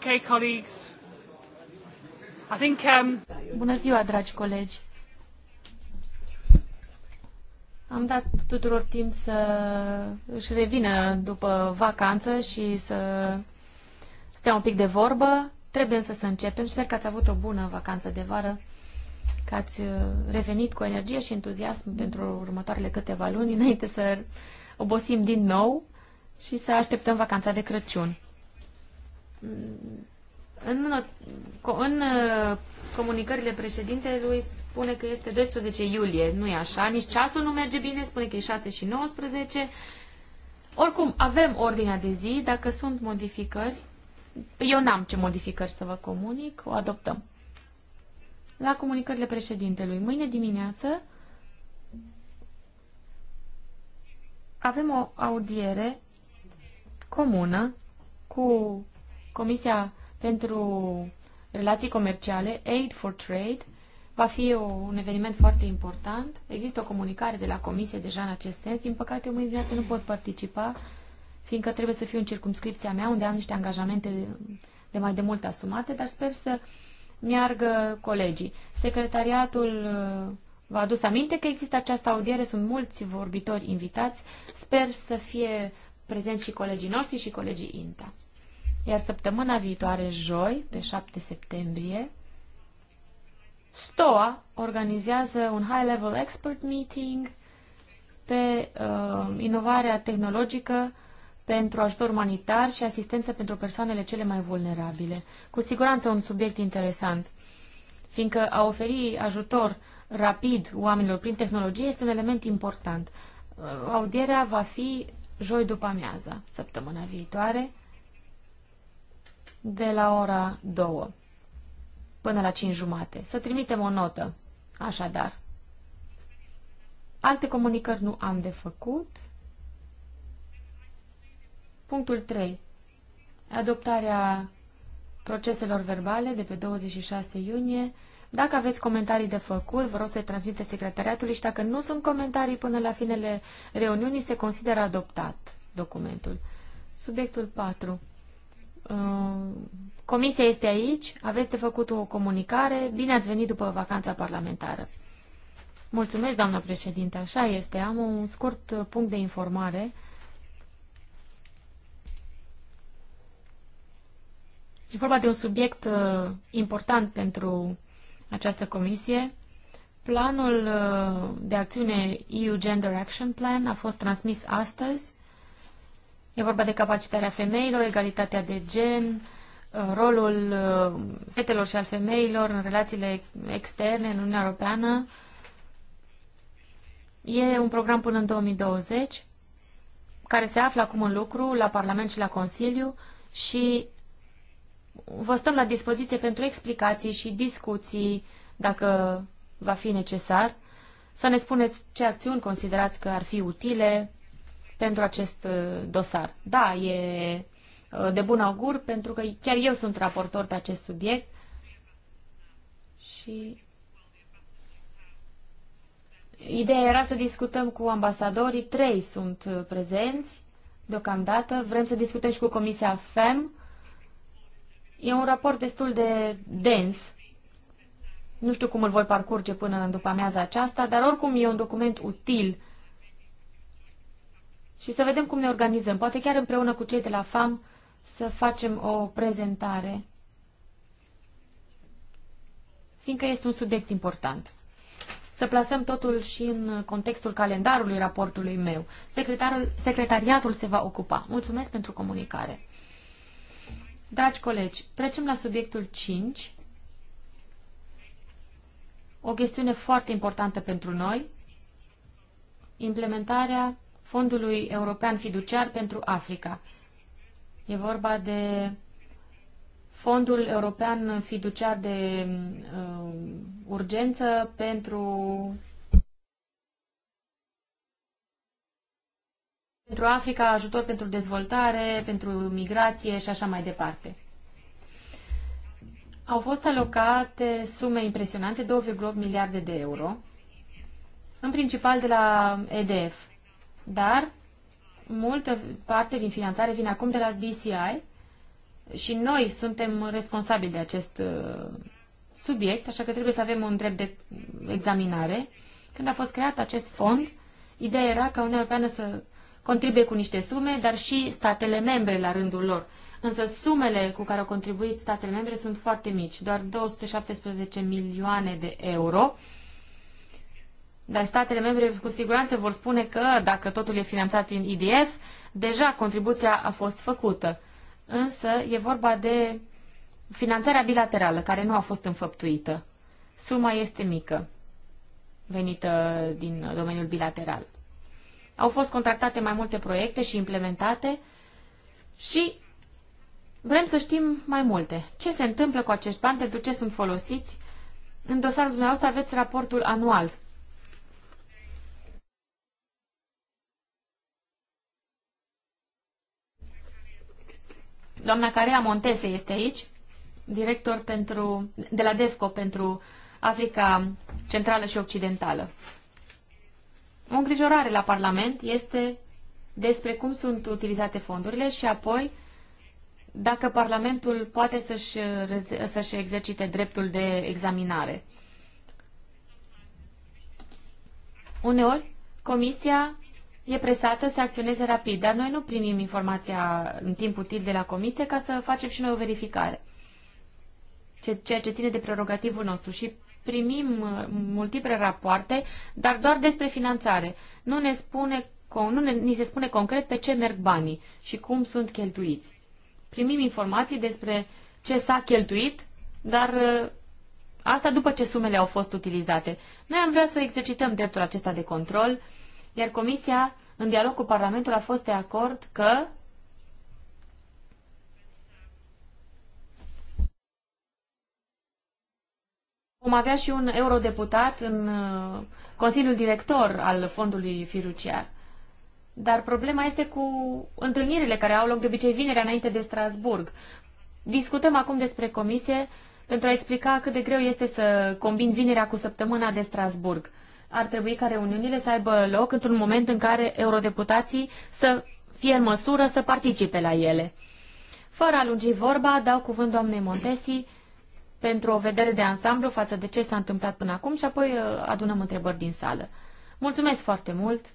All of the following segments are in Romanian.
Um, bună ziua, dragi colegi. Am dat tuturor timp să își revină după vacanță și să stea un pic de vorbă. Trebuie însă să începem. Sper că ați avut o bună vacanță de vară, că ați revenit cu energie și entuziasm pentru următoarele câteva luni, înainte să obosim din nou și să așteptăm vacanța de Crăciun. În, în uh, comunicările președintelui spune că este 12 iulie, nu e așa, nici ceasul nu merge bine, spune că e 6 și 19. Oricum, avem ordinea de zi, dacă sunt modificări, eu n-am ce modificări să vă comunic, o adoptăm. La comunicările președintelui, mâine dimineață avem o audiere comună cu Comisia pentru Relații Comerciale, Aid for Trade, va fi o, un eveniment foarte important. Există o comunicare de la Comisie deja în acest sens. Din păcate, eu mâine dimineață nu pot participa, fiindcă trebuie să fiu în circumscripția mea, unde am niște angajamente de mai de mult asumate, dar sper să meargă colegii. Secretariatul uh, v-a adus aminte că există această audiere, sunt mulți vorbitori invitați. Sper să fie prezenți și colegii noștri și colegii INTA. Iar săptămâna viitoare, joi, pe 7 septembrie, STOA organizează un high-level expert meeting pe uh, inovarea tehnologică pentru ajutor umanitar și asistență pentru persoanele cele mai vulnerabile. Cu siguranță un subiect interesant, fiindcă a oferi ajutor rapid oamenilor prin tehnologie este un element important. Uh, audierea va fi joi după amiaza, săptămâna viitoare, de la ora 2 până la 5 jumate. Să trimitem o notă, așadar. Alte comunicări nu am de făcut. Punctul 3. Adoptarea proceselor verbale de pe 26 iunie. Dacă aveți comentarii de făcut, vă rog să-i transmite secretariatului și dacă nu sunt comentarii până la finele reuniunii, se consideră adoptat documentul. Subiectul 4. Uh, comisia este aici, aveți de făcut o comunicare, bine ați venit după vacanța parlamentară. Mulțumesc, doamna președinte, așa este. Am un scurt punct de informare. E vorba de un subiect uh, important pentru această comisie. Planul uh, de acțiune EU Gender Action Plan a fost transmis astăzi E vorba de capacitarea femeilor, egalitatea de gen, uh, rolul uh, fetelor și al femeilor în relațiile externe în Uniunea Europeană. E un program până în 2020 care se află acum în lucru la Parlament și la Consiliu și vă stăm la dispoziție pentru explicații și discuții dacă va fi necesar. Să ne spuneți ce acțiuni considerați că ar fi utile pentru acest uh, dosar. Da, e uh, de bun augur pentru că chiar eu sunt raportor pe acest subiect și ideea era să discutăm cu ambasadorii, trei sunt uh, prezenți deocamdată, vrem să discutăm și cu Comisia FEM. E un raport destul de dens. Nu știu cum îl voi parcurge până în după amiaza aceasta, dar oricum e un document util și să vedem cum ne organizăm. Poate chiar împreună cu cei de la FAM să facem o prezentare, fiindcă este un subiect important. Să plasăm totul și în contextul calendarului raportului meu. Secretarul, secretariatul se va ocupa. Mulțumesc pentru comunicare. Dragi colegi, trecem la subiectul 5. O chestiune foarte importantă pentru noi, implementarea Fondului European Fiduciar pentru Africa. E vorba de Fondul European Fiduciar de uh, Urgență pentru pentru Africa, ajutor pentru dezvoltare, pentru migrație și așa mai departe. Au fost alocate sume impresionante, 2,8 miliarde de euro, în principal de la EDF dar multă parte din finanțare vine acum de la DCI și noi suntem responsabili de acest uh, subiect, așa că trebuie să avem un drept de examinare. Când a fost creat acest fond, ideea era ca Uniunea Europeană să contribuie cu niște sume, dar și statele membre la rândul lor. Însă sumele cu care au contribuit statele membre sunt foarte mici, doar 217 milioane de euro, dar statele membre cu siguranță vor spune că, dacă totul e finanțat prin IDF, deja contribuția a fost făcută. Însă e vorba de finanțarea bilaterală, care nu a fost înfăptuită. Suma este mică, venită din domeniul bilateral. Au fost contractate mai multe proiecte și implementate și vrem să știm mai multe. Ce se întâmplă cu acești bani, pentru ce sunt folosiți? În dosarul dumneavoastră aveți raportul anual Doamna Carea Montese este aici, director pentru, de la DEFCO pentru Africa Centrală și Occidentală. O îngrijorare la Parlament este despre cum sunt utilizate fondurile și apoi dacă Parlamentul poate să-și, să-și exercite dreptul de examinare. Uneori, Comisia e presată să acționeze rapid, dar noi nu primim informația în timp util de la comisie ca să facem și noi o verificare. Ceea ce ține de prerogativul nostru și primim uh, multiple rapoarte, dar doar despre finanțare. Nu ne spune, nu ne, ni se spune concret pe ce merg banii și cum sunt cheltuiți. Primim informații despre ce s-a cheltuit, dar uh, asta după ce sumele au fost utilizate. Noi am vrea să exercităm dreptul acesta de control, uh, iar Comisia, în dialog cu Parlamentul, a fost de acord că vom avea și un eurodeputat în uh, Consiliul Director al Fondului Fiduciar. Dar problema este cu întâlnirile care au loc de obicei vinerea înainte de Strasburg. Discutăm acum despre comisie pentru a explica cât de greu este să combin vinerea cu săptămâna de Strasburg ar trebui ca reuniunile să aibă loc într-un moment în care eurodeputații să fie în măsură să participe la ele. Fără a lungi vorba, dau cuvânt doamnei Montesi pentru o vedere de ansamblu față de ce s-a întâmplat până acum și apoi uh, adunăm întrebări din sală. Mulțumesc foarte mult!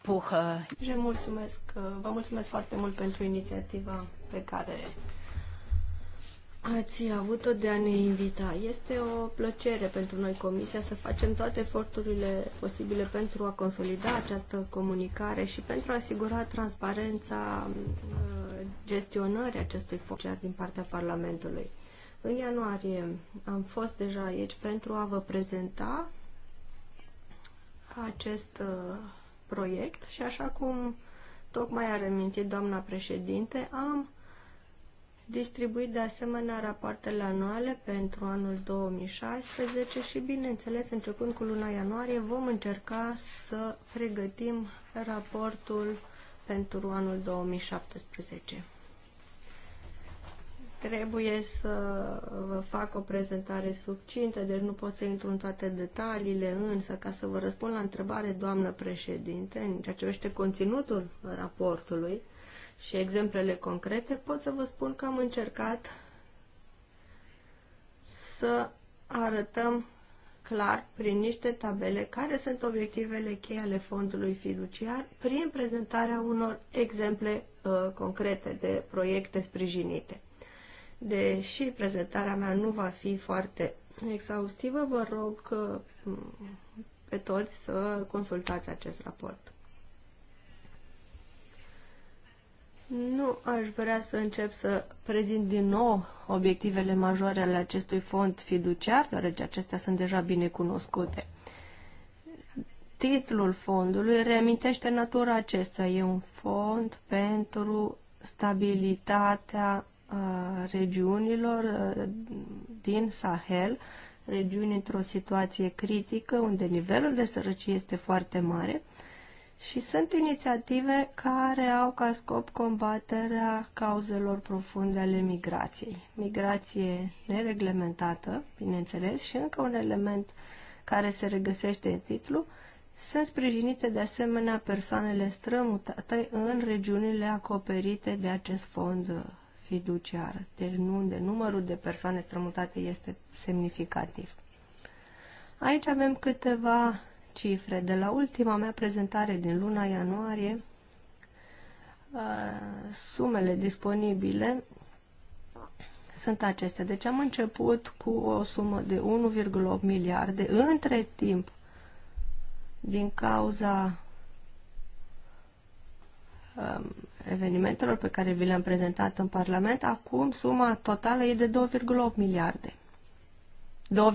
Puhă. Mulțumesc, uh, vă mulțumesc foarte mult pentru inițiativa pe care ați avut-o de a ne invita. Este o plăcere pentru noi, Comisia, să facem toate eforturile posibile pentru a consolida această comunicare și pentru a asigura transparența uh, gestionării acestui fond din partea Parlamentului. În ianuarie am fost deja aici pentru a vă prezenta acest uh, proiect și așa cum tocmai a remintit doamna președinte, am distribuit de asemenea rapoartele anuale pentru anul 2016 și, bineînțeles, începând cu luna ianuarie, vom încerca să pregătim raportul pentru anul 2017. Trebuie să vă fac o prezentare succintă, deci nu pot să intru în toate detaliile, însă ca să vă răspund la întrebare, doamnă președinte, în ceea ce privește conținutul raportului, și exemplele concrete, pot să vă spun că am încercat să arătăm clar prin niște tabele care sunt obiectivele cheie ale fondului fiduciar prin prezentarea unor exemple uh, concrete de proiecte sprijinite. Deși prezentarea mea nu va fi foarte exhaustivă, vă rog uh, pe toți să consultați acest raport. Nu aș vrea să încep să prezint din nou obiectivele majore ale acestui fond fiduciar, deoarece acestea sunt deja bine cunoscute. Titlul fondului reamintește natura acesta. E un fond pentru stabilitatea regiunilor din Sahel, regiuni într-o situație critică, unde nivelul de sărăcie este foarte mare și sunt inițiative care au ca scop combaterea cauzelor profunde ale migrației. Migrație nereglementată, bineînțeles, și încă un element care se regăsește în titlu, sunt sprijinite de asemenea persoanele strămutate în regiunile acoperite de acest fond fiduciar. Deci nu, numărul de persoane strămutate este semnificativ. Aici avem câteva cifre. De la ultima mea prezentare din luna ianuarie, uh, sumele disponibile sunt acestea. Deci am început cu o sumă de 1,8 miliarde. Între timp, din cauza um, evenimentelor pe care vi le-am prezentat în Parlament, acum suma totală e de 2,8 miliarde.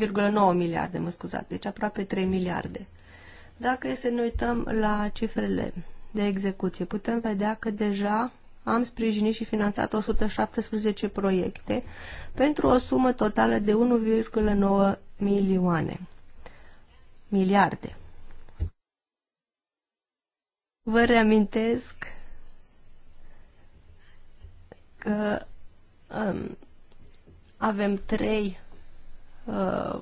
2,9 miliarde, mă scuzați, deci aproape 3 miliarde. Dacă e să ne uităm la cifrele de execuție, putem vedea că deja am sprijinit și finanțat 117 proiecte pentru o sumă totală de 1,9 milioane, miliarde. Vă reamintesc că um, avem trei uh,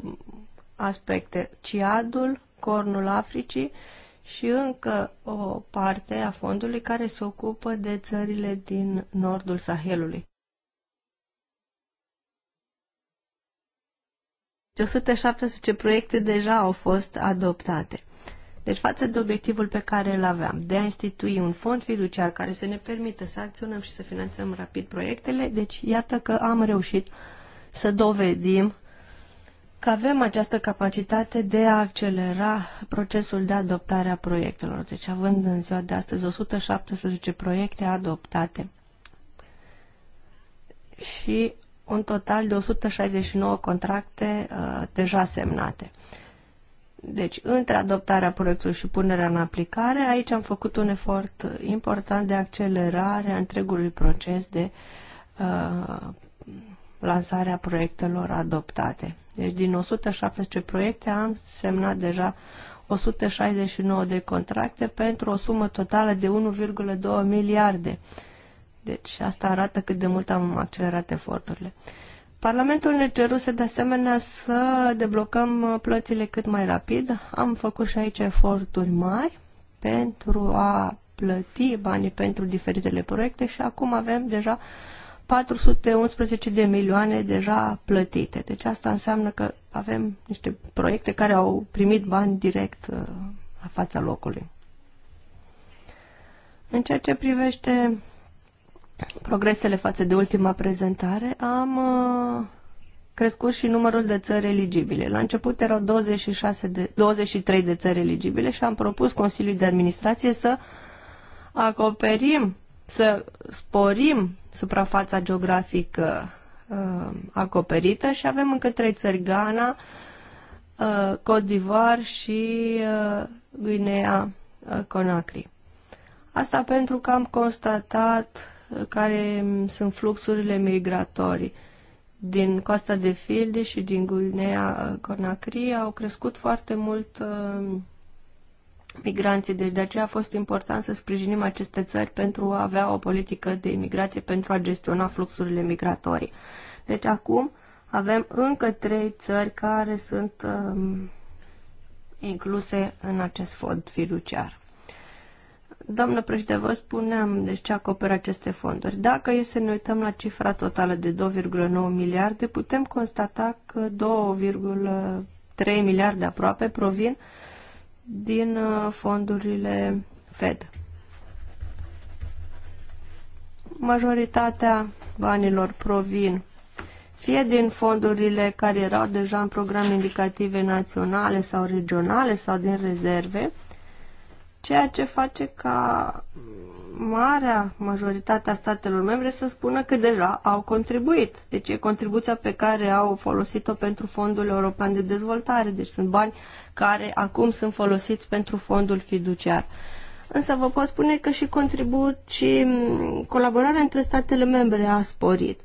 aspecte. ciadul. Cornul Africii și încă o parte a fondului care se ocupă de țările din nordul Sahelului. 117 proiecte deja au fost adoptate. Deci față de obiectivul pe care îl aveam, de a institui un fond fiduciar care să ne permită să acționăm și să finanțăm rapid proiectele, deci iată că am reușit să dovedim că avem această capacitate de a accelera procesul de adoptare a proiectelor. Deci având în ziua de astăzi 117 proiecte adoptate și un total de 169 contracte uh, deja semnate. Deci, între adoptarea proiectului și punerea în aplicare, aici am făcut un efort important de accelerare a întregului proces de uh, lansarea proiectelor adoptate. Deci din 117 proiecte am semnat deja 169 de contracte pentru o sumă totală de 1,2 miliarde. Deci asta arată cât de mult am accelerat eforturile. Parlamentul ne ceruse de asemenea să deblocăm plățile cât mai rapid. Am făcut și aici eforturi mari pentru a plăti banii pentru diferitele proiecte și acum avem deja 411 de milioane deja plătite. Deci asta înseamnă că avem niște proiecte care au primit bani direct uh, la fața locului. În ceea ce privește progresele față de ultima prezentare, am uh, crescut și numărul de țări eligibile. La început erau 26 de, 23 de țări eligibile și am propus Consiliului de Administrație să acoperim să sporim suprafața geografică uh, acoperită și avem încă trei țări, Ghana, uh, Côte d'Ivoire și uh, Guinea uh, Conakry. Asta pentru că am constatat uh, care sunt fluxurile migratorii din Costa de Filde și din Guinea uh, Conakry au crescut foarte mult uh, migranții. Deci de aceea a fost important să sprijinim aceste țări pentru a avea o politică de imigrație, pentru a gestiona fluxurile migratorii. Deci acum avem încă trei țări care sunt um, incluse în acest fond fiduciar. Doamnă președinte, vă spuneam de deci, ce acoperă aceste fonduri. Dacă e să ne uităm la cifra totală de 2,9 miliarde, putem constata că 2,3 miliarde aproape provin uh, din uh, fondurile Fed. Majoritatea banilor provin fie din fondurile care erau deja în programe indicative naționale sau regionale sau din rezerve, ceea ce face ca marea majoritatea statelor membre să spună că deja au contribuit. Deci e contribuția pe care au folosit-o pentru Fondul European de Dezvoltare. Deci sunt bani care acum sunt folosiți pentru fondul fiduciar. Însă vă pot spune că și contribut și colaborarea între statele membre a sporit.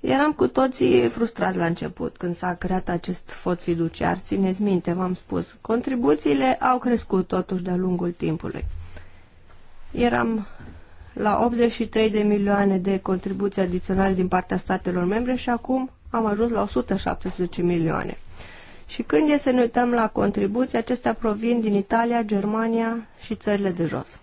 Eram cu toții frustrați la început când s-a creat acest fond fiduciar. Țineți minte, v-am spus, contribuțiile au crescut totuși de-a lungul timpului. Eram la 83 de milioane de contribuții adiționale din partea statelor membre și acum am ajuns la 117 milioane. Și când e să ne uităm la contribuții, acestea provin din Italia, Germania și țările de jos.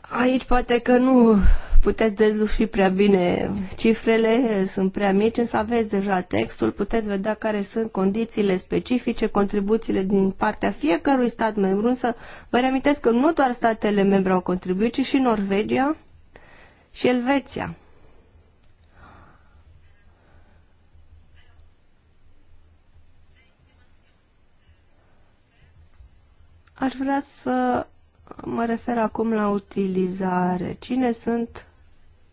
Aici poate că nu puteți dezluși prea bine cifrele, sunt prea mici, însă aveți deja textul, puteți vedea care sunt condițiile specifice, contribuțiile din partea fiecărui stat membru, însă vă reamintesc că nu doar statele membre au contribuit, ci și Norvegia și Elveția. Aș vrea să mă refer acum la utilizare. Cine sunt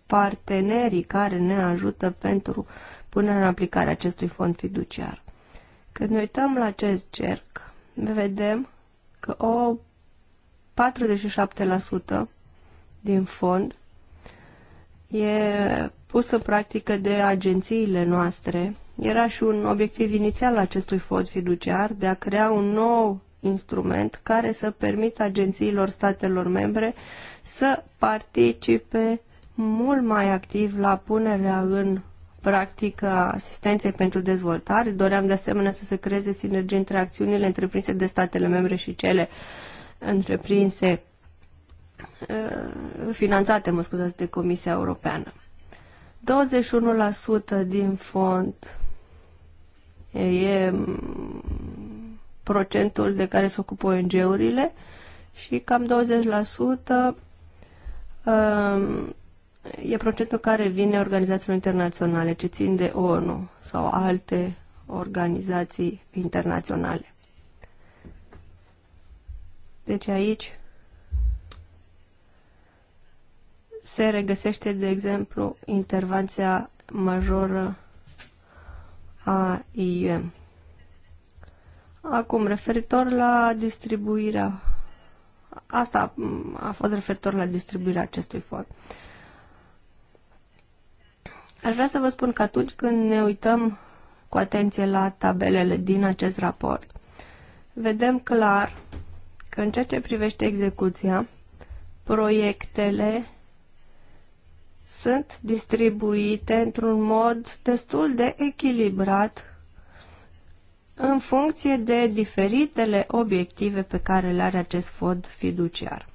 partenerii care ne ajută pentru punerea în aplicare acestui fond fiduciar? Când ne uităm la acest cerc, vedem că o 47% din fond e pus în practică de agențiile noastre. Era și un obiectiv inițial al acestui fond fiduciar de a crea un nou instrument care să permită agențiilor statelor membre să participe mult mai activ la punerea în practică a asistenței pentru dezvoltare. Doream de asemenea să se creeze sinergii între acțiunile întreprinse de statele membre și cele întreprinse uh, finanțate, mă scuzați, de Comisia Europeană. 21% din fond e procentul de care se ocupă ONG-urile și cam 20% um, e procentul care vine organizațiilor internaționale ce țin de ONU sau alte organizații internaționale. Deci aici se regăsește, de exemplu, intervenția majoră a IUM. Acum, referitor la distribuirea, asta a fost referitor la distribuirea acestui fond. Aș vrea să vă spun că atunci când ne uităm cu atenție la tabelele din acest raport, vedem clar că în ceea ce privește execuția, proiectele sunt distribuite într-un mod destul de echilibrat în funcție de diferitele obiective pe care le are acest fond fiduciar.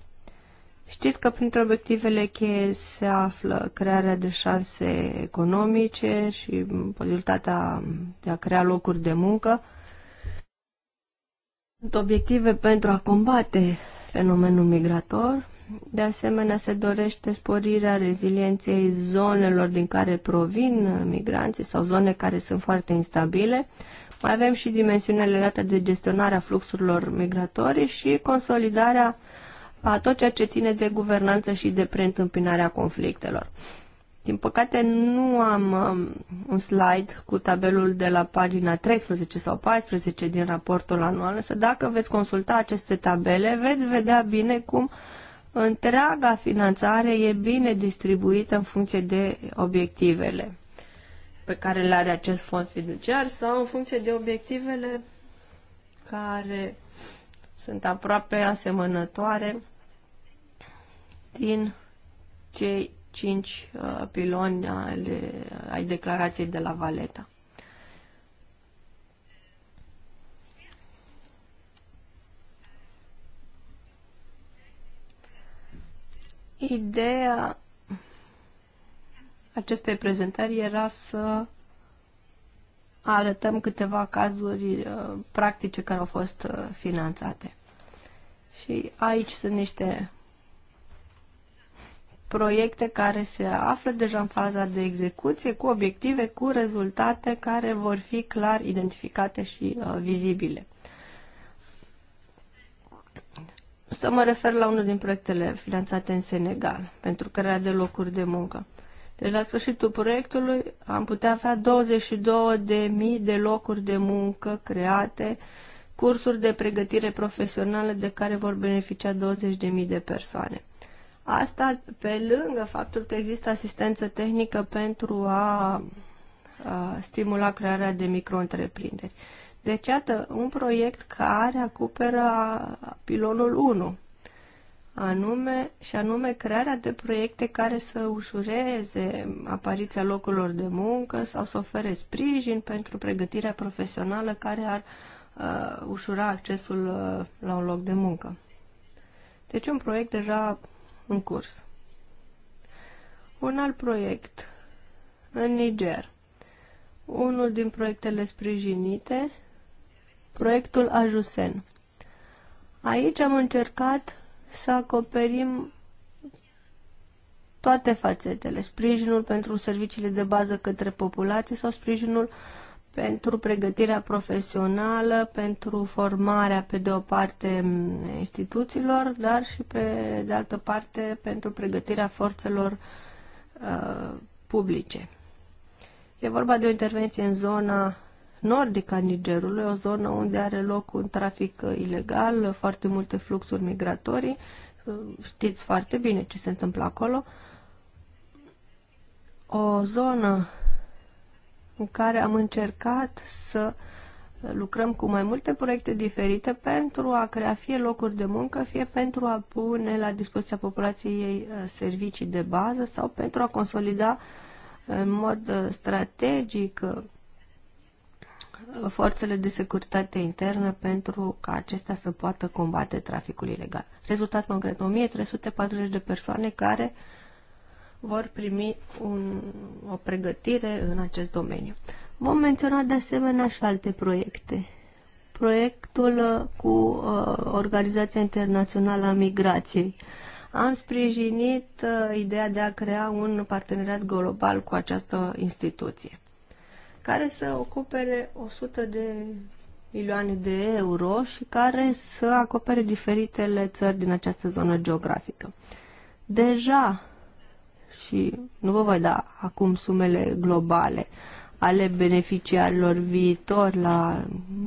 Știți că printre obiectivele cheie se află crearea de șanse economice și posibilitatea de a crea locuri de muncă. Sunt obiective pentru a combate fenomenul migrator. De asemenea, se dorește sporirea rezilienței zonelor din care provin migranții sau zone care sunt foarte instabile mai avem și dimensiunea legată de gestionarea fluxurilor migratorii și consolidarea a tot ceea ce ține de guvernanță și de preîntâmpinarea conflictelor. Din păcate nu am um, un slide cu tabelul de la pagina 13 sau 14 din raportul anual, însă dacă veți consulta aceste tabele, veți vedea bine cum întreaga finanțare e bine distribuită în funcție de obiectivele pe care le are acest fond fiduciar sau în funcție de obiectivele care sunt aproape asemănătoare din cei cinci uh, piloni ale, ai declarației de la Valeta. Ideea acestei prezentări era să arătăm câteva cazuri uh, practice care au fost uh, finanțate. Și aici sunt niște proiecte care se află deja în faza de execuție, cu obiective, cu rezultate care vor fi clar identificate și uh, vizibile. Să mă refer la unul din proiectele finanțate în Senegal pentru crearea de locuri de muncă. Deci la sfârșitul proiectului am putea avea 22.000 de locuri de muncă create, cursuri de pregătire profesională de care vor beneficia 20.000 de persoane. Asta pe lângă faptul că există asistență tehnică pentru a, a stimula crearea de micro-întreprinderi. Deci, iată, un proiect care acoperă pilonul 1 anume, și anume crearea de proiecte care să ușureze apariția locurilor de muncă sau să ofere sprijin pentru pregătirea profesională care ar uh, ușura accesul uh, la un loc de muncă. Deci un proiect deja în curs. Un alt proiect în Niger. Unul din proiectele sprijinite, proiectul Ajusen. Aici am încercat să acoperim toate fațetele, sprijinul pentru serviciile de bază către populație sau sprijinul pentru pregătirea profesională, pentru formarea, pe de o parte, instituțiilor, dar și, pe de altă parte, pentru pregătirea forțelor uh, publice. E vorba de o intervenție în zona nordic a Nigerului, o zonă unde are loc un trafic ilegal, foarte multe fluxuri migratorii. Știți foarte bine ce se întâmplă acolo. O zonă în care am încercat să lucrăm cu mai multe proiecte diferite pentru a crea fie locuri de muncă, fie pentru a pune la dispoziția populației uh, servicii de bază sau pentru a consolida în mod uh, strategic uh, forțele de securitate internă pentru ca acestea să poată combate traficul ilegal. Rezultat concret, 1340 de persoane care vor primi un, o pregătire în acest domeniu. Vom menționa de asemenea și alte proiecte. Proiectul uh, cu uh, Organizația Internațională a Migrației. Am sprijinit uh, ideea de a crea un parteneriat global cu această instituție care să ocupere 100 de milioane de euro și care să acopere diferitele țări din această zonă geografică. Deja, și nu vă voi da acum sumele globale ale beneficiarilor viitori la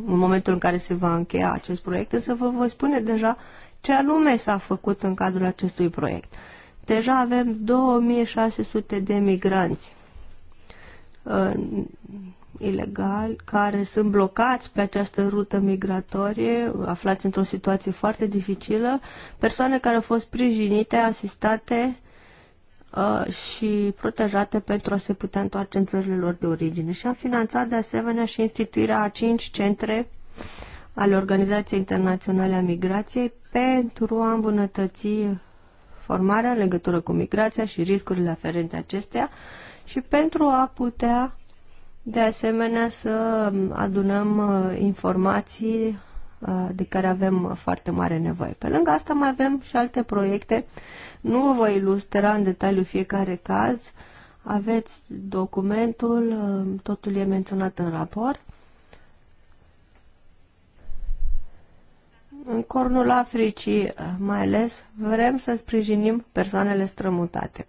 în momentul în care se va încheia acest proiect, să vă voi spune deja ce anume s-a făcut în cadrul acestui proiect. Deja avem 2600 de migranți Uh, ilegal, care sunt blocați pe această rută migratorie, aflați într-o situație foarte dificilă, persoane care au fost sprijinite, asistate uh, și protejate pentru a se putea întoarce în țările lor de origine. Și am finanțat de asemenea și instituirea a cinci centre ale Organizației Internaționale a Migrației pentru a îmbunătăți formarea în legătură cu migrația și riscurile aferente acestea, uh, și pentru a putea de asemenea să adunăm uh, informații uh, de care avem uh, foarte mare nevoie. Pe lângă asta mai avem și alte proiecte. Nu vă voi ilustra în detaliu fiecare caz. Aveți documentul, totul e menționat în raport. În cornul Africii, mai ales, vrem să sprijinim persoanele strămutate.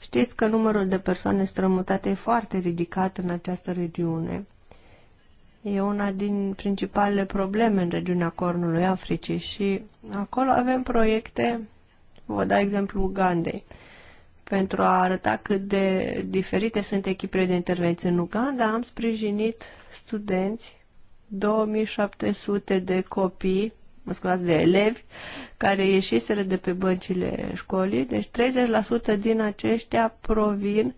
Știți că numărul de persoane strămutate e foarte ridicat în această regiune. E una din principalele probleme în regiunea Cornului Africii și acolo avem proiecte, vă dau exemplu Ugandei, pentru a arăta cât de diferite sunt echipele de intervenție. În Uganda am sprijinit studenți, 2700 de copii mă scuzați, de elevi care ieșiseră de pe băncile școlii. Deci 30% din aceștia provin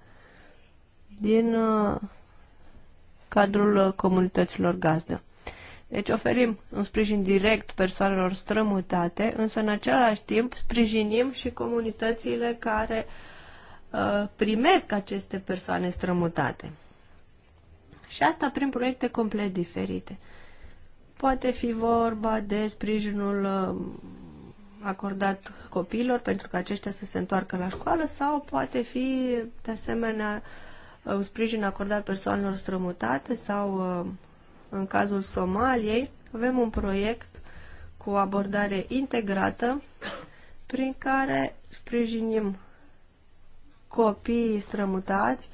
din uh, cadrul uh, comunităților gazdă. Deci oferim un sprijin direct persoanelor strămutate, însă în același timp sprijinim și comunitățile care uh, primesc aceste persoane strămutate. Și asta prin proiecte complet diferite. Poate fi vorba de sprijinul um, acordat copiilor pentru că aceștia să se întoarcă la școală sau poate fi de asemenea un sprijin acordat persoanelor strămutate sau um, în cazul Somaliei avem un proiect cu abordare integrată prin care sprijinim copiii strămutați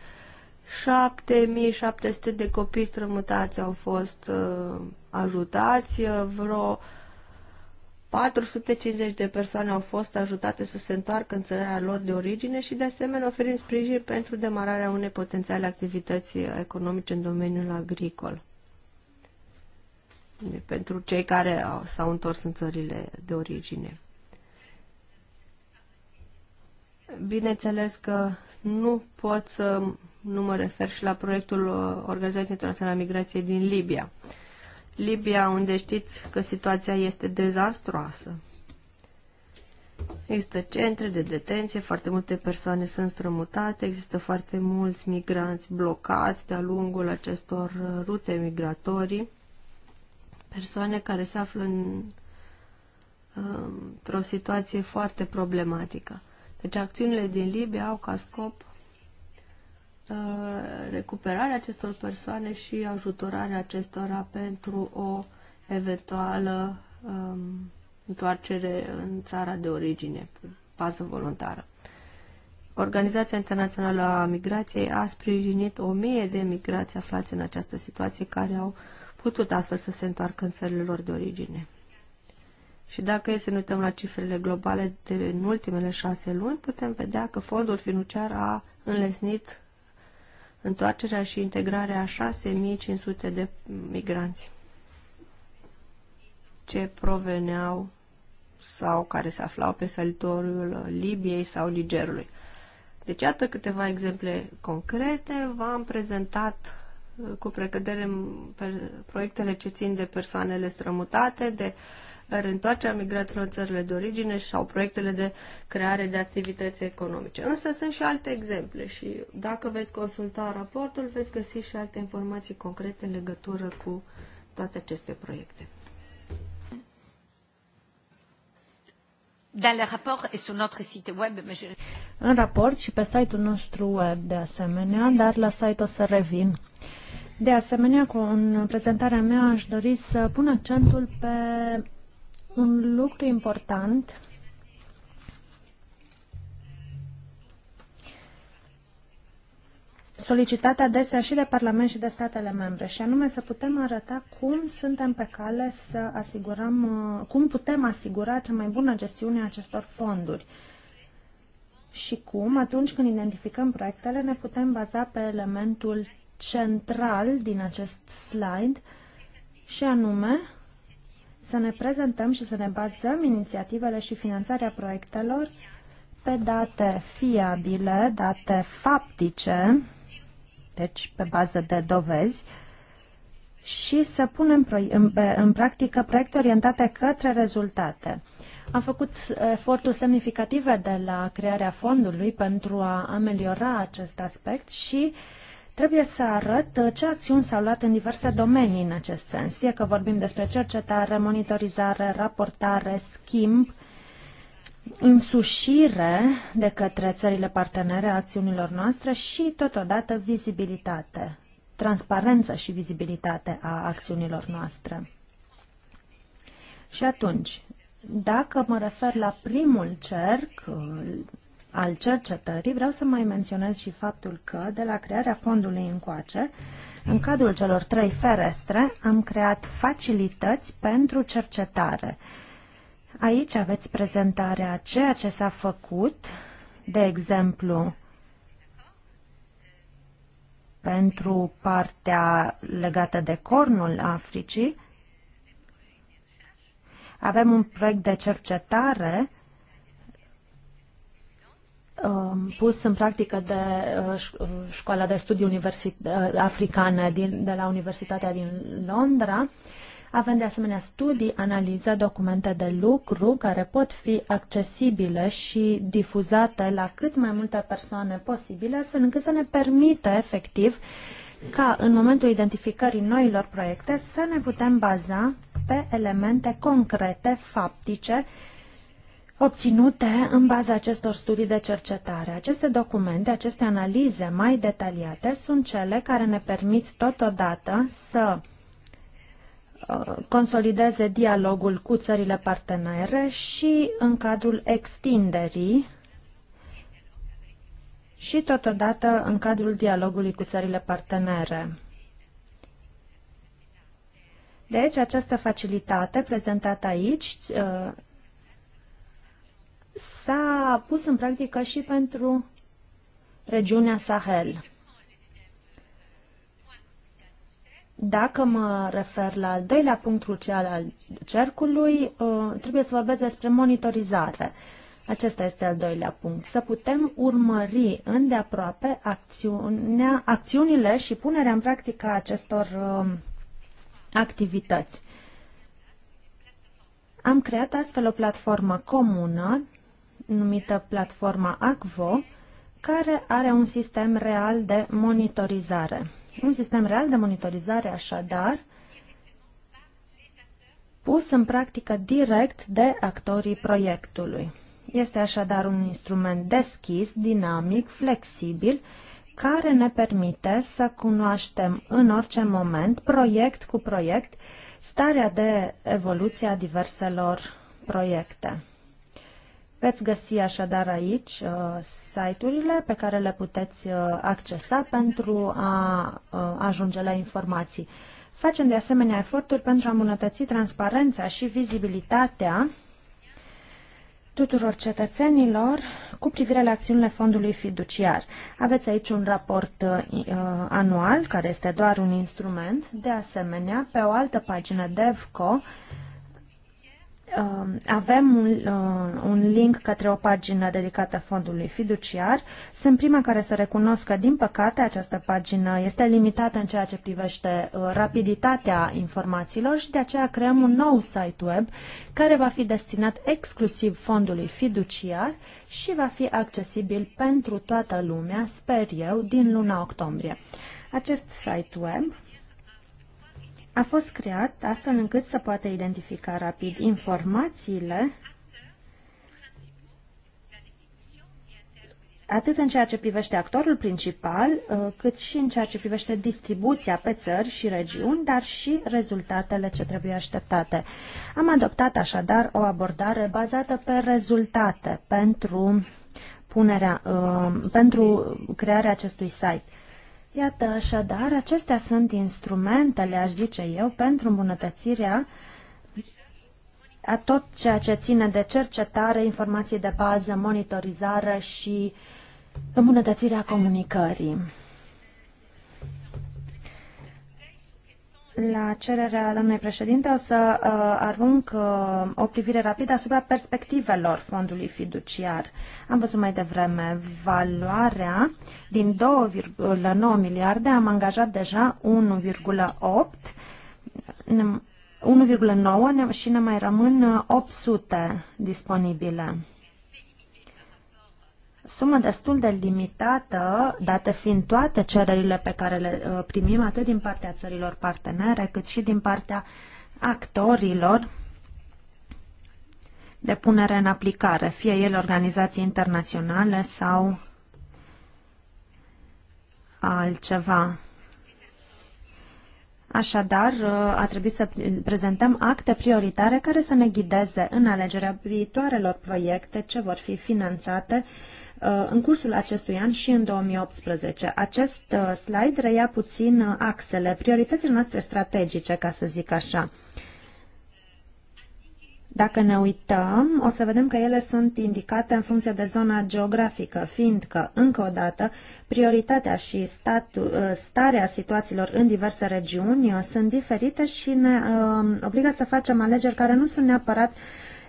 7700 de copii strămutați au fost uh, ajutați, uh, vreo 450 de persoane au fost ajutate să se întoarcă în țara lor de origine și de asemenea oferim sprijin pentru demararea unei potențiale activități economice în domeniul agricol. Deci, pentru cei care s-au întors în țările de origine. Bineînțeles că nu pot să nu mă refer și la proiectul uh, Organizației Internaționale a Migrației din Libia. Libia, unde știți că situația este dezastroasă. Există centre de detenție, foarte multe persoane sunt strămutate, există foarte mulți migranți blocați de-a lungul acestor uh, rute migratorii, persoane care se află în, uh, într-o situație foarte problematică. Deci acțiunile din Libia au ca scop Uh, recuperarea acestor persoane și ajutorarea acestora pentru o eventuală um, întoarcere în țara de origine, pază voluntară. Organizația Internațională a Migrației a sprijinit o mie de migrați aflați în această situație care au putut astfel să se întoarcă în țările lor de origine. Și dacă e să ne uităm la cifrele globale de în ultimele șase luni, putem vedea că fondul financiar a înlesnit întoarcerea și integrarea a 6500 de migranți ce proveneau sau care se aflau pe teritoriul Libiei sau Nigerului. Deci, iată câteva exemple concrete. V-am prezentat uh, cu precădere proiectele ce țin de persoanele strămutate, de uh, reîntoarcerea migranților în țările de origine sau proiectele de creare de activități economice. Însă sunt și alte exemple și dacă veți consulta raportul, veți găsi și alte informații concrete în legătură cu toate aceste proiecte. În raport și pe site-ul nostru web de asemenea, dar la site o să revin. De asemenea, cu în prezentarea mea aș dori să pun accentul pe un lucru important solicitat adesea și de Parlament și de statele membre, și anume să putem arăta cum suntem pe cale să asigurăm, uh, cum putem asigura cea mai bună gestiune a acestor fonduri și cum, atunci când identificăm proiectele, ne putem baza pe elementul central din acest slide, și anume să ne prezentăm și să ne bazăm inițiativele și finanțarea proiectelor pe date fiabile, date faptice, deci pe bază de dovezi, și să punem în, în practică proiecte orientate către rezultate. Am făcut eh, eforturi semnificative de la crearea fondului pentru a ameliora acest aspect și uh, Trebuie să arăt uh, ce acțiuni s-au luat în diverse domenii în acest sens, fie că vorbim despre cercetare, monitorizare, raportare, schimb, însușire de către țările partenere a acțiunilor noastre și, totodată, vizibilitate, transparență și vizibilitate a acțiunilor noastre. Și atunci, dacă mă refer la primul cerc, uh, al cercetării, vreau să mai menționez și faptul că, de la crearea fondului încoace, în cadrul celor trei ferestre, am creat facilități pentru cercetare. Aici aveți prezentarea ceea ce s-a făcut, de exemplu, pentru partea legată de cornul Africii. Avem un proiect de cercetare Um, pus în practică de uh, uh, școala de studii uh, africane din, de la Universitatea din Londra. Avem de asemenea studii, analize, documente de lucru care pot fi accesibile și difuzate la cât mai multe persoane posibile, astfel încât să ne permită efectiv ca în momentul identificării noilor proiecte să ne putem baza pe elemente concrete, faptice, obținute în baza acestor studii de cercetare. Aceste documente, aceste analize mai detaliate sunt cele care ne permit totodată să uh, consolideze dialogul cu țările partenere și în cadrul extinderii și totodată în cadrul dialogului cu țările partenere. Deci, această facilitate prezentată aici uh, s-a pus în practică și pentru regiunea Sahel. Dacă mă refer la al doilea punct crucial al cercului, uh, trebuie să vorbesc despre monitorizare. Acesta este al doilea punct. Să putem urmări îndeaproape acțiunea, acțiunile și punerea în practică acestor um, activități. Am creat astfel o platformă comună numită platforma ACVO, care are un sistem real de monitorizare. Un sistem real de monitorizare, așadar, pus în practică direct de actorii proiectului. Este așadar un instrument deschis, dinamic, flexibil, care ne permite să cunoaștem în orice moment, proiect cu proiect, starea de evoluție a diverselor proiecte. Veți găsi așadar aici uh, site-urile pe care le puteți uh, accesa pentru a uh, ajunge la informații. Facem de asemenea eforturi pentru a îmbunătăți transparența și vizibilitatea tuturor cetățenilor cu privire la acțiunile fondului fiduciar. Aveți aici un raport uh, uh anual, care este doar un instrument. De asemenea, pe o altă pagină, DevCo, uh, Um, avem un, uh, un link către o pagină dedicată fondului fiduciar. Sunt prima care să recunosc că, din păcate, această pagină este limitată în ceea ce privește uh, rapiditatea informațiilor și de aceea creăm un nou site web care va fi destinat exclusiv fondului fiduciar și va fi accesibil pentru toată lumea, sper eu, din luna octombrie. Acest site web a fost creat astfel încât să poată identifica rapid informațiile atât în ceea ce privește actorul principal, uh, cât și în ceea ce privește distribuția pe țări și regiuni, dar și rezultatele ce trebuie așteptate. Am adoptat așadar o abordare bazată pe rezultate pentru punerea, uh, pentru crearea acestui site. Iată așadar, acestea sunt instrumentele, aș zice eu, pentru îmbunătățirea a tot ceea ce ține de cercetare, informații de bază, monitorizare și îmbunătățirea comunicării. La cererea doamnei președinte o să uh, arunc uh, o privire rapidă asupra perspectivelor fondului fiduciar. Am văzut mai devreme valoarea din 2,9 miliarde, am angajat deja 1,8 1,9 și ne mai rămân 800 uh, disponibile sumă destul de limitată, date fiind toate cererile pe care le uh, primim atât din partea țărilor partenere, cât și din partea actorilor de punere în aplicare, fie ele organizații internaționale sau altceva. Așadar, uh, a trebuit să prezentăm acte prioritare care să ne ghideze în alegerea viitoarelor proiecte ce vor fi finanțate Uh, în cursul acestui an și în 2018. Acest uh, slide reia puțin uh, axele, prioritățile noastre strategice, ca să zic așa. Dacă ne uităm, o să vedem că ele sunt indicate în funcție de zona geografică, fiindcă, încă o dată, prioritatea și statu, starea situațiilor în diverse regiuni sunt diferite și ne uh, obligă să facem alegeri care nu sunt neapărat uh,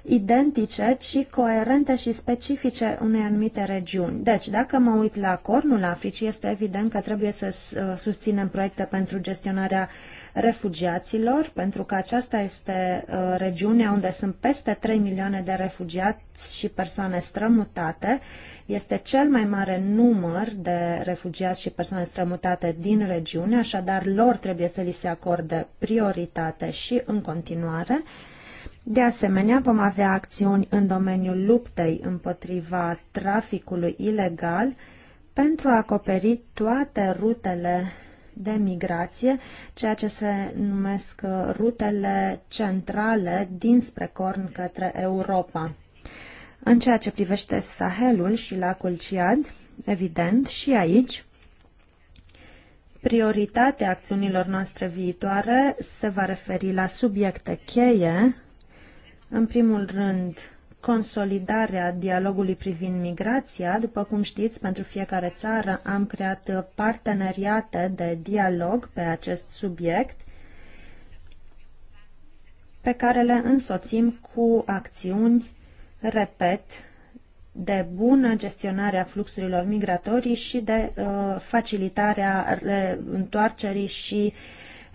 identice, ci coerente și specifice unei anumite regiuni. Deci, dacă mă uit la Cornul Africii, este evident că trebuie să uh, susținem proiecte pentru gestionarea refugiaților, pentru că aceasta este uh, regiunea unde sunt peste 3 milioane de refugiați și persoane strămutate. Este cel mai mare număr de refugiați și persoane strămutate din regiune, așadar lor trebuie să li se acorde prioritate și în continuare. De asemenea, vom avea acțiuni în domeniul luptei împotriva traficului ilegal pentru a acoperi toate rutele de migrație, ceea ce se numesc uh, rutele centrale dinspre Corn către Europa. În ceea ce privește Sahelul și lacul Ciad, evident, și aici, prioritatea acțiunilor noastre viitoare se va referi la subiecte cheie în primul rând, consolidarea dialogului privind migrația. După cum știți, pentru fiecare țară am creat parteneriate de dialog pe acest subiect pe care le însoțim cu acțiuni, repet, de bună gestionare a fluxurilor migratorii și de uh, facilitarea întoarcerii și uh,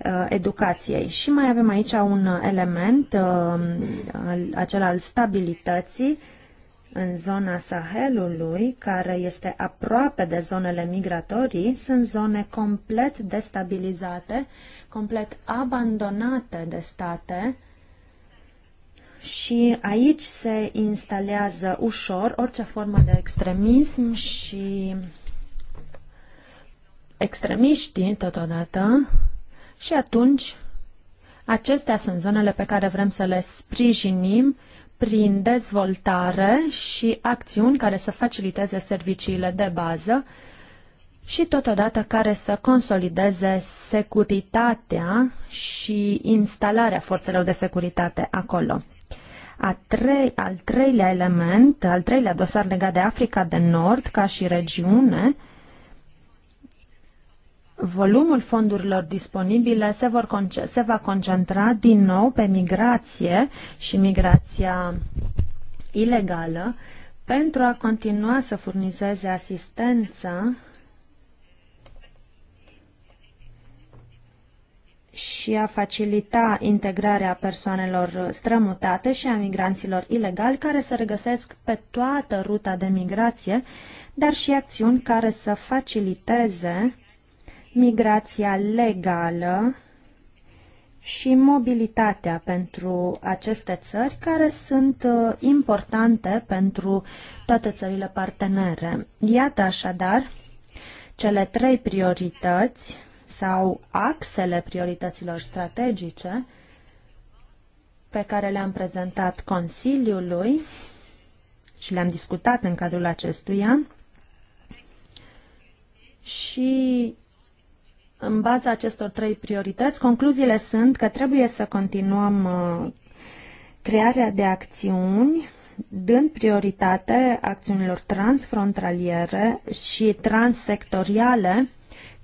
Uh, educației. Și mai avem aici un element, uh, acela al stabilității, în zona Sahelului, care este aproape de zonele migratorii, sunt zone complet destabilizate, complet abandonate de state și aici se instalează ușor orice formă de extremism și extremiștii totodată și atunci acestea sunt zonele pe care vrem să le sprijinim prin dezvoltare și acțiuni care să faciliteze serviciile de bază și totodată care să consolideze securitatea și instalarea forțelor de securitate acolo. A trei, al treilea element, al treilea dosar legat de Africa de Nord ca și regiune, volumul fondurilor disponibile se, vor, se va concentra din nou pe migrație și migrația ilegală pentru a continua să furnizeze asistență și a facilita integrarea persoanelor strămutate și a migranților ilegali care se regăsesc pe toată ruta de migrație, dar și acțiuni care să faciliteze migrația legală și mobilitatea pentru aceste țări care sunt uh, importante pentru toate țările partenere. Iată așadar cele trei priorități sau axele priorităților strategice pe care le-am prezentat Consiliului și le-am discutat în cadrul acestuia și în baza acestor trei priorități, concluziile sunt că trebuie să continuăm uh, crearea de acțiuni dând prioritate acțiunilor transfrontaliere și transsectoriale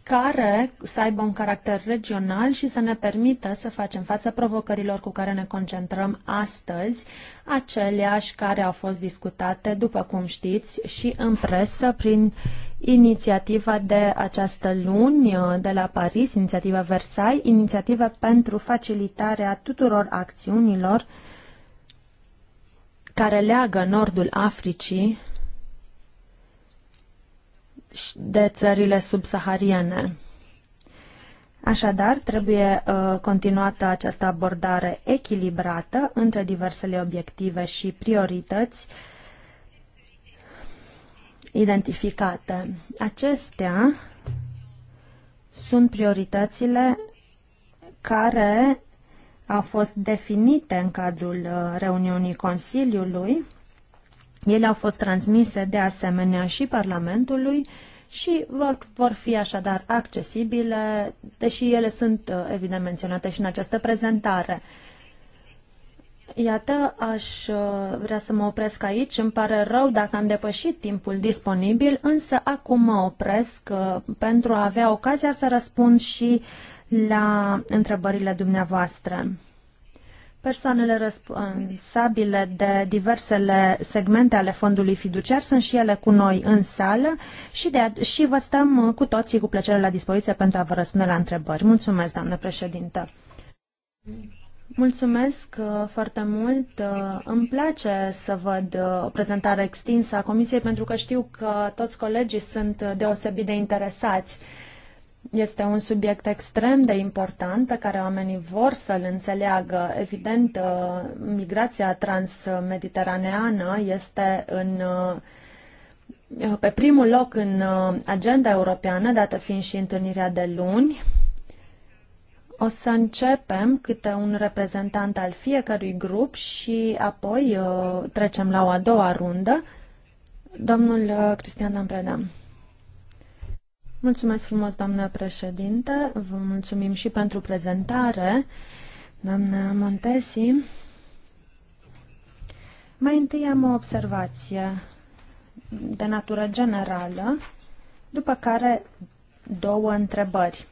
care să aibă un caracter regional și să ne permită să facem față provocărilor cu care ne concentrăm astăzi, aceleași care au fost discutate, după cum știți, și în presă prin inițiativa de această luni uh, de la Paris, inițiativa Versailles, inițiativa pentru facilitarea tuturor acțiunilor care leagă nordul Africii de țările subsahariene. Așadar, trebuie uh, continuată această abordare echilibrată între diversele obiective și priorități uh, identificate. Acestea sunt prioritățile care au fost definite în cadrul uh, reuniunii Consiliului. Ele au fost transmise de asemenea și Parlamentului și vor, vor fi așadar accesibile, deși ele sunt uh, evident menționate și în această prezentare. Iată, aș uh, vrea să mă opresc aici. Îmi pare rău dacă am depășit timpul disponibil, însă acum mă opresc uh, pentru a avea ocazia să răspund și la întrebările dumneavoastră. Persoanele responsabile de diversele segmente ale fondului fiduciar sunt și ele cu noi în sală și, de, și vă stăm cu toții cu plăcere la dispoziție pentru a vă răspunde la întrebări. Mulțumesc, doamnă președintă. Mulțumesc uh, foarte mult. Uh, îmi place să văd uh, o prezentare extinsă a Comisiei pentru că știu că toți colegii sunt deosebit de interesați. Este un subiect extrem de important pe care oamenii vor să-l înțeleagă. Evident, migrația transmediteraneană este în pe primul loc în agenda europeană, dată fiind și întâlnirea de luni, o să începem câte un reprezentant al fiecărui grup și apoi uh, trecem la o a doua rundă. Domnul uh, Cristian Dambreda. Mulțumesc frumos, doamnă președinte. Vă mulțumim și pentru prezentare, doamna Montesi. Mai întâi am o observație de natură generală, după care două întrebări.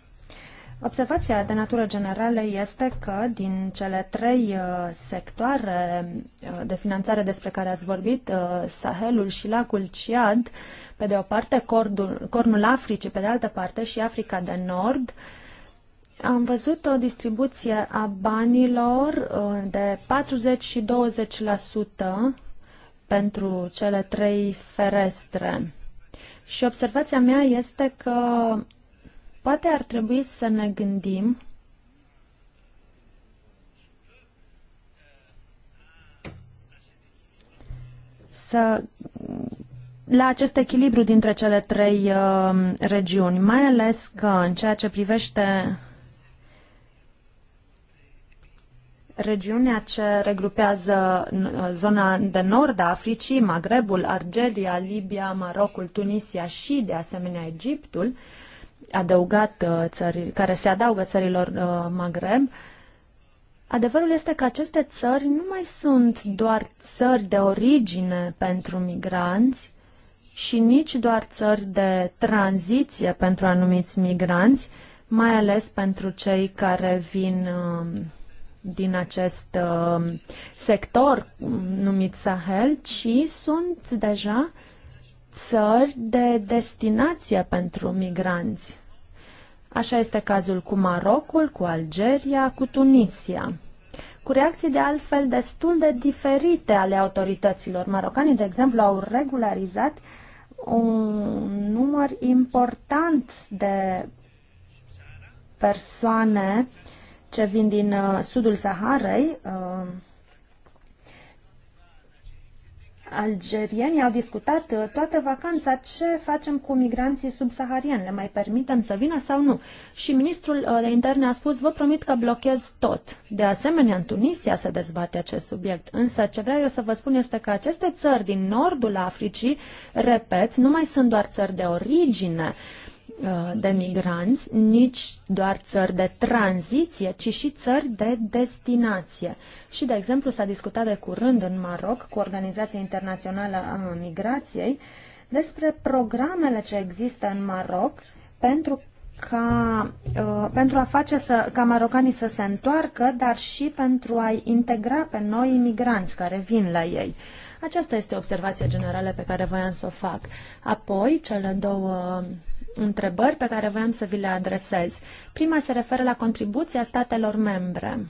Observația de natură generală este că din cele trei uh, sectoare uh, de finanțare despre care ați vorbit, uh, Sahelul și lacul Ciad, pe de o parte cordul, Cornul Africii, pe de altă parte și Africa de Nord, am văzut o distribuție a banilor de 40 și 20% pentru cele trei ferestre. Și observația mea este că Poate ar trebui să ne gândim să la acest echilibru dintre cele trei uh, regiuni, mai ales că în ceea ce privește regiunea ce regrupează uh, zona de nord a Africii, Magrebul, Argelia, Libia, Marocul, Tunisia și, de asemenea, Egiptul, uh, adăugat uh, țări, care se adaugă țărilor uh, Maghreb, adevărul este că aceste țări nu mai sunt doar țări de origine pentru migranți și nici doar țări de tranziție pentru anumiți migranți, mai ales pentru cei care vin um, din acest um, sector um, numit Sahel, ci sunt deja țări de destinație pentru migranți. Așa este cazul cu Marocul, cu Algeria, cu Tunisia. Cu reacții de altfel destul de diferite ale autorităților. Marocanii, de exemplu, au regularizat un număr important de persoane ce vin din uh, sudul Saharei, uh, algerienii au discutat uh, toată vacanța ce facem cu migranții subsaharieni, le mai permitem să vină sau nu. Și ministrul uh, de interne a spus, vă promit că blochez tot. De asemenea, în Tunisia se dezbate acest subiect, însă ce vreau eu să vă spun este că aceste țări din nordul Africii, repet, nu mai sunt doar țări de origine, Uh, de migranți, nici doar țări de tranziție, ci și țări de destinație. Și, de exemplu, s-a discutat de curând în Maroc cu Organizația Internațională a Migrației despre programele ce există în Maroc pentru ca, uh, pentru a face să, ca marocanii să se întoarcă, dar și pentru a-i integra pe noi imigranți care vin la ei. Aceasta este observația generală pe care voiam să o fac. Apoi, cele două uh, întrebări pe care voiam să vi le adresez. Prima se referă la contribuția statelor membre.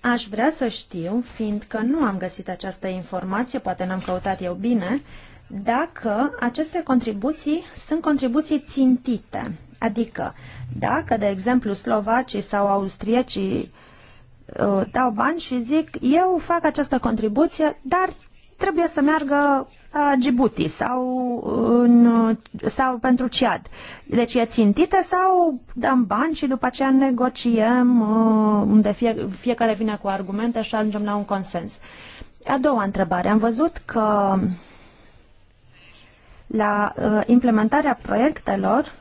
Aș vrea să știu, fiindcă nu am găsit această informație, poate n-am căutat eu bine, dacă aceste contribuții sunt contribuții țintite. Adică, dacă, de exemplu, slovacii sau austriecii uh, dau bani și zic, eu fac această contribuție, dar trebuie să meargă Djibouti sau, în, sau pentru Ciad. Deci e țintită sau dăm bani și după aceea negociem uh, unde fie, fiecare vine cu argumente și ajungem la un consens. A doua întrebare. Am văzut că la uh, implementarea proiectelor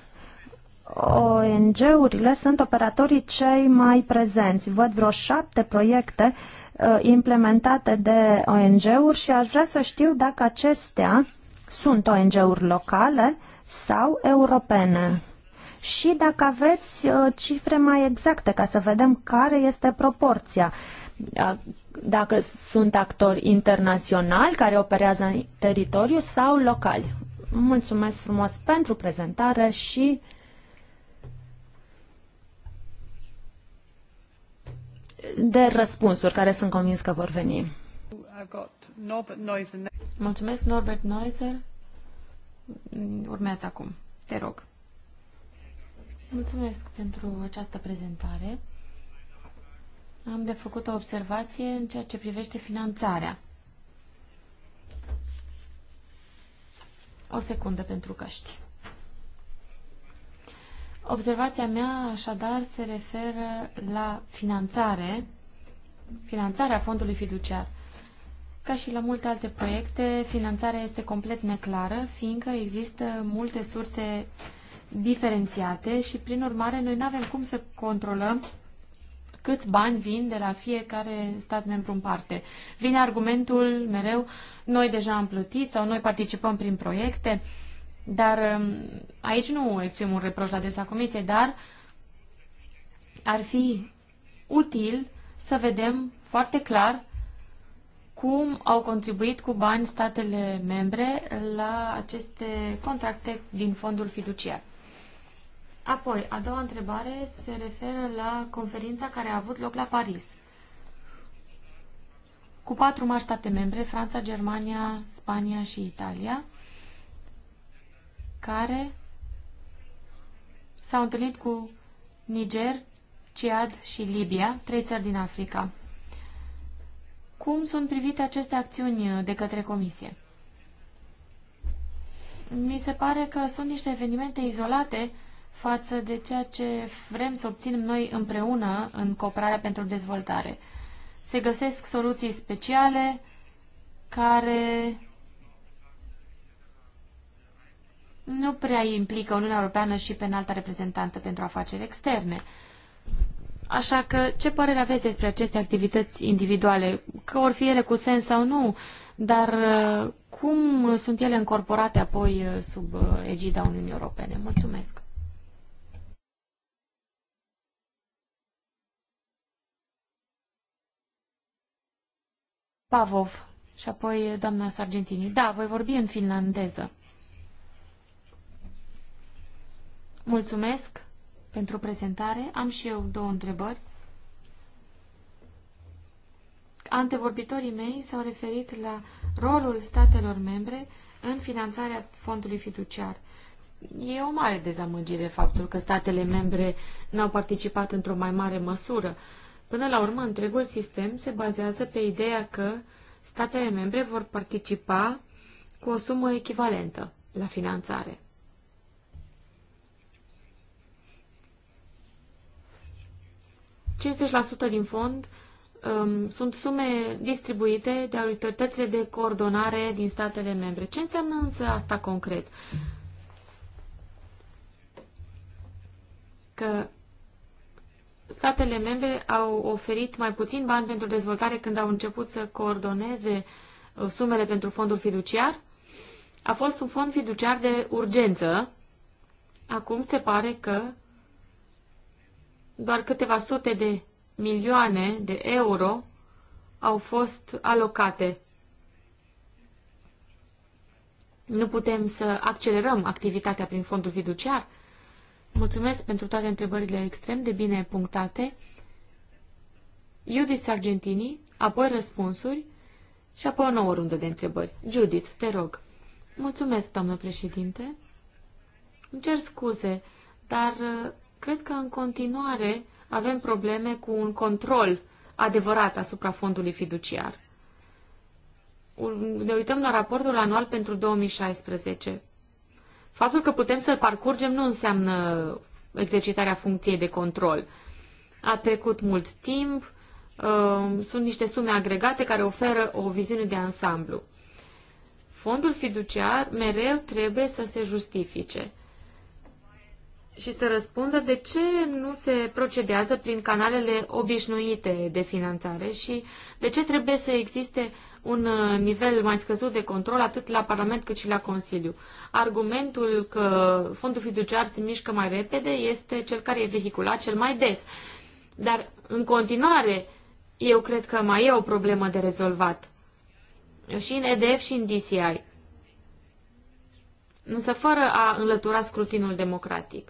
ONG-urile sunt operatorii cei mai prezenți. Văd vreo șapte proiecte uh, Uh, implementate de ONG-uri și aș vrea să știu dacă acestea sunt ONG-uri locale sau europene. Și dacă aveți uh, cifre mai exacte ca să vedem care este proporția uh, dacă sunt actori internaționali care operează în teritoriu sau locali. Mulțumesc frumos pentru prezentare și de răspunsuri care sunt convins că vor veni. Mulțumesc, Norbert Neuser. Urmează acum. Te rog. Mulțumesc pentru această prezentare. Am de făcut o observație în ceea ce privește finanțarea. O secundă pentru căști. Observația mea, așadar, se referă la finanțare, finanțarea fondului fiduciar. Ca și la multe alte proiecte, finanțarea este complet neclară, fiindcă există multe surse diferențiate și, prin urmare, noi nu avem cum să controlăm câți bani vin de la fiecare stat membru în parte. Vine argumentul mereu, noi deja am plătit sau noi participăm prin proiecte. Uh, dar um, aici nu exprim un reproș la adresa comisiei, dar ar fi util să vedem foarte clar cum au contribuit cu bani statele membre la aceste contracte din fondul fiduciar. Apoi, a doua întrebare se referă la conferința care a avut loc la Paris. Cu patru mari state membre, Franța, Germania, Spania și Italia, care s-au întâlnit cu Niger, Ciad și Libia, trei țări din Africa. Cum sunt privite aceste acțiuni de către Comisie? Mi se pare că sunt niște evenimente izolate față de ceea ce vrem să obținem noi împreună în cooperarea pentru dezvoltare. Se găsesc soluții speciale care nu prea implică Uniunea Europeană și pe înalta reprezentantă pentru afaceri externe. Așa că, ce părere aveți despre aceste activități individuale? Că or fi ele cu sens sau nu, dar uh, cum sunt ele încorporate apoi uh, sub uh, egida Uniunii Europene? Mulțumesc! Pavov și apoi doamna Sargentini. Da, voi vorbi în finlandeză. Mulțumesc pentru prezentare. Am și eu două întrebări. Antevorbitorii mei s-au referit la rolul statelor membre în finanțarea fondului fiduciar. E o mare dezamăgire faptul că statele membre n-au participat într-o mai mare măsură. Până la urmă, întregul sistem se bazează pe ideea că statele membre vor participa cu o sumă echivalentă la finanțare. 50% din fond um, sunt sume distribuite de autoritățile de coordonare din statele membre. Ce înseamnă însă asta concret? Că statele membre au oferit mai puțin bani pentru dezvoltare când au început să coordoneze uh, sumele pentru fondul fiduciar? A fost un fond fiduciar de urgență. Acum se pare că doar câteva sute de milioane de euro au fost alocate. Nu putem să accelerăm activitatea prin fondul fiduciar? Mulțumesc pentru toate întrebările extrem de bine punctate. Judith Sargentini, apoi răspunsuri și apoi o nouă rundă de întrebări. Judith, te rog. Mulțumesc, doamnă președinte. Îmi cer scuze, dar Cred că în continuare avem probleme cu un control adevărat asupra fondului fiduciar. Ne uităm la raportul anual pentru 2016. Faptul că putem să-l parcurgem nu înseamnă exercitarea funcției de control. A trecut mult timp, uh, sunt niște sume agregate care oferă o viziune de ansamblu. Fondul fiduciar mereu trebuie să se justifice și să răspundă de ce nu se procedează prin canalele obișnuite de finanțare și de ce trebuie să existe un uh, nivel mai scăzut de control atât la Parlament cât și la Consiliu. Argumentul că fondul fiduciar se mișcă mai repede este cel care e vehiculat cel mai des. Dar, în continuare, eu cred că mai e o problemă de rezolvat. Și în EDF și în DCI. Însă fără a înlătura scrutinul democratic.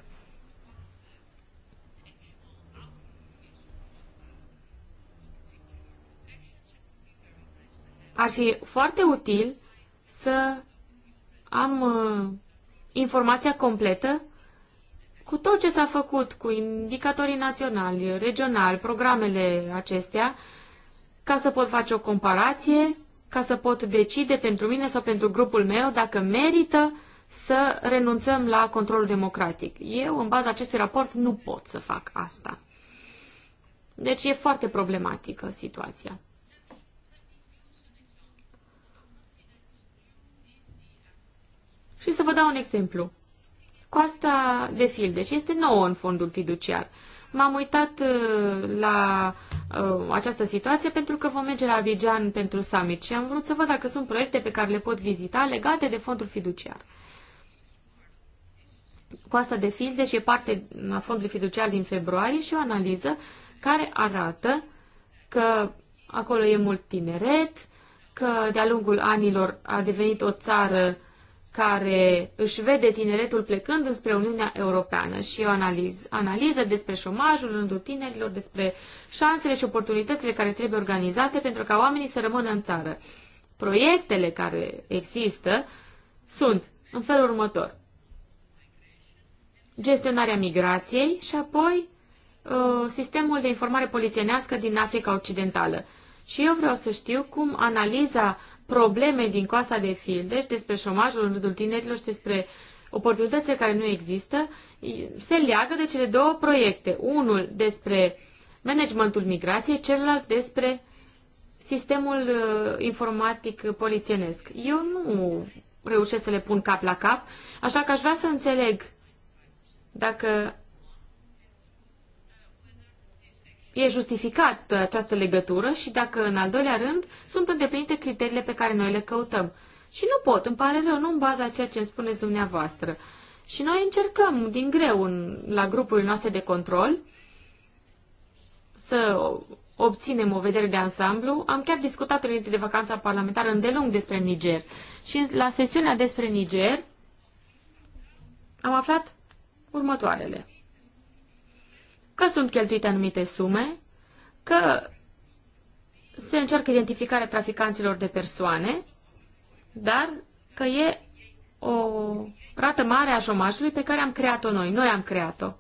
ar fi foarte util să am uh, informația completă cu tot ce s-a făcut, cu indicatorii naționali, regionali, programele acestea, ca să pot face o comparație, ca să pot decide pentru mine sau pentru grupul meu dacă merită să renunțăm la controlul democratic. Eu, în baza acestui raport, nu pot să fac asta. Deci e foarte problematică situația. Și să vă dau un exemplu. Coasta de filde, deci este nouă în fondul fiduciar. M-am uitat uh, la uh, această situație pentru că vom merge la Abidjan pentru summit și am vrut să văd dacă sunt proiecte pe care le pot vizita legate de fondul fiduciar. Coasta de filde, deci e parte a fondului fiduciar din februarie și o analiză care arată că acolo e mult tineret, că de-a lungul anilor a devenit o țară care își vede tineretul plecând înspre Uniunea Europeană și o analiz, analiză despre șomajul în rândul tinerilor, despre șansele și oportunitățile care trebuie organizate pentru ca oamenii să rămână în țară. Proiectele care există sunt în felul următor. Gestionarea migrației și apoi ă, sistemul de informare polițienească din Africa Occidentală. Și eu vreau să știu cum analiza uh, probleme din coasta de fildeș, despre șomajul în rândul tinerilor și despre oportunitățile care nu există, se leagă de cele două proiecte. Unul despre managementul migrației, celălalt despre sistemul uh, informatic polițienesc. Eu nu reușesc să le pun cap la cap, așa că aș vrea să înțeleg dacă e justificată uh, această legătură și dacă, în al doilea rând, sunt îndeplinite criteriile pe care noi le căutăm. Și nu pot, îmi pare rău, nu în baza ceea ce îmi spuneți dumneavoastră. Și noi încercăm din greu în, la grupurile noastre de control să obținem o vedere de ansamblu. Am chiar discutat înainte de vacanța parlamentară îndelung despre Niger. Și la sesiunea despre Niger am aflat următoarele că sunt cheltuite anumite sume, că se încearcă identificarea traficanților de persoane, dar că e o rată mare a șomajului pe care am creat-o noi. Noi am creat-o.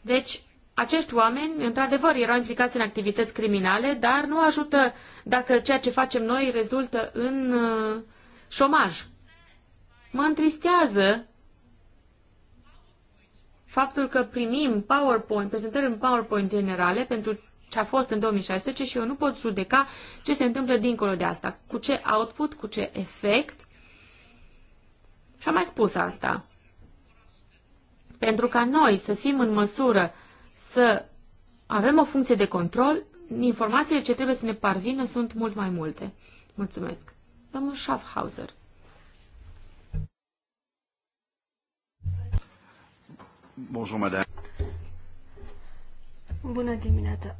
Deci, acești oameni, într-adevăr, erau implicați în activități criminale, dar nu ajută dacă ceea ce facem noi rezultă în uh, șomaj. Mă întristează faptul că primim PowerPoint, prezentări în PowerPoint generale pentru ce a fost în 2016 și eu nu pot judeca ce se întâmplă dincolo de asta, cu ce output, cu ce efect. Și am mai spus asta. Pentru ca noi să fim în măsură să avem o funcție de control, informațiile ce trebuie să ne parvină sunt mult mai multe. Mulțumesc. Domnul Schaffhauser. Bonjour, madame. Bună dimineața.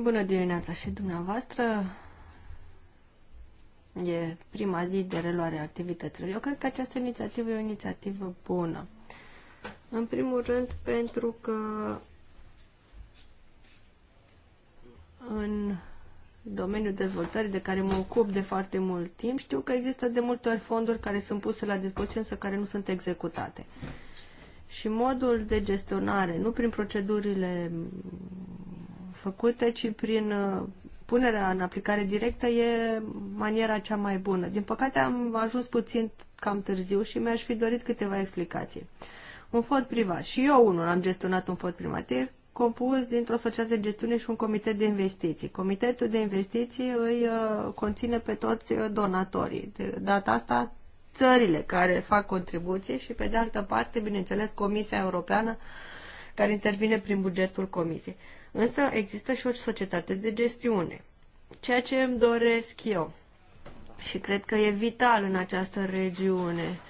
Bună dimineața și dumneavoastră. E prima zi de reluare a activităților. Eu cred că această inițiativă e o inițiativă bună. În primul rând pentru că în domeniul dezvoltării de care mă ocup de foarte mult timp, știu că există de multe ori fonduri care sunt puse la dispoziție, însă care nu sunt executate. Și modul de gestionare, nu prin procedurile făcute, ci prin uh, punerea în aplicare directă, e maniera cea mai bună. Din păcate am ajuns puțin cam târziu și mi-aș fi dorit câteva explicații. Un fond privat. Și eu unul am gestionat un fond privat compus dintr-o societate de gestiune și un comitet de investiții. Comitetul de investiții îi uh, conține pe toți uh, donatorii. De data asta, țările care fac contribuție și, pe de altă parte, bineînțeles, Comisia Europeană care intervine prin bugetul Comisiei. Însă există și o societate de gestiune. Ceea ce îmi doresc eu și cred că e vital în această regiune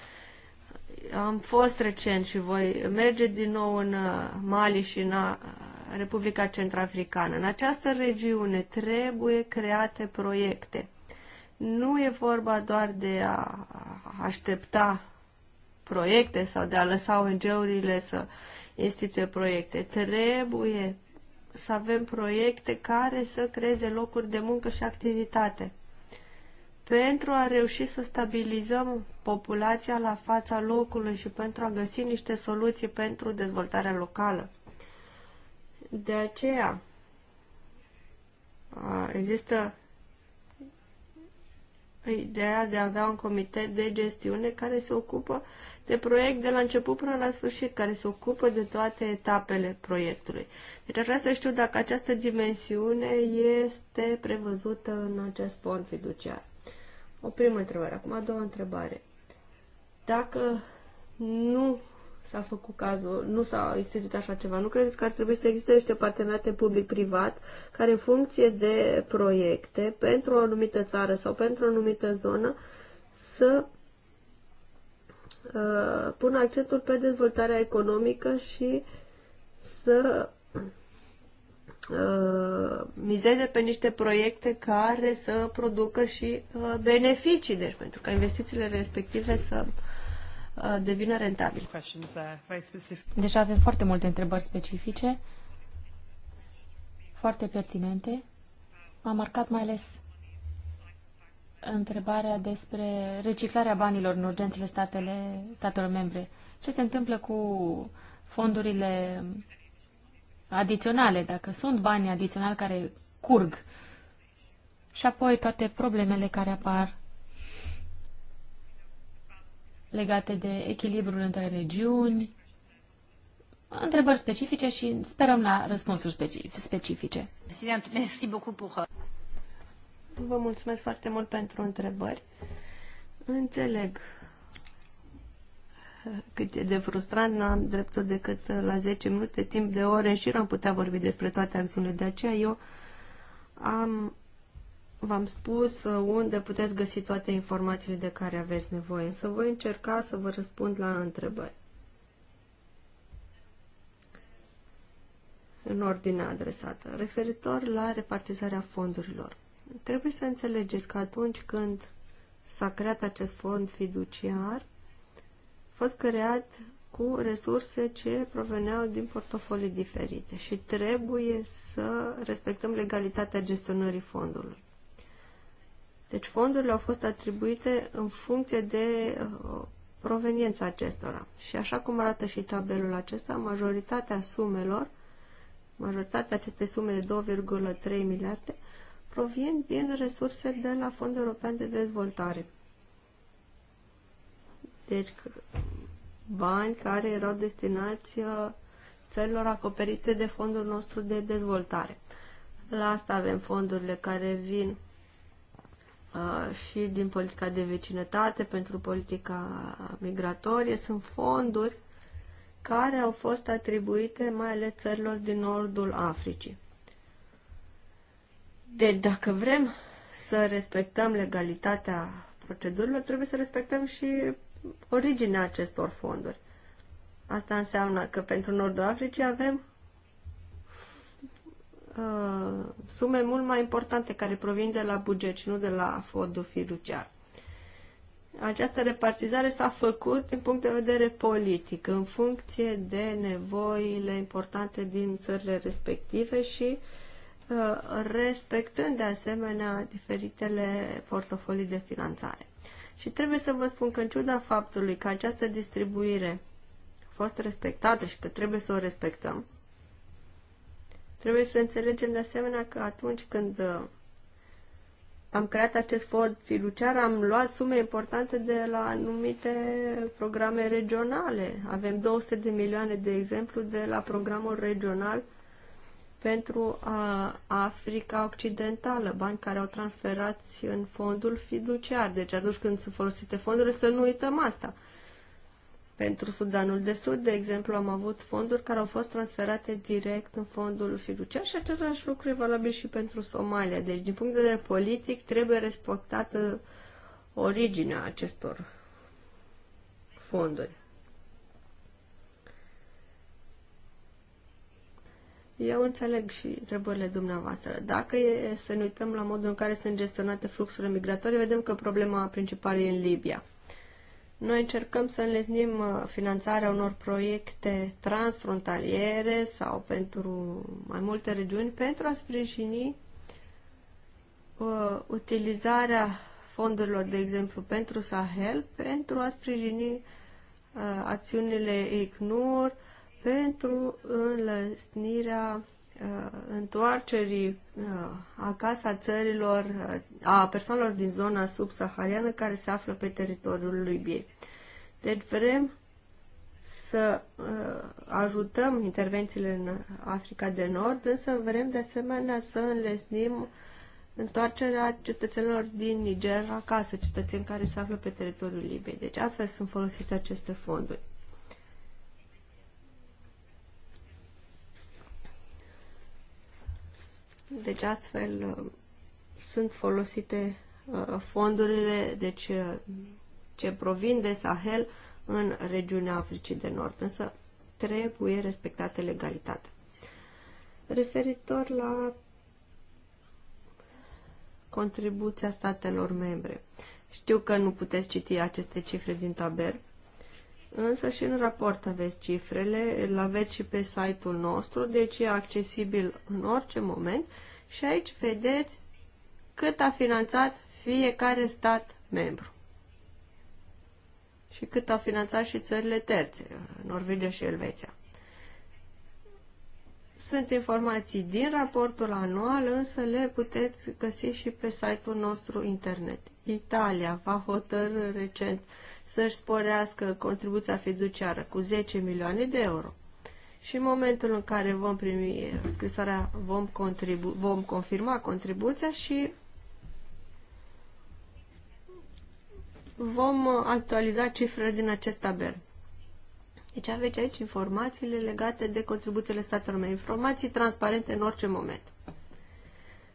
am fost recent și voi merge din nou în uh, Mali și în uh, Republica Centrafricană. În această regiune trebuie create proiecte. Nu e vorba doar de a aștepta proiecte sau de a lăsa ONG-urile să instituie proiecte. Trebuie să avem proiecte care să creeze locuri de muncă și activitate pentru a reuși să stabilizăm populația la fața locului și pentru a găsi niște soluții pentru dezvoltarea locală. De aceea există ideea de a avea un comitet de gestiune care se ocupă de proiect de la început până la sfârșit, care se ocupă de toate etapele proiectului. Deci aș vrea să știu dacă această dimensiune este prevăzută în acest fond fiduciar. O primă întrebare. Acum a doua întrebare. Dacă nu s-a făcut cazul, nu s-a instituit așa ceva, nu credeți că ar trebui să existe niște parteneriate public-privat care în funcție de proiecte pentru o anumită țară sau pentru o anumită zonă să uh, pună accentul pe dezvoltarea economică și să Uh, mizeze pe niște proiecte care să producă și uh, beneficii, deci pentru ca investițiile respective să uh, devină rentabile. Deci avem foarte multe întrebări specifice, foarte pertinente. M-am marcat mai ales întrebarea despre reciclarea banilor în urgențele statele, statelor membre. Ce se întâmplă cu fondurile adiționale, dacă sunt bani adiționali care curg. Și apoi toate problemele care apar legate de echilibrul între regiuni, întrebări specifice și sperăm la răspunsuri specifice. Uh, Vă mulțumesc foarte mult pentru întrebări. Înțeleg cât e de frustrant, nu am dreptul decât la 10 minute, timp de ore și am putea vorbi despre toate acțiunile. De aceea eu am, v-am spus unde puteți găsi toate informațiile de care aveți nevoie, să voi încerca să vă răspund la întrebări. în ordine adresată, referitor la repartizarea fondurilor. Trebuie să înțelegeți că atunci când s-a creat acest fond fiduciar, fost creat cu resurse ce proveneau din portofolii diferite și trebuie să respectăm legalitatea gestionării fondurilor. Deci fondurile au fost atribuite în funcție de uh, proveniența acestora. Și așa cum arată și tabelul acesta, majoritatea sumelor, majoritatea acestei sume de 2,3 miliarde, provin din resurse de la Fondul European de Dezvoltare. Deci bani care erau destinați uh, țărilor acoperite de fondul nostru de dezvoltare. La asta avem fondurile care vin uh, și din politica de vecinătate pentru politica migratorie. Sunt fonduri care au fost atribuite mai ales țărilor din nordul Africii. Deci dacă vrem să respectăm legalitatea procedurilor, trebuie să respectăm și originea acestor fonduri. Asta înseamnă că pentru Nordul Africii avem uh, sume mult mai importante care provin de la buget și nu de la fondul fiduciar. Această repartizare s-a făcut din punct de vedere politic, în funcție de nevoile importante din țările respective și uh, respectând de asemenea diferitele portofolii de finanțare. Și trebuie să vă spun că în ciuda faptului că această distribuire a fost respectată și că trebuie să o respectăm, trebuie să înțelegem de asemenea că atunci când uh, am creat acest fond fiduciar, am luat sume importante de la anumite programe regionale. Avem 200 de milioane, de exemplu, de la programul regional pentru Africa Occidentală, bani care au transferați în fondul fiduciar. Deci atunci când sunt folosite fondurile, să nu uităm asta. Pentru Sudanul de Sud, de exemplu, am avut fonduri care au fost transferate direct în fondul fiduciar și același lucru e valabil și pentru Somalia. Deci, din punct de vedere politic, trebuie respectată originea acestor fonduri. Eu înțeleg și întrebările dumneavoastră. Dacă e să ne uităm la modul în care sunt gestionate fluxurile migratorii, vedem că problema principală e în Libia. Noi încercăm să înleznim uh, finanțarea unor proiecte transfrontaliere sau pentru mai multe regiuni pentru a sprijini uh, utilizarea fondurilor, de exemplu, pentru Sahel, pentru a sprijini uh, acțiunile ICNUR, pentru înlăsnirea uh, întoarcerii uh, acasă a țărilor, uh, a persoanelor din zona subsahariană care se află pe teritoriul Libiei. Deci vrem să uh, ajutăm intervențiile în Africa de Nord, însă vrem de asemenea să înlesnim întoarcerea cetățenilor din Niger acasă, cetățeni care se află pe teritoriul Libiei. Deci astfel sunt folosite aceste fonduri. Deci astfel uh, sunt folosite uh, fondurile deci, uh, ce provin de Sahel în regiunea Africii de Nord, însă trebuie respectată legalitatea. Referitor la contribuția statelor membre. Știu că nu puteți citi aceste cifre din taber, Însă și în raport aveți cifrele, îl aveți și pe site-ul nostru, deci e accesibil în orice moment și aici vedeți cât a finanțat fiecare stat membru și cât au finanțat și țările terțe, Norvegia și Elveția. Sunt informații din raportul anual, însă le puteți găsi și pe site-ul nostru internet. Italia va hotărâ recent uh, să-și sporească contribuția fiduciară cu 10 milioane de euro. Și în momentul în care vom primi scrisoarea, vom, contribu- vom confirma contribuția și vom actualiza cifrele din acest tabel. Deci aveți aici informațiile legate de contribuțiile statelor mele. informații transparente în orice moment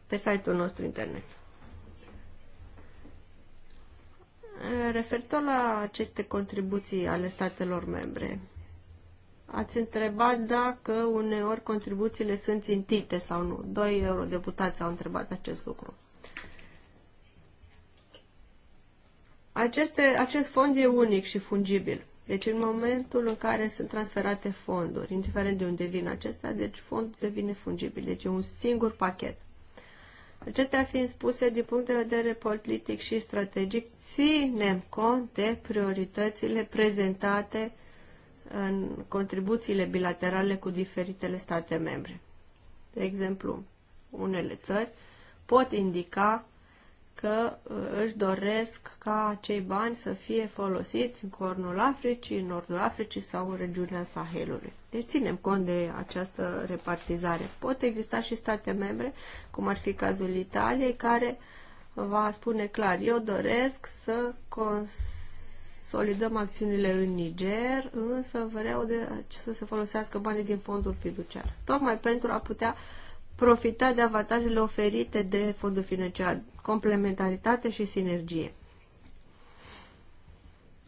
pe site-ul nostru internet. Referitor la aceste contribuții ale statelor membre, ați întrebat dacă uneori contribuțiile sunt țintite sau nu. Doi eurodeputați au întrebat acest lucru. Aceste, acest fond e unic și fungibil. Deci în momentul în care sunt transferate fonduri, indiferent de unde vin acestea, deci fondul devine fungibil. Deci e un singur pachet. Acestea fiind spuse, din punct de vedere politic și strategic, ținem cont de prioritățile prezentate în contribuțiile bilaterale cu diferitele state membre. De exemplu, unele țări pot indica că uh, își doresc ca acei bani să fie folosiți în cornul Africii, în nordul Africii sau în regiunea Sahelului. Deci ținem cont de această repartizare. Pot exista și state membre, cum ar fi cazul Italiei, care va spune clar, eu doresc să consolidăm acțiunile în Niger, însă vreau de, să se folosească banii din fondul fiduciar. Tocmai pentru a putea profita de avantajele oferite de fondul financiar, complementaritate și sinergie.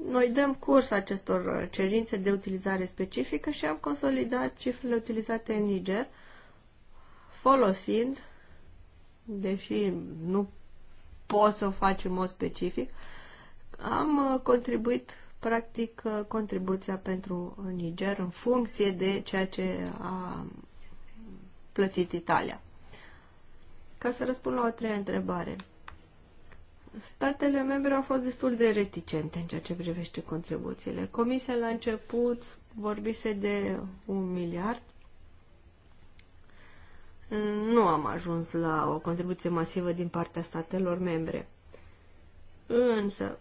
Noi dăm curs acestor uh, cerințe de utilizare specifică și am consolidat cifrele utilizate în Niger, folosind, deși nu pot să o fac în mod specific, am uh, contribuit, practic, uh, contribuția pentru Niger în funcție de ceea ce a plătit Italia. Ca să răspund la o treia întrebare statele membre au fost destul de reticente în ceea ce privește contribuțiile. Comisia la început vorbise de un miliard. Nu am ajuns la o contribuție masivă din partea statelor membre. Însă,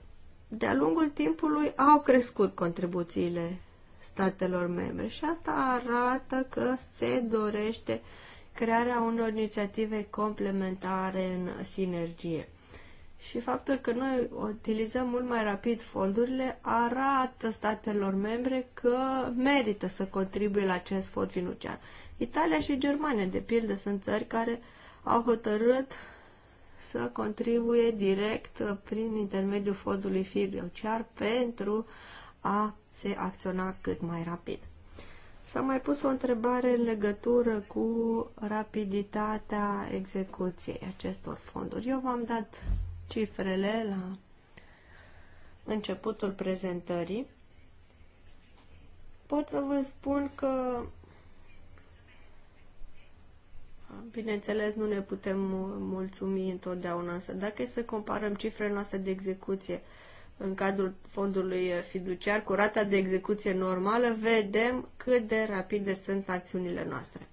de-a lungul timpului au crescut contribuțiile statelor membre și asta arată că se dorește crearea unor inițiative complementare în sinergie. Și faptul că noi utilizăm mult mai rapid fondurile arată statelor membre că merită să contribuie la acest fond financiar. Italia și Germania, de pildă, sunt țări care au hotărât să contribuie direct prin intermediul fondului financiar pentru a se acționa cât mai rapid. S-a mai pus o întrebare în legătură cu rapiditatea execuției acestor fonduri. Eu v-am dat cifrele la începutul prezentării, pot să vă spun că Bineînțeles, nu ne putem mulțumi întotdeauna, însă dacă e să comparăm cifrele noastre de execuție în cadrul fondului fiduciar cu rata de execuție normală, vedem cât de rapide sunt acțiunile noastre.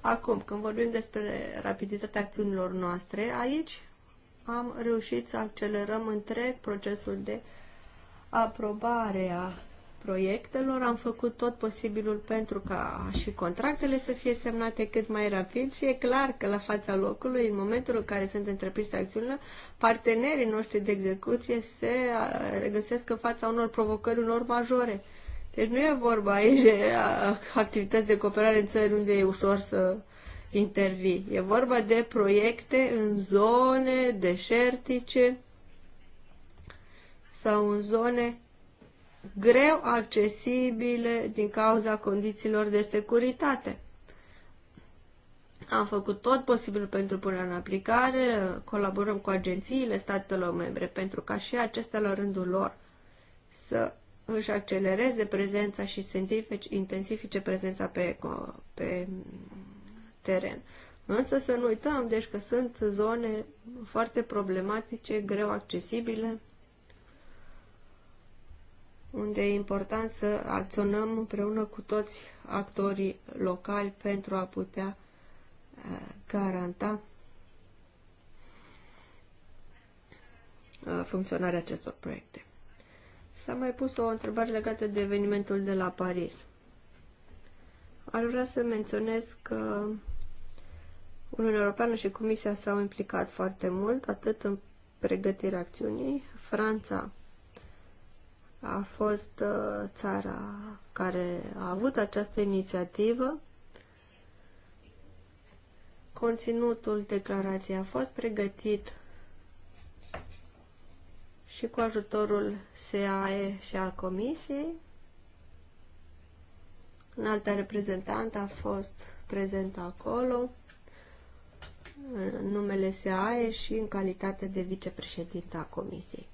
Acum, când vorbim despre rapiditatea acțiunilor noastre, aici am reușit să accelerăm întreg procesul de aprobare a proiectelor. Am făcut tot posibilul pentru ca și contractele să fie semnate cât mai rapid și e clar că la fața locului, în momentul în care sunt întreprise acțiunile, partenerii noștri de execuție se regăsesc în fața unor provocări, unor majore. Deci nu e vorba aici de activități de cooperare în țări unde e ușor să intervii. E vorba de proiecte în zone deșertice sau în zone greu accesibile din cauza condițiilor de securitate. Am făcut tot posibil pentru punerea în aplicare, colaborăm cu agențiile statelor membre pentru ca și acestea la rândul lor să își accelereze prezența și să intensifice prezența pe, pe teren. Însă să nu uităm, deci că sunt zone foarte problematice, greu accesibile, unde e important să acționăm împreună cu toți actorii locali pentru a putea eh, garanta eh, funcționarea acestor proiecte. S-a mai pus o întrebare legată de evenimentul de la Paris. Ar vrea să menționez că Uniunea Europeană și Comisia s-au implicat foarte mult, atât în pregătirea acțiunii. Franța a fost uh, țara care a avut această inițiativă. Conținutul declarației a fost pregătit și cu ajutorul SAE și al Comisiei. Un alta reprezentant a fost prezent acolo numele SAE și în calitate de vicepreședinte a Comisiei.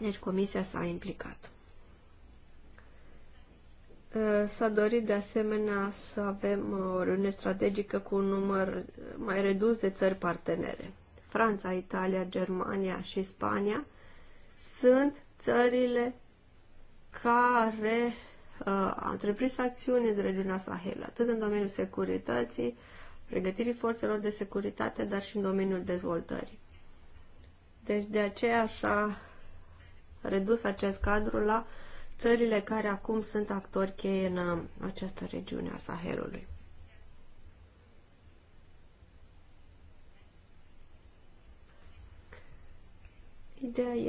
Deci Comisia s-a implicat. Ă, s-a dorit de asemenea să avem o reuniune strategică cu un număr mai redus de țări partenere. Franța, Italia, Germania și Spania sunt țările care Uh, a întreprins acțiuni în regiunea Sahel, atât în domeniul securității, pregătirii forțelor de securitate, dar și în domeniul dezvoltării. Deci de aceea s-a redus acest cadru la țările care acum sunt actori cheie în uh, această regiune a Sahelului.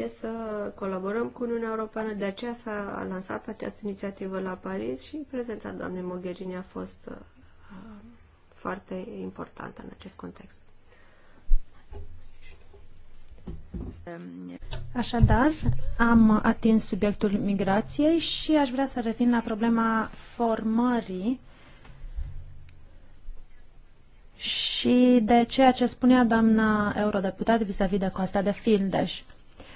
e să colaborăm cu Uniunea Europeană, de aceea s-a lansat această inițiativă la Paris și prezența doamnei Mogherini a fost uh, foarte importantă în acest context. Așadar, am atins subiectul migrației și aș vrea să revin la problema formării și de ceea ce spunea doamna eurodeputat vis-a-vis -vis de Costa de Fildeș.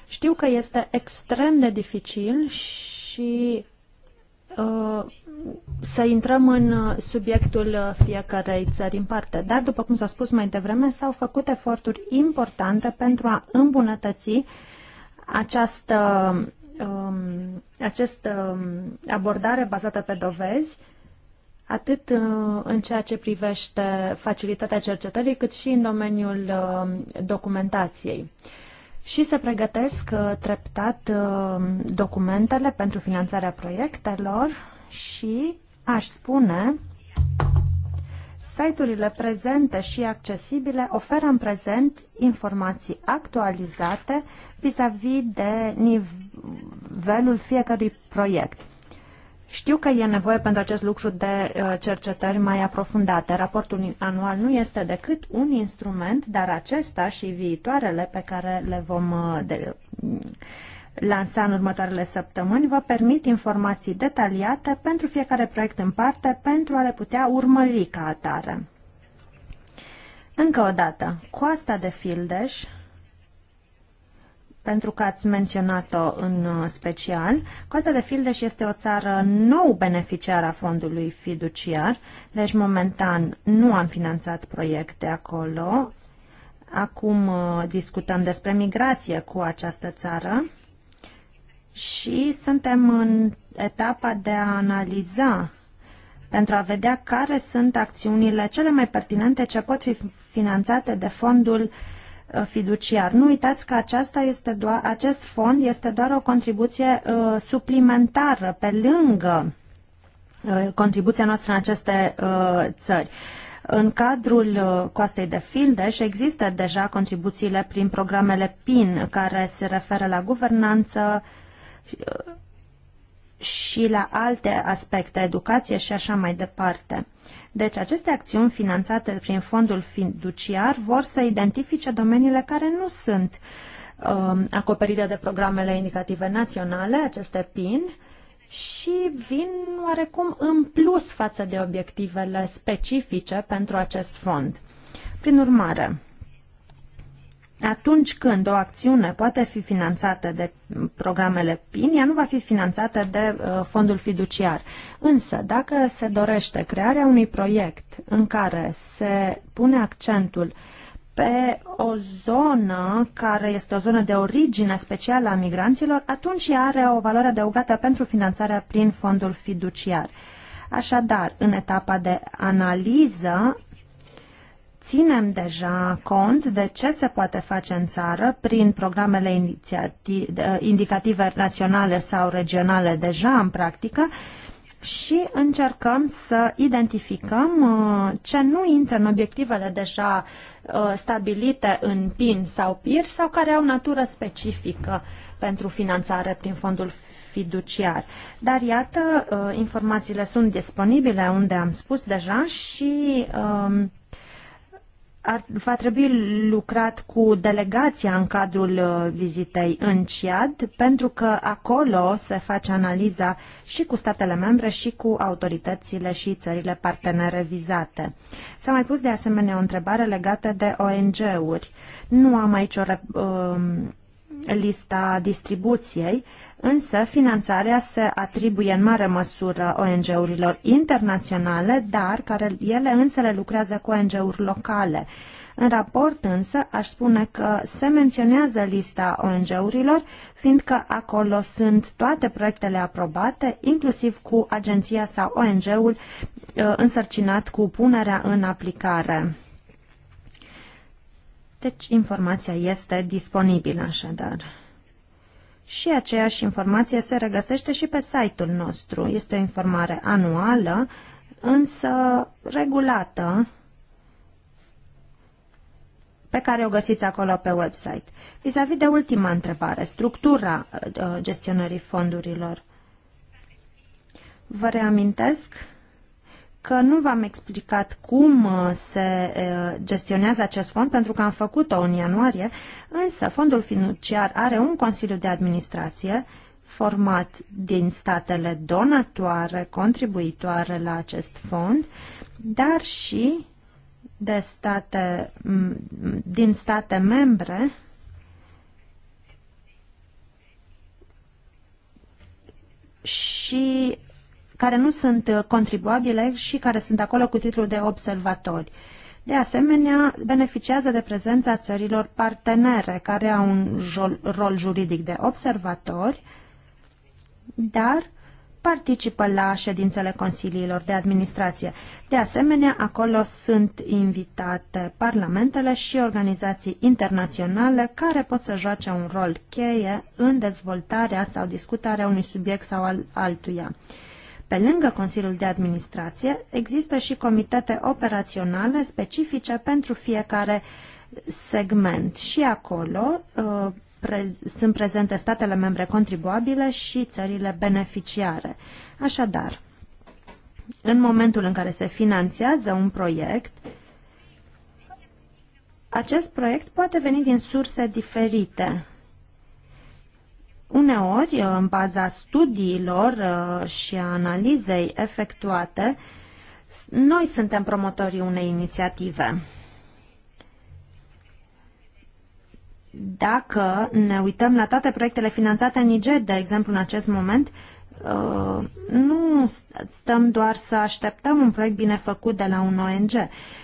Știu că este extrem de dificil și uh, să intrăm în subiectul fiecarei țări în parte, dar, după cum s-a spus mai devreme, s-au făcut eforturi importante pentru a îmbunătăți această, um, această abordare bazată pe dovezi atât uh, în ceea ce privește facilitatea cercetării, cât și în domeniul uh, documentației și se pregătesc uh, treptat uh, documentele pentru finanțarea proiectelor și, aș spune, site-urile prezente și accesibile oferă în prezent informații actualizate vis-a-vis -vis de nivelul fiecărui proiect. Știu că e nevoie pentru acest lucru de uh, cercetări mai aprofundate. Raportul anual nu este decât un instrument, dar acesta și viitoarele pe care le vom uh, de, lansa în următoarele săptămâni vă permit informații detaliate pentru fiecare proiect în parte pentru a le putea urmări ca atare. Încă o dată, coasta de Fildeș pentru că ați menționat-o în uh, special. Costa de Fildeș este o țară nou beneficiară a fondului fiduciar, deci momentan nu am finanțat proiecte acolo. Acum uh, discutăm despre migrație cu această țară și suntem în etapa de a analiza pentru a vedea care sunt acțiunile cele mai pertinente ce pot fi finanțate de fondul uh, Uh, fiduciar. Nu uitați că aceasta este doar, acest fond este doar o contribuție uh, suplimentară pe lângă uh, contribuția noastră în aceste uh, țări. În cadrul uh, coastei de Fildeș există deja contribuțiile prin programele PIN care se referă la guvernanță uh, și la alte aspecte, educație și așa mai departe. Deci aceste acțiuni finanțate prin fondul fiduciar vor să identifice domeniile care nu sunt um, acoperite de programele indicative naționale, aceste PIN, și vin oarecum în plus față de obiectivele specifice pentru acest fond. Prin urmare, atunci când o acțiune poate fi finanțată de programele PIN, ea nu va fi finanțată de uh, fondul fiduciar. Însă, dacă se dorește crearea unui proiect în care se pune accentul pe o zonă care este o zonă de origine specială a migranților, atunci ea are o valoare adăugată pentru finanțarea prin fondul fiduciar. Așadar, în etapa de analiză, ținem deja cont de ce se poate face în țară prin programele uh, indicative naționale sau regionale deja în practică și încercăm să identificăm uh, ce nu intră în obiectivele deja uh, stabilite în PIN sau PIR sau care au natură specifică pentru finanțare prin fondul fiduciar. Dar iată, informațiile sunt disponibile unde am spus deja și um, ar, va trebui lucrat cu delegația în cadrul uh, vizitei în CIAD, pentru că acolo se face analiza și cu statele membre și cu autoritățile și țările partenere vizate. S-a mai pus de asemenea o întrebare legată de ONG-uri. Nu am aici o um, lista distribuției, însă finanțarea se atribuie în mare măsură ONG-urilor internaționale, dar care ele le lucrează cu ONG-uri locale. În raport însă aș spune că se menționează lista ONG-urilor, fiindcă acolo sunt toate proiectele aprobate, inclusiv cu agenția sau ONG-ul uh, însărcinat cu punerea în aplicare. Deci informația este disponibilă așadar. Și aceeași informație se regăsește și pe site-ul nostru. Este o informare anuală, însă regulată, pe care o găsiți acolo pe website. Vis-a-vis -vis de ultima întrebare, structura uh, gestionării fondurilor. Vă reamintesc că nu v-am explicat cum uh, se uh, gestionează acest fond, pentru că am făcut-o în ianuarie, însă fondul financiar are un Consiliu de Administrație format din statele donatoare, contribuitoare la acest fond, dar și de state, din state membre și care nu sunt uh, contribuabile și care sunt acolo cu titlul de observatori. De asemenea, beneficiază de prezența țărilor partenere, care au un rol juridic de observatori, dar participă la ședințele consiliilor de administrație. De asemenea, acolo sunt invitate parlamentele și organizații internaționale care pot să joace un rol cheie în dezvoltarea sau discutarea unui subiect sau al altuia. Pe lângă Consiliul de Administrație, există și comitete operaționale specifice pentru fiecare segment. Și acolo uh, prez sunt prezente statele membre contribuabile și țările beneficiare. Așadar, în momentul în care se finanțează un proiect, acest proiect poate veni din surse diferite. Uneori, uh, în baza studiilor uh, și a analizei efectuate, noi suntem promotorii unei inițiative. Dacă ne uităm la toate proiectele finanțate în Niger, de exemplu, în acest moment, uh, nu stăm doar să așteptăm un proiect bine făcut de la un ONG,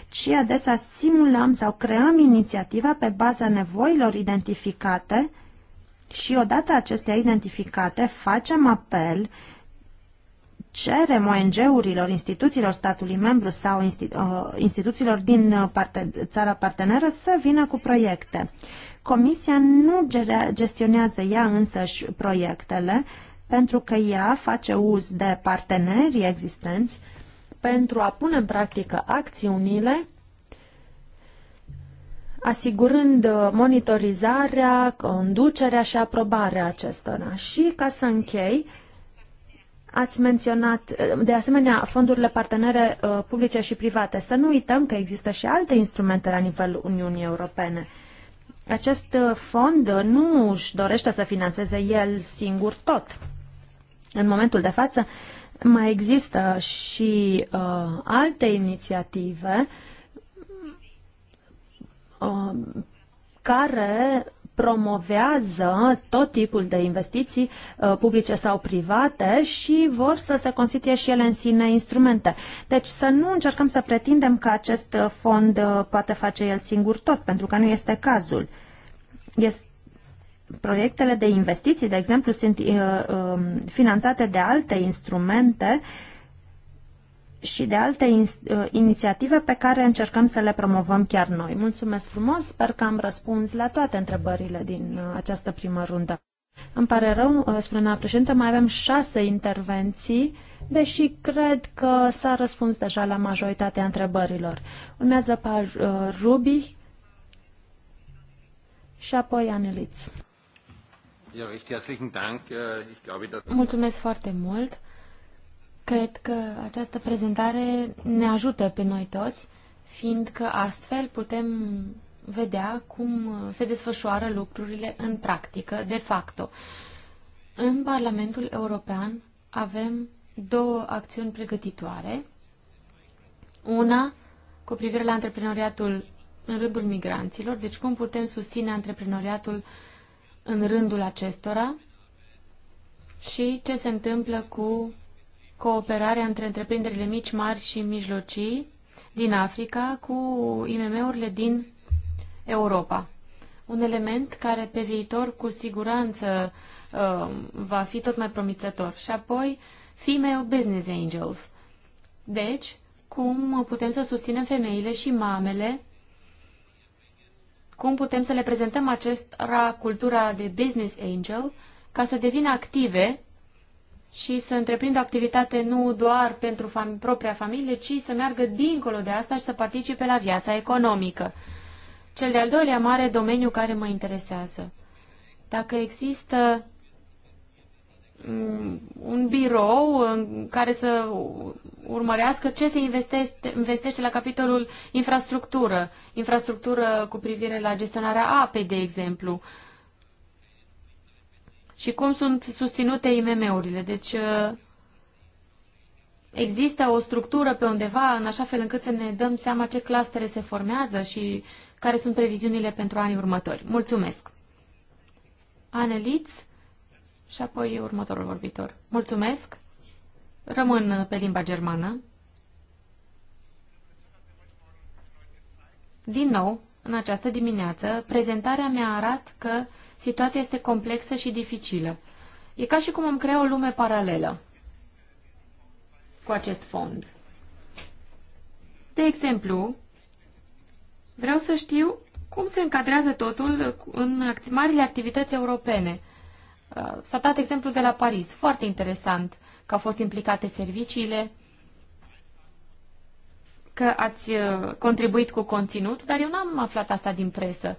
ci adesea simulăm sau creăm inițiativa pe baza nevoilor identificate uh, și odată acestea identificate, facem apel cerem ONG-urilor, instituțiilor statului membru sau uh, instituțiilor din uh, parte, țara parteneră să vină cu proiecte. Comisia nu gestionează ea însăși proiectele, pentru că ea face uz de partenerii existenți pentru a pune în practică acțiunile asigurând uh, monitorizarea, conducerea și aprobarea acestora. Și, ca să închei, Ați menționat, uh, de asemenea, fondurile partenere uh, publice și private. Să nu uităm că există și alte instrumente la nivelul Uniunii Europene. Acest fond nu își dorește să financeze el singur tot. În momentul de față mai există și uh, alte inițiative uh, Um, care promovează tot tipul de investiții uh, publice sau private și vor să se constituie și ele în sine instrumente. Deci să nu încercăm să pretindem că acest fond uh, poate face el singur tot, pentru că nu este cazul. Este Proiectele de investiții, de exemplu, sunt uh, uh, finanțate de alte instrumente uh, și de alte in, uh, inițiative pe care încercăm să le promovăm chiar noi. Mulțumesc frumos, sper că am răspuns la toate întrebările din uh, această primă rundă. Îmi pare rău, uh, spunea președinte, mai avem șase intervenții, deși cred că s-a răspuns deja la majoritatea întrebărilor. Urmează pe Rubi și apoi Aneliț. Äh, Mulțumesc foarte mult. Cred că această prezentare ne ajută pe noi toți, fiindcă astfel putem vedea cum se desfășoară lucrurile în practică, de facto. În Parlamentul European avem două acțiuni pregătitoare. Una cu privire la antreprenoriatul în rândul migranților, deci cum putem susține antreprenoriatul în rândul acestora și ce se întâmplă cu cooperarea între întreprinderile mici, mari și mijlocii din Africa cu IMM-urile din Europa. Un element care pe viitor cu siguranță uh, va fi tot mai promițător. Și apoi Female Business Angels. Deci, cum putem să susținem femeile și mamele cum putem să le prezentăm acest cultura de business angel ca să devină active și să întreprindă activitate nu doar pentru fam- propria familie, ci să meargă dincolo de asta și să participe la viața economică. Cel de-al doilea mare domeniu care mă interesează. Dacă există mm, un birou în care să urmărească ce se investește, investește la capitolul infrastructură, infrastructură cu privire la gestionarea apei, de exemplu, uh, și cum sunt susținute IMM-urile. Deci uh, există o structură pe undeva în așa fel încât să ne dăm seama ce clastere se formează și care sunt previziunile pentru anii următori. Mulțumesc! Aneliț și apoi următorul vorbitor. Mulțumesc! Rămân pe limba germană. Din nou, în această dimineață, prezentarea mi-a arat că situația este complexă și dificilă. E ca și cum am crea o lume paralelă cu acest fond. De exemplu, vreau să știu cum se încadrează totul în marile activități europene. Uh, s-a dat exemplu de la Paris, foarte interesant, că au fost implicate serviciile, că ați uh, contribuit cu conținut, dar eu n-am aflat asta din presă.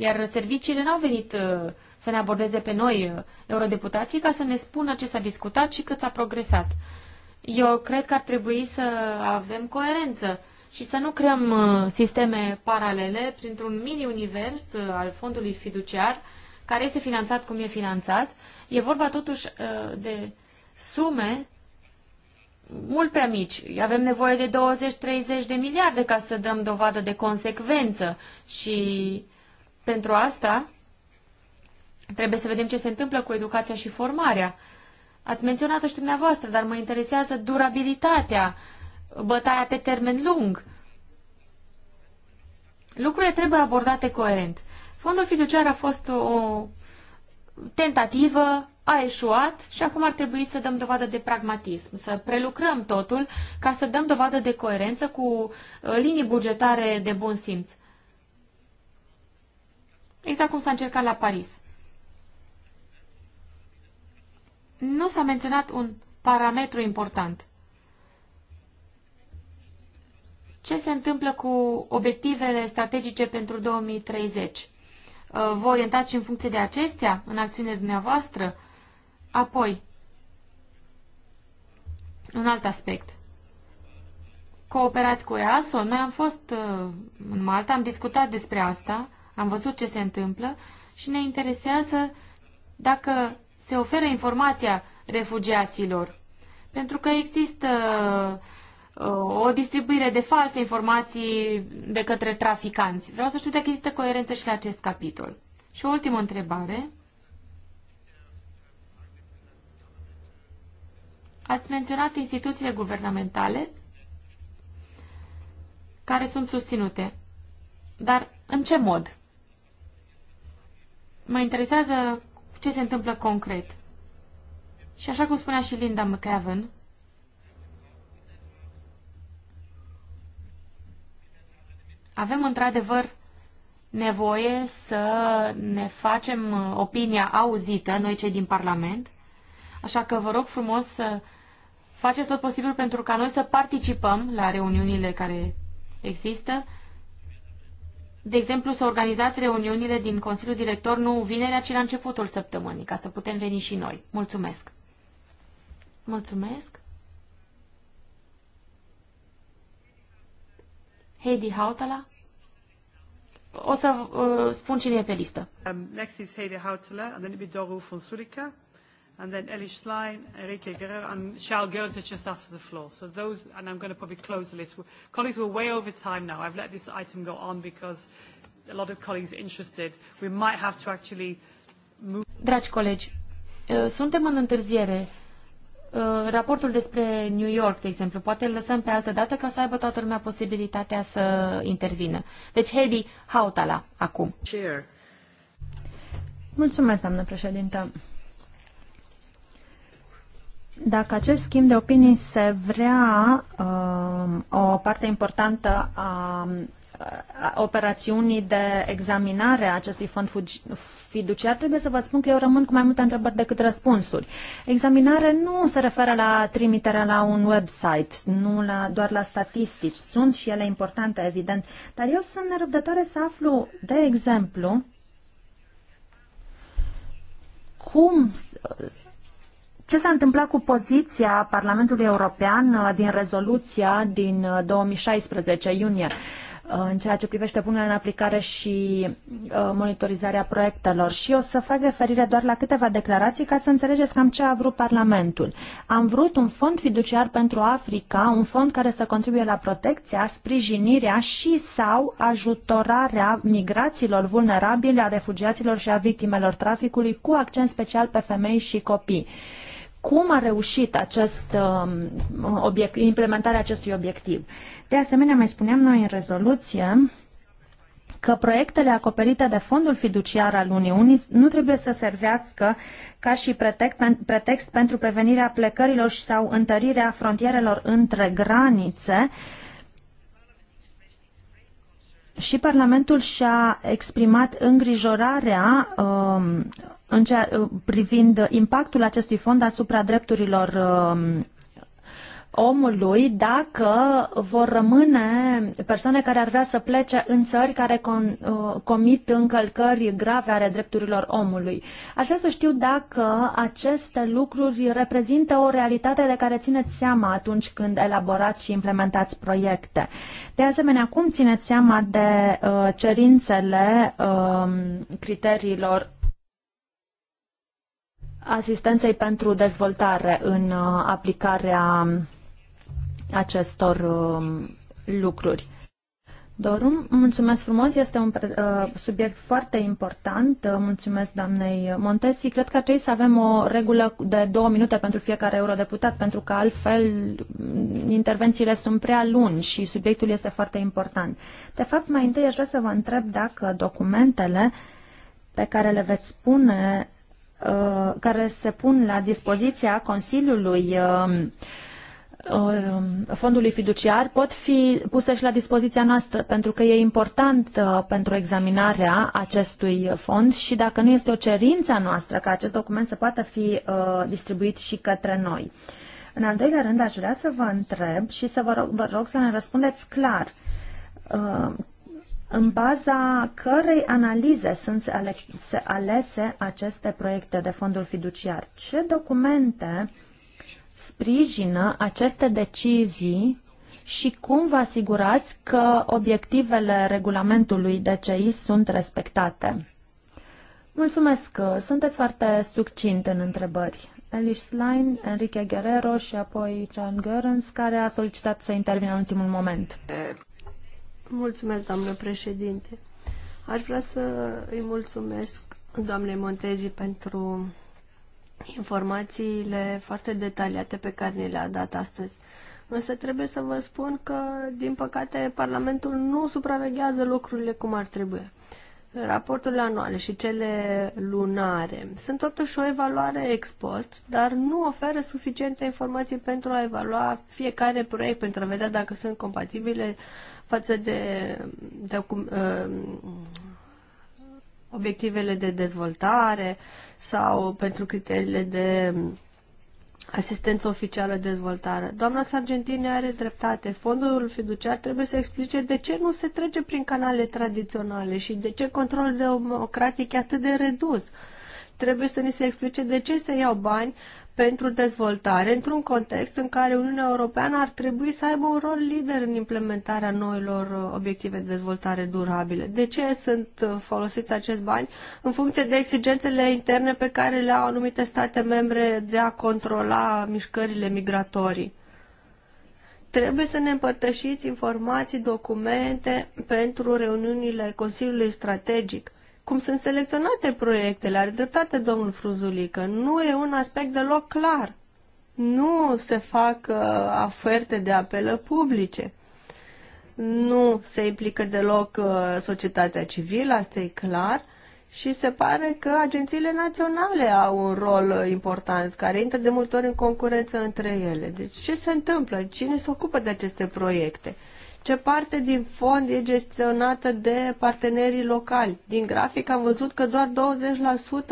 Iar serviciile n-au venit uh, să ne abordeze pe noi, uh, eurodeputații, ca să ne spună ce s-a discutat și cât s-a progresat. Eu cred că ar trebui să avem coerență și să nu creăm uh, sisteme paralele printr-un mini-univers al fondului fiduciar, care este finanțat cum e finanțat. E vorba totuși de sume mult prea mici. Avem nevoie de 20-30 de miliarde ca să dăm dovadă de consecvență și pentru asta trebuie să vedem ce se întâmplă cu educația și formarea. Ați menționat-o și dumneavoastră, dar mă interesează durabilitatea, bătaia pe termen lung. Lucrurile trebuie abordate coerent. Fondul fiduciar a fost o tentativă, a eșuat și acum ar trebui să dăm dovadă de pragmatism, să prelucrăm totul ca să dăm dovadă de coerență cu uh, linii bugetare de bun simț exact cum s-a încercat la Paris. Nu s-a menționat un parametru important. Ce se întâmplă cu obiectivele strategice pentru 2030? Uh, vă orientați și în funcție de acestea, în acțiunile dumneavoastră? Apoi, un alt aspect. Cooperați cu EASO? Noi am fost uh, în Malta, am discutat despre asta am văzut ce se întâmplă și ne interesează dacă se oferă informația refugiaților. Pentru că există uh, o distribuire de false informații de către traficanți. Vreau să știu dacă există coerență și la acest capitol. Și o ultimă întrebare. Ați menționat instituțiile guvernamentale care sunt susținute. Dar în ce mod? Mă interesează ce se întâmplă concret. Și așa cum spunea și Linda McAvan, avem într-adevăr nevoie să ne facem uh, opinia auzită, noi cei din Parlament, așa că vă rog frumos să faceți tot posibil pentru ca noi să participăm la reuniunile care există de exemplu, să organizați reuniunile din Consiliul Director nu vinerea, ci la începutul săptămânii, ca să putem veni și noi. Mulțumesc! Mulțumesc! Heidi Hautala? O să uh, spun cine e pe listă. Um, next is Heidi Hautala, and then it'll be Doru Fonsulica and then Ellie Schlein, Enrique Guerrero, and Charles Goerns has just asked for the floor. So those, and I'm going to probably close the list. Colleagues, we're way over time now. I've let this item go on because a lot of colleagues are interested. We might have to actually move. Dragi colegi, uh, suntem în întârziere. Uh, raportul despre New York, de exemplu, poate îl lăsăm pe altă dată ca să aibă toată lumea posibilitatea să intervină. Deci, Hedy Hautala, acum. Cheer. Mulțumesc, doamnă președintă. Dacă acest schimb de opinii se vrea uh, o parte importantă a operațiunii de examinare a acestui fond fiduciar, trebuie să vă spun că eu rămân cu mai multe întrebări decât răspunsuri. Examinare nu se referă la trimiterea la un website, nu la, doar la statistici. Sunt și ele importante, evident, dar eu sunt nerăbdătoare să aflu, de exemplu, cum ce s-a întâmplat cu poziția Parlamentului European uh, din rezoluția din 2016 uh, iunie? Uh, în ceea ce privește punerea în aplicare și monitorizarea proiectelor. Și o să fac referire doar la câteva declarații ca să înțelegeți cam ce a vrut Parlamentul. Am vrut un fond fiduciar pentru Africa, un fond care să contribuie la protecția, sprijinirea și sau ajutorarea migraților vulnerabile, a refugiaților și a victimelor traficului, cu accent special pe femei și copii cum a reușit acest, um, obiect, implementarea acestui obiectiv. De asemenea, mai spuneam noi în rezoluție că proiectele acoperite de fondul fiduciar al Uniunii nu trebuie să servească ca și pretext, pentru prevenirea plecărilor sau întărirea frontierelor între granițe, și Parlamentul și-a exprimat îngrijorarea um, în cea, uh, privind impactul acestui fond asupra drepturilor um, omului dacă vor rămâne persoane care ar vrea să plece în țări care con, uh, comit încălcări grave ale drepturilor omului. Aș vrea să știu dacă aceste lucruri reprezintă o realitate de care țineți seama atunci când elaborați și implementați proiecte. De asemenea, cum țineți seama de uh, cerințele uh, criteriilor asistenței pentru dezvoltare în uh, aplicarea acestor um, lucruri. Dorum, mulțumesc frumos, este un uh, subiect foarte important. Uh, mulțumesc doamnei Montesi. Cred că ar trebui să avem o regulă de două minute pentru fiecare eurodeputat, pentru că altfel mm, intervențiile sunt prea lungi și subiectul este foarte important. De fapt, mai întâi aș vrea să vă întreb dacă documentele pe care le veți spune Uh, care se pun la dispoziția Consiliului uh, uh, fondului fiduciar pot fi puse și la dispoziția noastră, pentru că e important pentru examinarea acestui fond și dacă nu este o cerință a noastră ca acest document să poată fi distribuit și către noi. În al doilea rând, aș vrea să vă întreb și să vă rog, vă rog să ne răspundeți clar în baza cărei analize sunt alese aceste proiecte de fondul fiduciar? Ce documente sprijină aceste decizii și cum vă asigurați că obiectivele regulamentului DCI sunt respectate? Mulțumesc! Sunteți foarte succint în întrebări. Elish Slein, Enrique Guerrero și apoi John Görens, care a solicitat să intervină în ultimul moment. Eh, Mulțumesc, doamnă președinte. Aș vrea să îi mulțumesc doamnei Montezi pentru informațiile foarte detaliate pe care ne le-a dat astăzi. Însă trebuie să vă spun că, din păcate, Parlamentul nu supraveghează lucrurile cum ar trebui raporturile anuale și cele lunare sunt totuși o evaluare ex post, dar nu oferă suficiente informații pentru a evalua fiecare proiect, pentru a vedea dacă sunt compatibile față de, de uh, obiectivele de dezvoltare sau pentru criteriile de asistență oficială de dezvoltare. Doamna Sargentini are dreptate. Fondul fiduciar trebuie să explice de ce nu se trece prin canale tradiționale și de ce controlul democratic e atât de redus. Trebuie să ni se explice de ce se iau bani pentru dezvoltare într-un context în care Uniunea Europeană ar trebui să aibă un rol lider în implementarea noilor uh, obiective de dezvoltare durabile. De ce sunt uh, folosiți acești bani? În funcție de exigențele interne pe care le au anumite state membre de a controla mișcările migratorii. Trebuie să ne împărtășiți informații, documente pentru reuniunile Consiliului Strategic cum sunt selecționate proiectele. Are dreptate domnul Fruzulică. Nu e un aspect deloc clar. Nu se fac uh, oferte de apelă publice. Nu se implică deloc uh, societatea civilă, asta e clar. Și se pare că agențiile naționale au un rol uh, important, care intră de multe ori în concurență între ele. Deci ce se întâmplă? Cine se ocupă de aceste proiecte? ce parte din fond e gestionată de partenerii locali. Din grafic am văzut că doar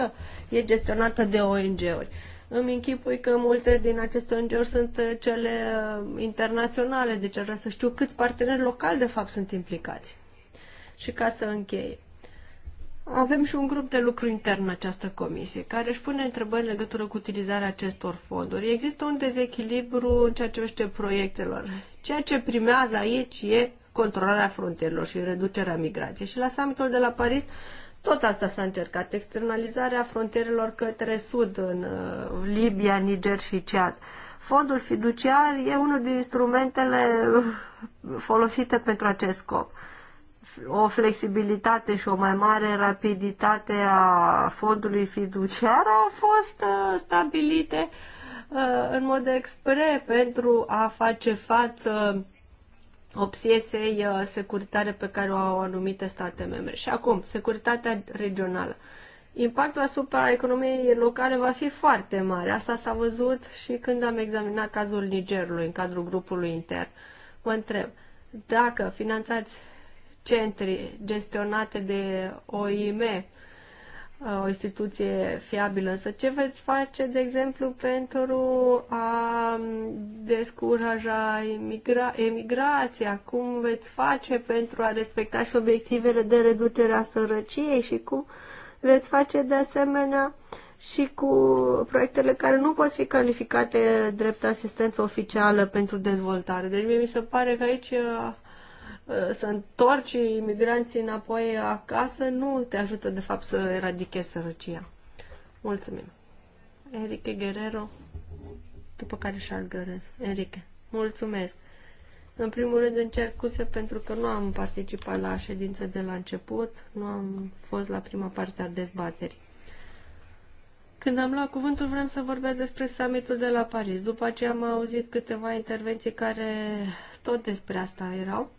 20% e gestionată de ONG-uri. Îmi închipui că multe din aceste ONG-uri sunt uh, cele uh, internaționale, deci ar vrea să știu câți parteneri locali de fapt sunt implicați. Și ca să închei. Avem și un grup de lucru intern în această comisie, care își pune întrebări în legătură cu utilizarea acestor fonduri. Există un dezechilibru în ceea ce privește proiectelor Ceea ce primează aici e controlarea frontierelor și reducerea migrației. Și la summitul de la Paris tot asta s-a încercat, externalizarea frontierelor către sud, în uh, Libia, Niger și Cead. Fondul fiduciar e unul din instrumentele uh, folosite pentru acest scop. O flexibilitate și o mai mare rapiditate a fondului fiduciar au fost uh, stabilite uh, Uh, în mod expre pentru a face față obsesei uh, securitare pe care o au anumite state membre. Și acum, securitatea regională. Impactul asupra economiei locale va fi foarte mare. Asta s-a văzut și când am examinat cazul Nigerului în cadrul grupului intern. Mă întreb, dacă finanțați centri gestionate de OIM o instituție fiabilă. Să ce veți face, de exemplu, pentru a descuraja emigra- emigrația? Cum veți face pentru a respecta și obiectivele de reducere a sărăciei și cum veți face de asemenea și cu proiectele care nu pot fi calificate drept asistență oficială pentru dezvoltare. Deci mie mi se pare că aici Uh, să întorci imigranții înapoi acasă nu te ajută de fapt să eradichezi sărăcia. Mulțumim. Enrique Guerrero, după care și Gărez. Enrique, mulțumesc. În primul rând încerc scuse pentru că nu am participat la ședință de la început, nu am fost la prima parte a dezbaterii. Când am luat cuvântul, vrem să vorbesc despre summitul de la Paris. După aceea am auzit câteva intervenții care tot despre asta erau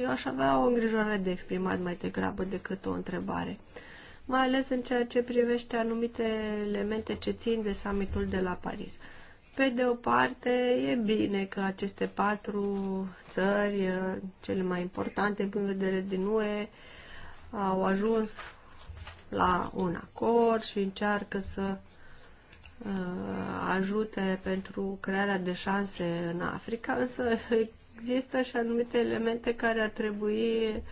eu aș avea o îngrijorare de exprimat mai degrabă decât o întrebare. Mai ales în ceea ce privește anumite elemente ce țin de summitul de la Paris. Pe de o parte, e bine că aceste patru țări, eh, cele mai importante în de vedere din UE, au ajuns la un acord și încearcă să eh, ajute pentru crearea de șanse în Africa, însă îi există și anumite elemente care ar trebui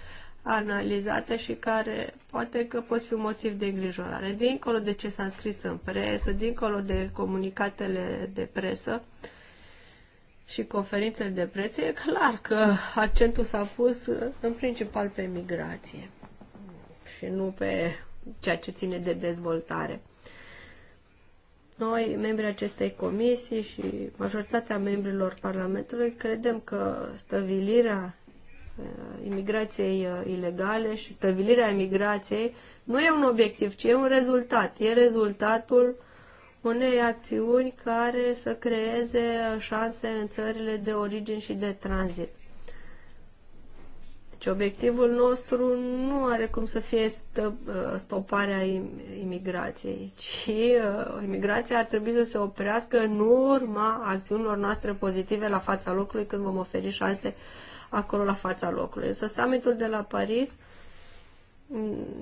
analizate și care poate că pot fi un motiv de îngrijorare. Dincolo de ce s-a scris în presă, dincolo de comunicatele de presă și conferințele de presă, e clar că accentul s-a pus în principal pe migrație și nu pe ceea ce ține de dezvoltare noi, membrii acestei comisii și majoritatea membrilor Parlamentului, credem că stăvilirea uh, imigrației uh, ilegale și stăvilirea imigrației nu e un obiectiv, ci e un rezultat. E rezultatul unei acțiuni care să creeze șanse în țările de origine și de tranzit. Deci obiectivul nostru nu are cum să fie uh, stoparea imigrației, ci uh, imigrația ar trebui să se oprească în urma acțiunilor noastre pozitive la fața locului când vom oferi șanse acolo la fața locului. Să summitul de la Paris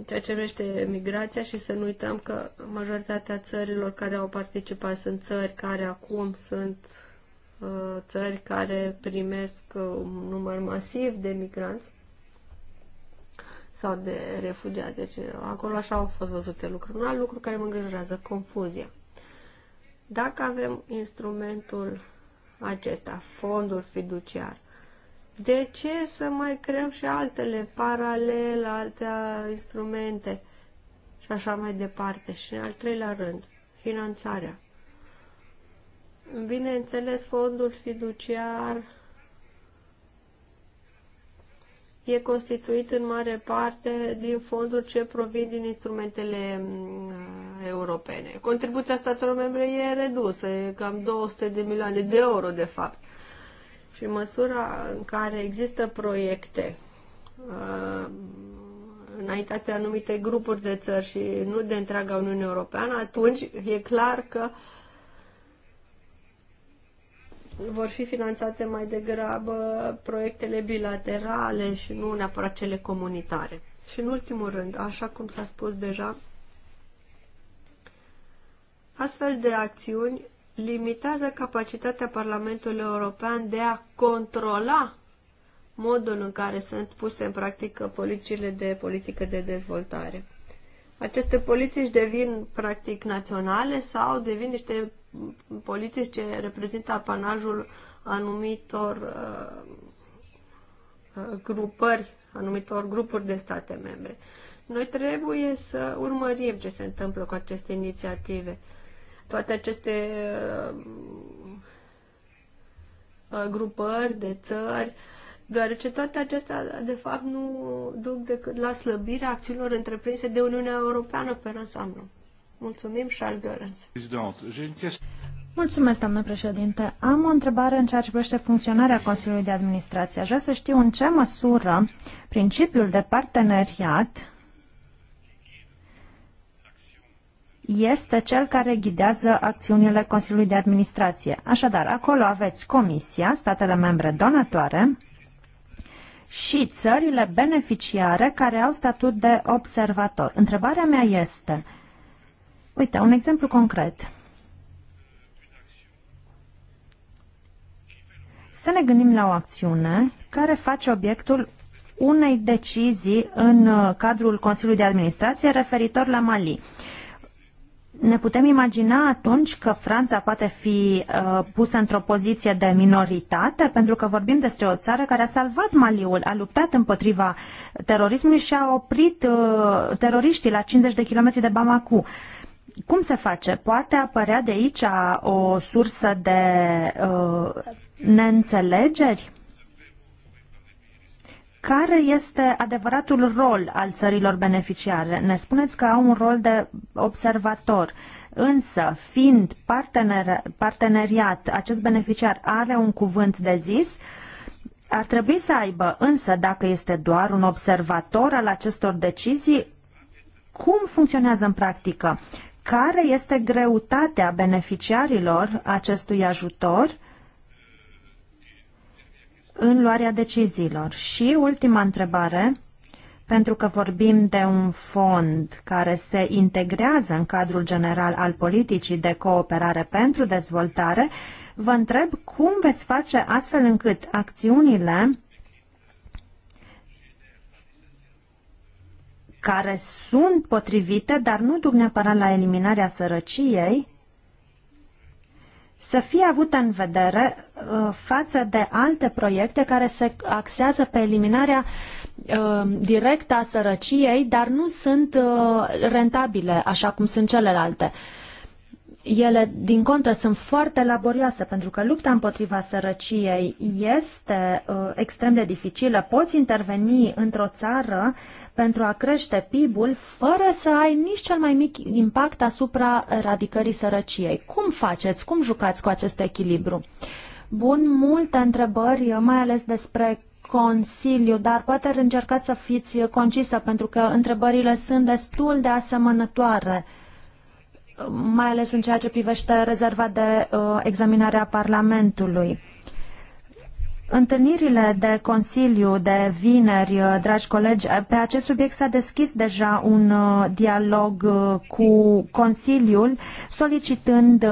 ceea ce numește migrația și să nu uităm că majoritatea țărilor care au participat sunt țări care acum sunt uh, țări care primesc un număr masiv de migranți sau de refugiați. Deci acolo așa au fost văzute lucruri. Un alt lucru care mă îngrijorează, confuzia. Dacă avem instrumentul acesta, fondul fiduciar, de ce să mai creăm și altele, paralel, alte instrumente și așa mai departe? Și în al treilea rând, finanțarea. Bineînțeles, fondul fiduciar e constituit în mare parte din fonduri ce provin din instrumentele mm, europene. Contribuția statelor membre e redusă, e cam 200 de milioane de euro, de fapt. Și în măsura în care există proiecte uh, înaintate anumite grupuri de țări și nu de întreaga Uniune Europeană, atunci e clar că uh, vor fi finanțate mai degrabă proiectele bilaterale și nu neapărat cele comunitare. Și în ultimul rând, așa cum s-a spus deja, astfel de acțiuni limitează capacitatea Parlamentului European de a controla modul în care sunt puse în practică politicile de politică de dezvoltare. Aceste politici devin practic naționale sau devin niște politici ce reprezintă apanajul anumitor uh, uh, grupări, anumitor grupuri de state membre. Noi trebuie să urmărim ce se întâmplă cu aceste inițiative. Toate aceste uh, grupări de țări, deoarece toate acestea, de fapt, nu duc decât la slăbirea acțiunilor întreprinse de Uniunea Europeană pe ansamblu. Mulțumim, Charles Görens. Mulțumesc, doamnă președinte. Am o întrebare în ceea ce privește funcționarea Consiliului de Administrație. Aș vrea să știu în ce măsură principiul de parteneriat este cel care ghidează acțiunile Consiliului de Administrație. Așadar, acolo aveți Comisia, statele membre donatoare și țările beneficiare care au statut de observator. Întrebarea mea este, Uite, un exemplu concret. Să ne gândim la o acțiune care face obiectul unei decizii în uh, cadrul Consiliului de Administrație referitor la Mali. Ne putem imagina atunci că Franța poate fi uh, pusă într-o poziție de minoritate, pentru că vorbim despre o țară care a salvat Maliul, a luptat împotriva terorismului și a oprit uh, teroriștii la 50 de kilometri de Bamako. Uh, cum se face? Poate apărea de aici o sursă de uh, neînțelegeri? Care este adevăratul rol al țărilor beneficiare? Ne spuneți că au un rol de observator, însă, fiind partener, parteneriat, acest beneficiar are un cuvânt de zis, ar trebui să aibă, însă, dacă este doar un observator al acestor decizii, cum funcționează în practică? care este greutatea beneficiarilor acestui ajutor în luarea deciziilor. Și ultima întrebare, pentru că vorbim de un fond care se integrează în cadrul general al politicii de cooperare pentru dezvoltare, vă întreb cum veți face astfel încât acțiunile care sunt potrivite, dar nu duc neapărat la eliminarea sărăciei, să fie avută în vedere uh, față de alte proiecte care se axează pe eliminarea uh, directă a sărăciei, dar nu sunt uh, rentabile, așa cum sunt celelalte. Ele, din contră, sunt foarte laborioase, pentru că lupta împotriva sărăciei este uh, extrem de dificilă. Poți interveni într-o țară pentru a crește PIB-ul fără să ai nici cel mai mic impact asupra eradicării sărăciei. Cum faceți? Cum jucați cu acest echilibru? Bun, multe întrebări, mai ales despre Consiliu, dar poate încercați să fiți concisă, pentru că întrebările sunt destul de asemănătoare, mai ales în ceea ce privește rezerva de uh, examinare a Parlamentului întâlnirile de Consiliu de vineri, uh, dragi colegi, uh, pe acest subiect s-a deschis deja un uh, dialog cu Consiliul, solicitând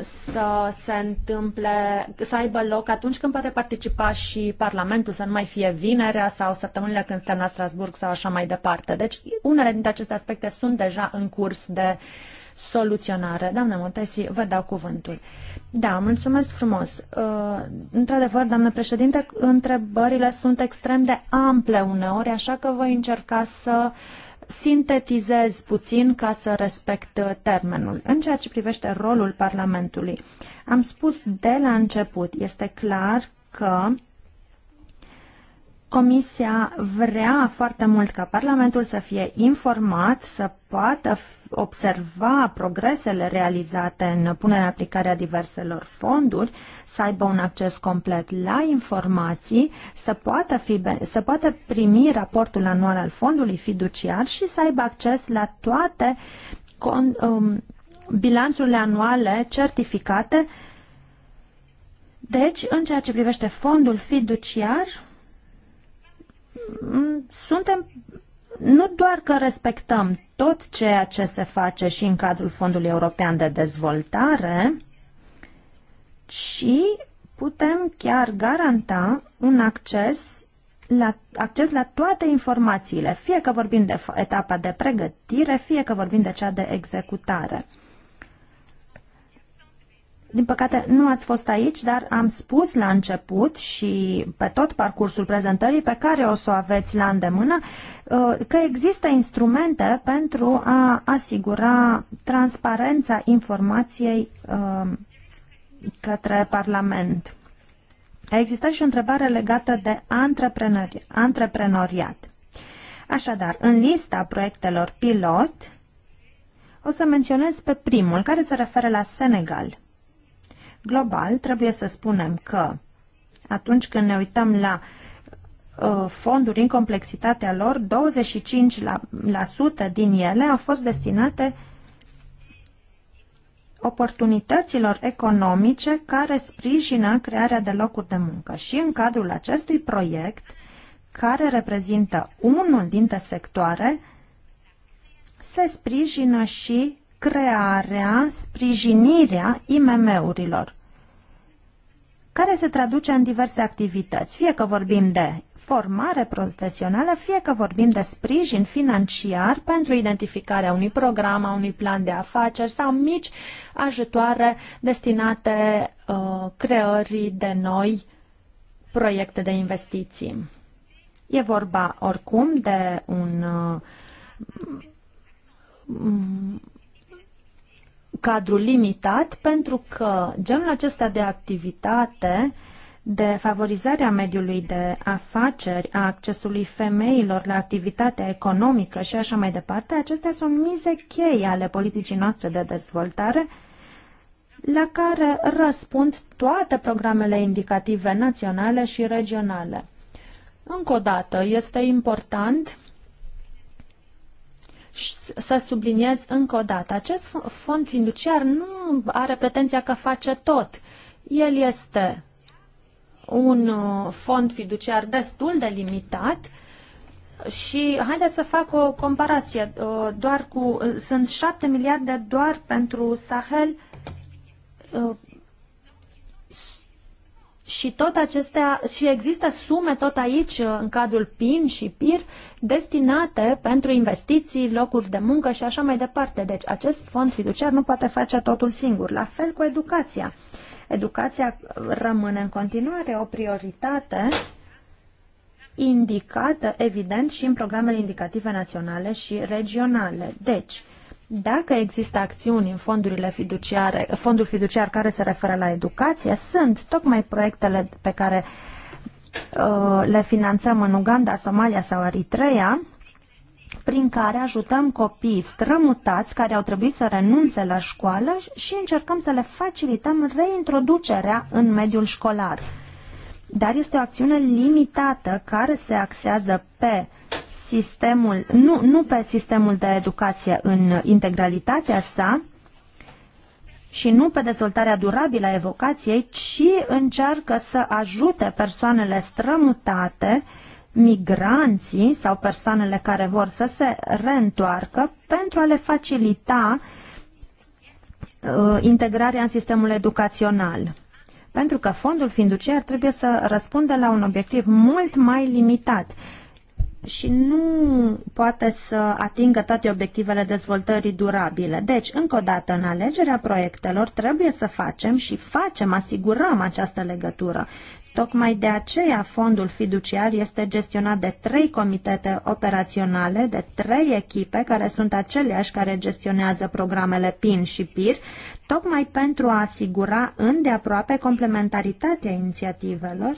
să se întâmple, să aibă loc atunci când poate participa și Parlamentul, să nu mai fie vinerea sau săptămânile când suntem la Strasburg sau așa mai departe. Deci, unele dintre aceste aspecte sunt deja în curs de uh, soluționare. Doamna Montesi, vă dau cuvântul. Da, mulțumesc frumos. Uh, într-adevăr, doamnă președinte, întrebările sunt extrem de ample uneori, așa că voi încerca să sintetizez puțin ca să respect termenul. În ceea ce privește rolul Parlamentului, am spus de la început, este clar că Comisia vrea foarte mult ca Parlamentul să fie informat, să poată observa progresele realizate în punerea în aplicare a diverselor fonduri, să aibă un acces complet la informații, să poată, fi, să poată primi raportul anual al fondului fiduciar și să aibă acces la toate con, um, bilanțurile anuale certificate. Deci, în ceea ce privește fondul fiduciar, Mm, suntem nu doar că respectăm tot ceea ce se face și în cadrul Fondului European de Dezvoltare, ci putem chiar garanta un acces la, acces la toate informațiile, fie că vorbim de etapa de pregătire, fie că vorbim de cea de executare. Din păcate, nu ați fost aici, dar am spus la început și pe tot parcursul prezentării pe care o să o aveți la îndemână uh, că există instrumente pentru a asigura transparența informației uh, către Parlament. A existat și o întrebare legată de antreprenori, antreprenoriat. Așadar, în lista proiectelor pilot, o să menționez pe primul, care se referă la Senegal. Global, trebuie să spunem că atunci când ne uităm la uh, fonduri în complexitatea lor, 25% din ele au fost destinate oportunităților economice care sprijină crearea de locuri de muncă. Și în cadrul acestui proiect, care reprezintă unul dintre sectoare, se sprijină și crearea, sprijinirea IMM-urilor care se traduce în diverse activități, fie că vorbim de formare profesională, fie că vorbim de sprijin financiar pentru identificarea unui program, a unui plan de afaceri sau mici ajutoare destinate uh, creării de noi proiecte de investiții. E vorba oricum de un uh, cadru limitat pentru că genul acesta de activitate de favorizarea mediului de afaceri, a accesului femeilor la activitatea economică și așa mai departe, acestea sunt mize cheie ale politicii noastre de dezvoltare, la care răspund toate programele indicative naționale și regionale. Încă o dată, este important să subliniez încă o dată, acest fond fiduciar nu are pretenția că face tot. El este un uh, fond fiduciar destul de limitat și haideți să fac o comparație. Uh, doar cu, uh, sunt 7 miliarde doar pentru Sahel și tot acestea, și există sume tot aici, uh, în cadrul PIN și PIR, destinate pentru investiții, locuri de muncă și așa mai departe. Deci acest fond fiduciar nu poate face totul singur. La fel cu educația. Educația uh, rămâne în continuare o prioritate indicată, evident, și în programele indicative naționale și regionale. Deci, dacă există acțiuni în fondurile fiduciare, fondul fiduciar care se referă la educație, sunt tocmai proiectele pe care uh, le finanțăm în Uganda, Somalia sau Eritrea, prin care ajutăm copiii strămutați care au trebuit să renunțe la școală și încercăm să le facilităm reintroducerea în mediul școlar. Dar este o acțiune limitată care se axează pe sistemul, nu, nu pe sistemul de educație în integralitatea sa și nu pe dezvoltarea durabilă a evocației, ci încearcă să ajute persoanele strămutate, migranții sau persoanele care vor să se reîntoarcă pentru a le facilita uh, integrarea în sistemul educațional pentru că fondul fiduciar trebuie să răspundă la un obiectiv mult mai limitat, și nu poate să atingă toate obiectivele dezvoltării durabile. Deci, încă o dată, în alegerea proiectelor trebuie să facem și facem, asigurăm această legătură. Tocmai de aceea fondul fiduciar este gestionat de trei comitete operaționale, de trei echipe care sunt aceleași care gestionează programele PIN și PIR, tocmai pentru a asigura îndeaproape complementaritatea inițiativelor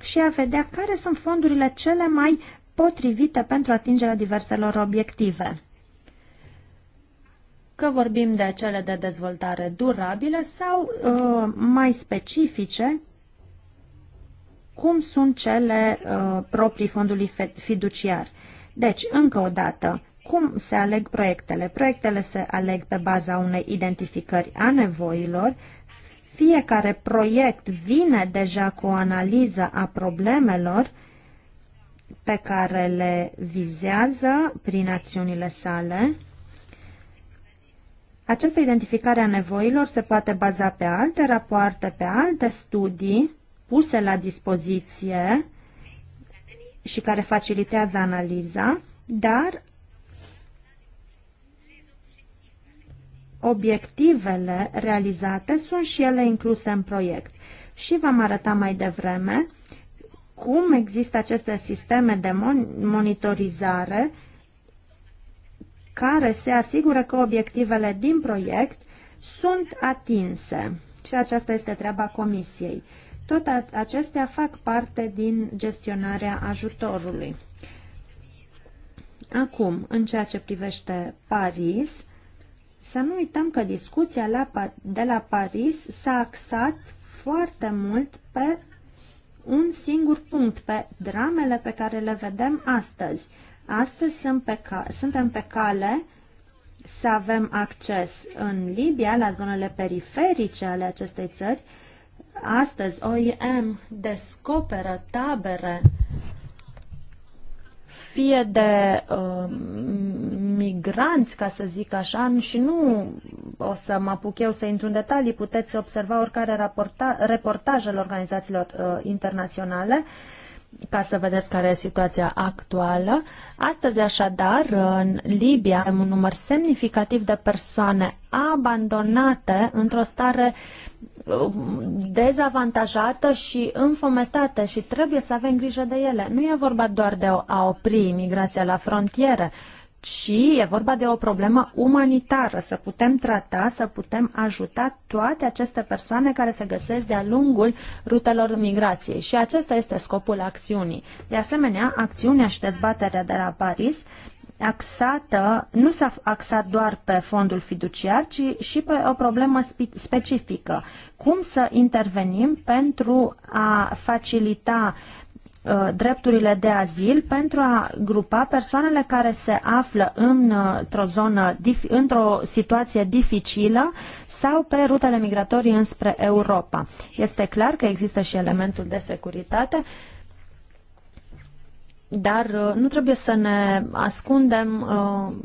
și a vedea care sunt fondurile cele mai potrivite pentru atingerea diverselor obiective. Că vorbim de cele de dezvoltare durabile sau uh, mai specifice, cum sunt cele uh, proprii fondului fiduciar. Deci, încă o dată, cum se aleg proiectele? Proiectele se aleg pe baza unei identificări a nevoilor fiecare proiect vine deja cu o analiză a problemelor pe care le vizează prin acțiunile sale. Această identificare a nevoilor se poate baza pe alte rapoarte, pe alte studii puse la dispoziție și care facilitează analiza, dar obiectivele realizate sunt și ele incluse în proiect. Și v-am arătat mai devreme cum există aceste sisteme de monitorizare care se asigură că obiectivele din proiect sunt atinse. Și aceasta este treaba Comisiei. Tot acestea fac parte din gestionarea ajutorului. Acum, în ceea ce privește Paris, să nu uităm că discuția la, de la Paris s-a axat foarte mult pe un singur punct, pe dramele pe care le vedem astăzi. Astăzi sunt pe suntem pe cale să avem acces în Libia, la zonele periferice ale acestei țări. Astăzi OIM descoperă tabere fie de uh, migranți, ca să zic așa, și nu o să mă apuc eu să intru în detalii, puteți observa oricare raporta, reportaj al organizațiilor uh, internaționale ca să vedeți care e situația actuală. Astăzi, așadar, în Libia, un număr semnificativ de persoane abandonate într-o stare dezavantajată și înfometată și trebuie să avem grijă de ele. Nu e vorba doar de a opri imigrația la frontiere, ci e vorba de o problemă umanitară, să putem trata, să putem ajuta toate aceste persoane care se găsesc de-a lungul rutelor migrației. Și acesta este scopul acțiunii. De asemenea, acțiunea și dezbaterea de la Paris axată, nu s-a axat doar pe fondul fiduciar, ci și pe o problemă specifică. Cum să intervenim pentru a facilita uh, drepturile de azil pentru a grupa persoanele care se află uh, într-o zonă, într-o situație dificilă sau pe rutele migratorii înspre Europa. Este clar că există și elementul de securitate, dar uh, nu trebuie să ne ascundem uh,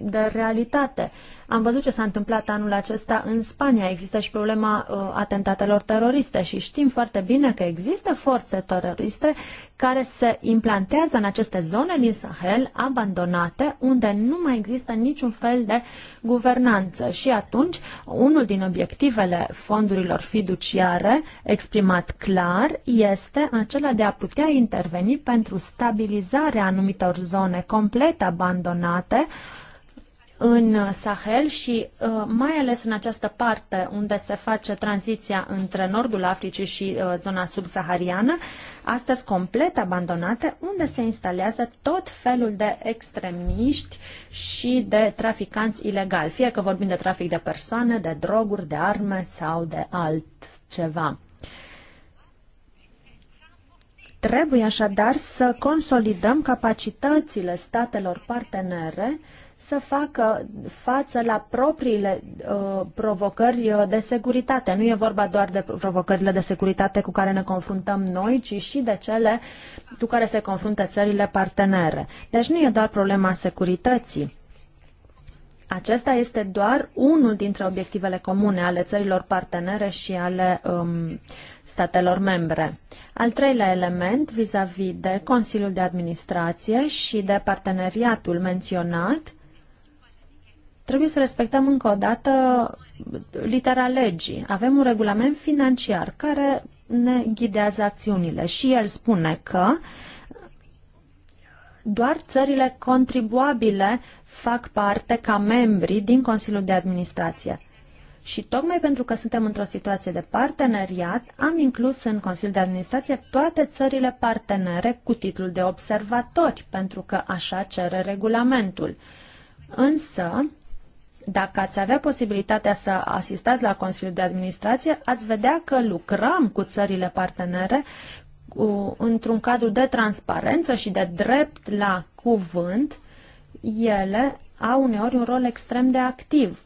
de realitate. Am văzut ce s-a întâmplat anul acesta în Spania. Există și problema uh, atentatelor teroriste și știm foarte bine că există forțe teroriste care se implantează în aceste zone din Sahel abandonate, unde nu mai există niciun fel de guvernanță. Și atunci, unul din obiectivele fondurilor fiduciare, exprimat clar, este acela de a putea interveni pentru stabilizarea anumitor zone complet abandonate, uh, în uh, Sahel și uh, mai ales în această parte unde se face tranziția între nordul Africii și uh, zona subsahariană, astăzi complet abandonate, unde se instalează tot felul de extremiști și de traficanți ilegali, fie că vorbim de trafic de persoane, de droguri, de arme sau de altceva. Trebuie așadar să consolidăm capacitățile statelor partenere să facă față la propriile uh, provocări uh, de securitate. Nu e vorba doar de provocările de securitate cu care ne confruntăm noi, ci și de cele cu care se confruntă țările partenere. Deci nu e doar problema securității. Acesta este doar unul dintre obiectivele comune ale țărilor partenere și ale um, statelor membre. Al treilea element, vis-a-vis -vis de Consiliul de Administrație și de parteneriatul menționat, Trebuie să respectăm încă o dată litera legii. Avem un regulament financiar care ne ghidează acțiunile și el spune că doar țările contribuabile fac parte ca membri din Consiliul de Administrație. Și tocmai pentru că suntem într-o situație de parteneriat, am inclus în Consiliul de Administrație toate țările partenere cu titlul de observatori, pentru că așa cere regulamentul. Însă, dacă ați avea posibilitatea să asistați la Consiliul de Administrație, ați vedea că lucrăm cu țările partenere într-un cadru de transparență și de drept la cuvânt. Ele au uneori un rol extrem de activ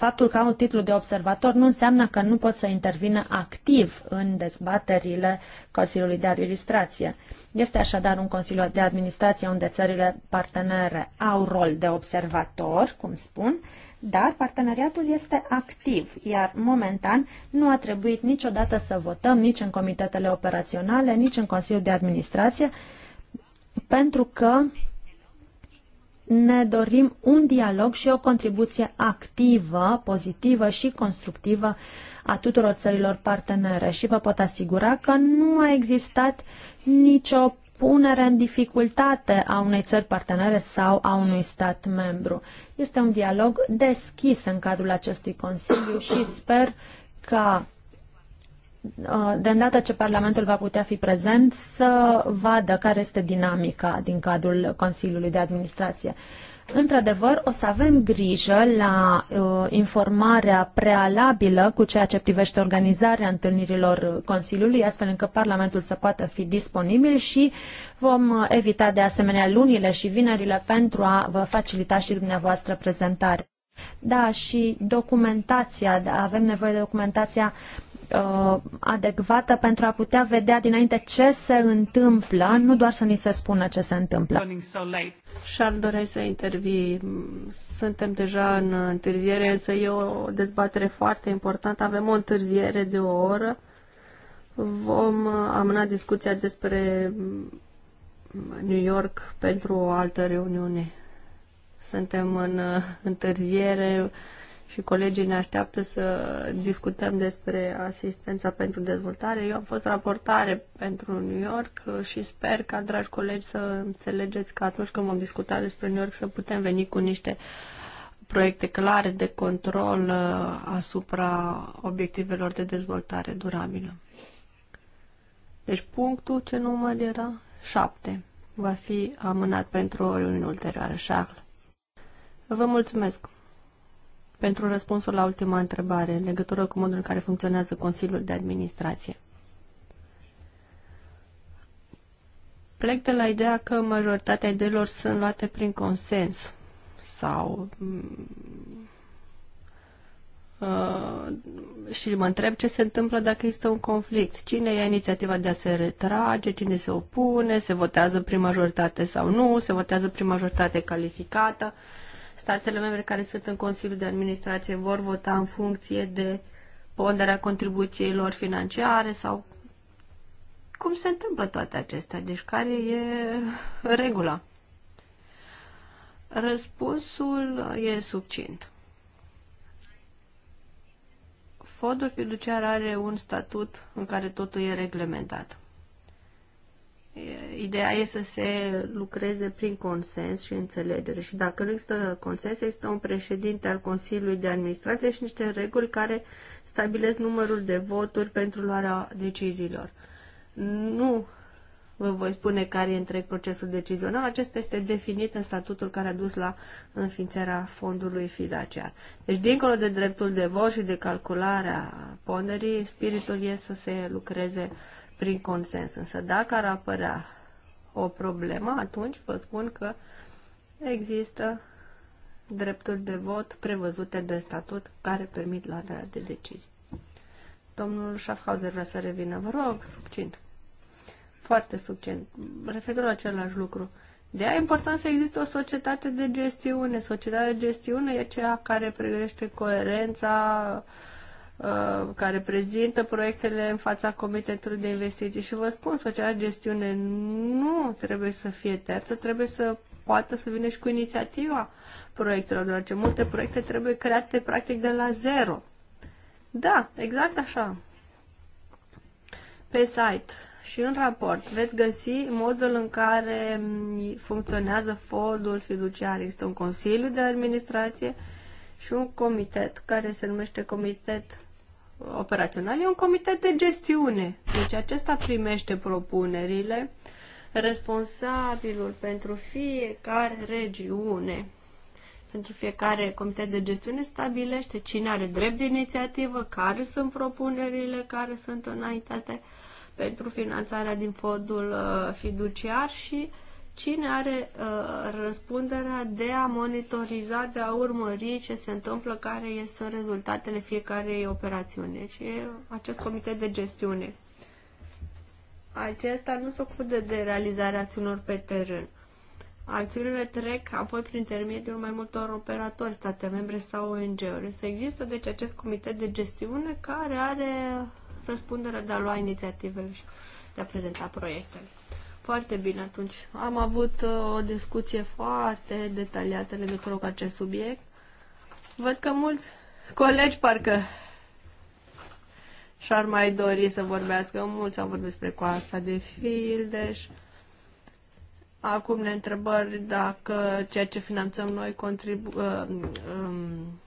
Faptul că au un titlu de observator nu înseamnă că nu pot să intervină activ în dezbaterile Consiliului de Administrație. Este așadar un Consiliu de Administrație unde țările partenere au rol de observator, cum spun, dar parteneriatul este activ, iar momentan nu a trebuit niciodată să votăm nici în comitetele operaționale, nici în Consiliul de Administrație, pentru că ne dorim un dialog și o contribuție activă, pozitivă și constructivă a tuturor țărilor partenere și vă pot asigura că nu a existat nicio punere în dificultate a unei țări partenere sau a unui stat membru. Este un dialog deschis în cadrul acestui Consiliu și sper ca Uh, de îndată ce Parlamentul va putea fi prezent, să vadă care este dinamica din cadrul Consiliului de Administrație. Într-adevăr, o să avem grijă la uh, informarea prealabilă cu ceea ce privește organizarea întâlnirilor Consiliului, astfel încât Parlamentul să poată fi disponibil și vom uh, evita de asemenea lunile și vinerile pentru a vă facilita și dumneavoastră prezentarea. Da, și documentația, da, avem nevoie de documentația uh, uh, adecvată pentru a putea vedea dinainte ce se întâmplă, nu doar să ni se spună ce se întâmplă. Charles, doresc să intervii. Suntem deja în întârziere, însă e o dezbatere foarte importantă. Avem o întârziere de o oră. Vom amâna discuția despre New York pentru o altă reuniune. Suntem în uh, întârziere și colegii ne așteaptă să discutăm despre asistența pentru dezvoltare. Eu am fost raportare pentru New York și sper ca, dragi colegi, să înțelegeți că atunci când vom discuta despre New York să putem veni cu niște proiecte clare de control uh, asupra obiectivelor de dezvoltare durabilă. Deci punctul ce număr era? 7. Va fi amânat pentru o reuniune ulterioară. Charles. Vă mulțumesc! pentru răspunsul la ultima întrebare, în legătură cu modul în care funcționează Consiliul de Administrație. Plec de la ideea că majoritatea ideilor sunt luate prin consens sau Uh, și mă întreb ce se întâmplă dacă există un conflict. Cine ia inițiativa de a se retrage, cine se opune, se votează prin majoritate sau nu, se votează prin majoritate calificată. Uh, statele membre care sunt în Consiliul de Administrație vor vota în funcție de ponderea contribuțiilor financiare sau cum se întâmplă toate acestea? Deci care e regula? Răspunsul e succint. Fondul fiduciar are un statut în care totul e reglementat. Ideea e să se lucreze prin consens și înțelegere și dacă nu există consens, există un președinte al Consiliului de Administrație și niște reguli care stabilesc numărul de voturi pentru luarea deciziilor. Nu vă voi spune care e întreg procesul decizional, acesta este definit în statutul care a dus la înființarea fondului financiar. Deci, dincolo de dreptul de vot și de calcularea ponderii, spiritul e să se lucreze uh, prin consens. Însă dacă ar apărea o problemă, atunci vă spun că există drepturi de vot prevăzute de statut care permit luarea de decizii. Domnul Schaffhauser vrea să revină. Vă rog, succint. Foarte succint. Referitor la același lucru. De aia e important să există o societate de gestiune. Societatea de gestiune e cea care pregătește coerența, uh, Uh, care prezintă proiectele în fața Comitetului de Investiții și vă spun, sociala gestiune nu trebuie să fie terță, trebuie să poată să vină și cu inițiativa proiectelor, deoarece multe proiecte trebuie create practic de la zero. Da, exact așa. Pe site și în raport veți găsi modul în care funcționează fondul fiduciar. Este un consiliu de administrație și un comitet care se numește Comitet operațional e un comitet de gestiune. Deci acesta primește propunerile, responsabilul pentru fiecare regiune, pentru fiecare comitet de gestiune stabilește cine are drept de inițiativă, care sunt propunerile care sunt înaintate pentru finanțarea din fondul uh, fiduciar și uh, Cine are uh, răspunderea de a monitoriza, de a urmări ce se întâmplă, care sunt rezultatele fiecarei operațiune. Și deci e acest comitet de gestiune. Acesta nu se ocupă de realizarea acțiunilor pe teren. Acțiunile trec apoi prin intermediul mai multor operatori, state membre sau ONG-uri. Să există deci acest comitet de gestiune care are răspunderea de a lua inițiativele și de a prezenta proiectele. Foarte bine atunci. Am avut uh, o discuție foarte detaliată legătură cu acest subiect. Văd că mulți colegi parcă și-ar mai dori să vorbească. Mulți au vorbit despre coasta de fildeș. Acum ne întrebări dacă ceea ce finanțăm noi contribu- uh, um,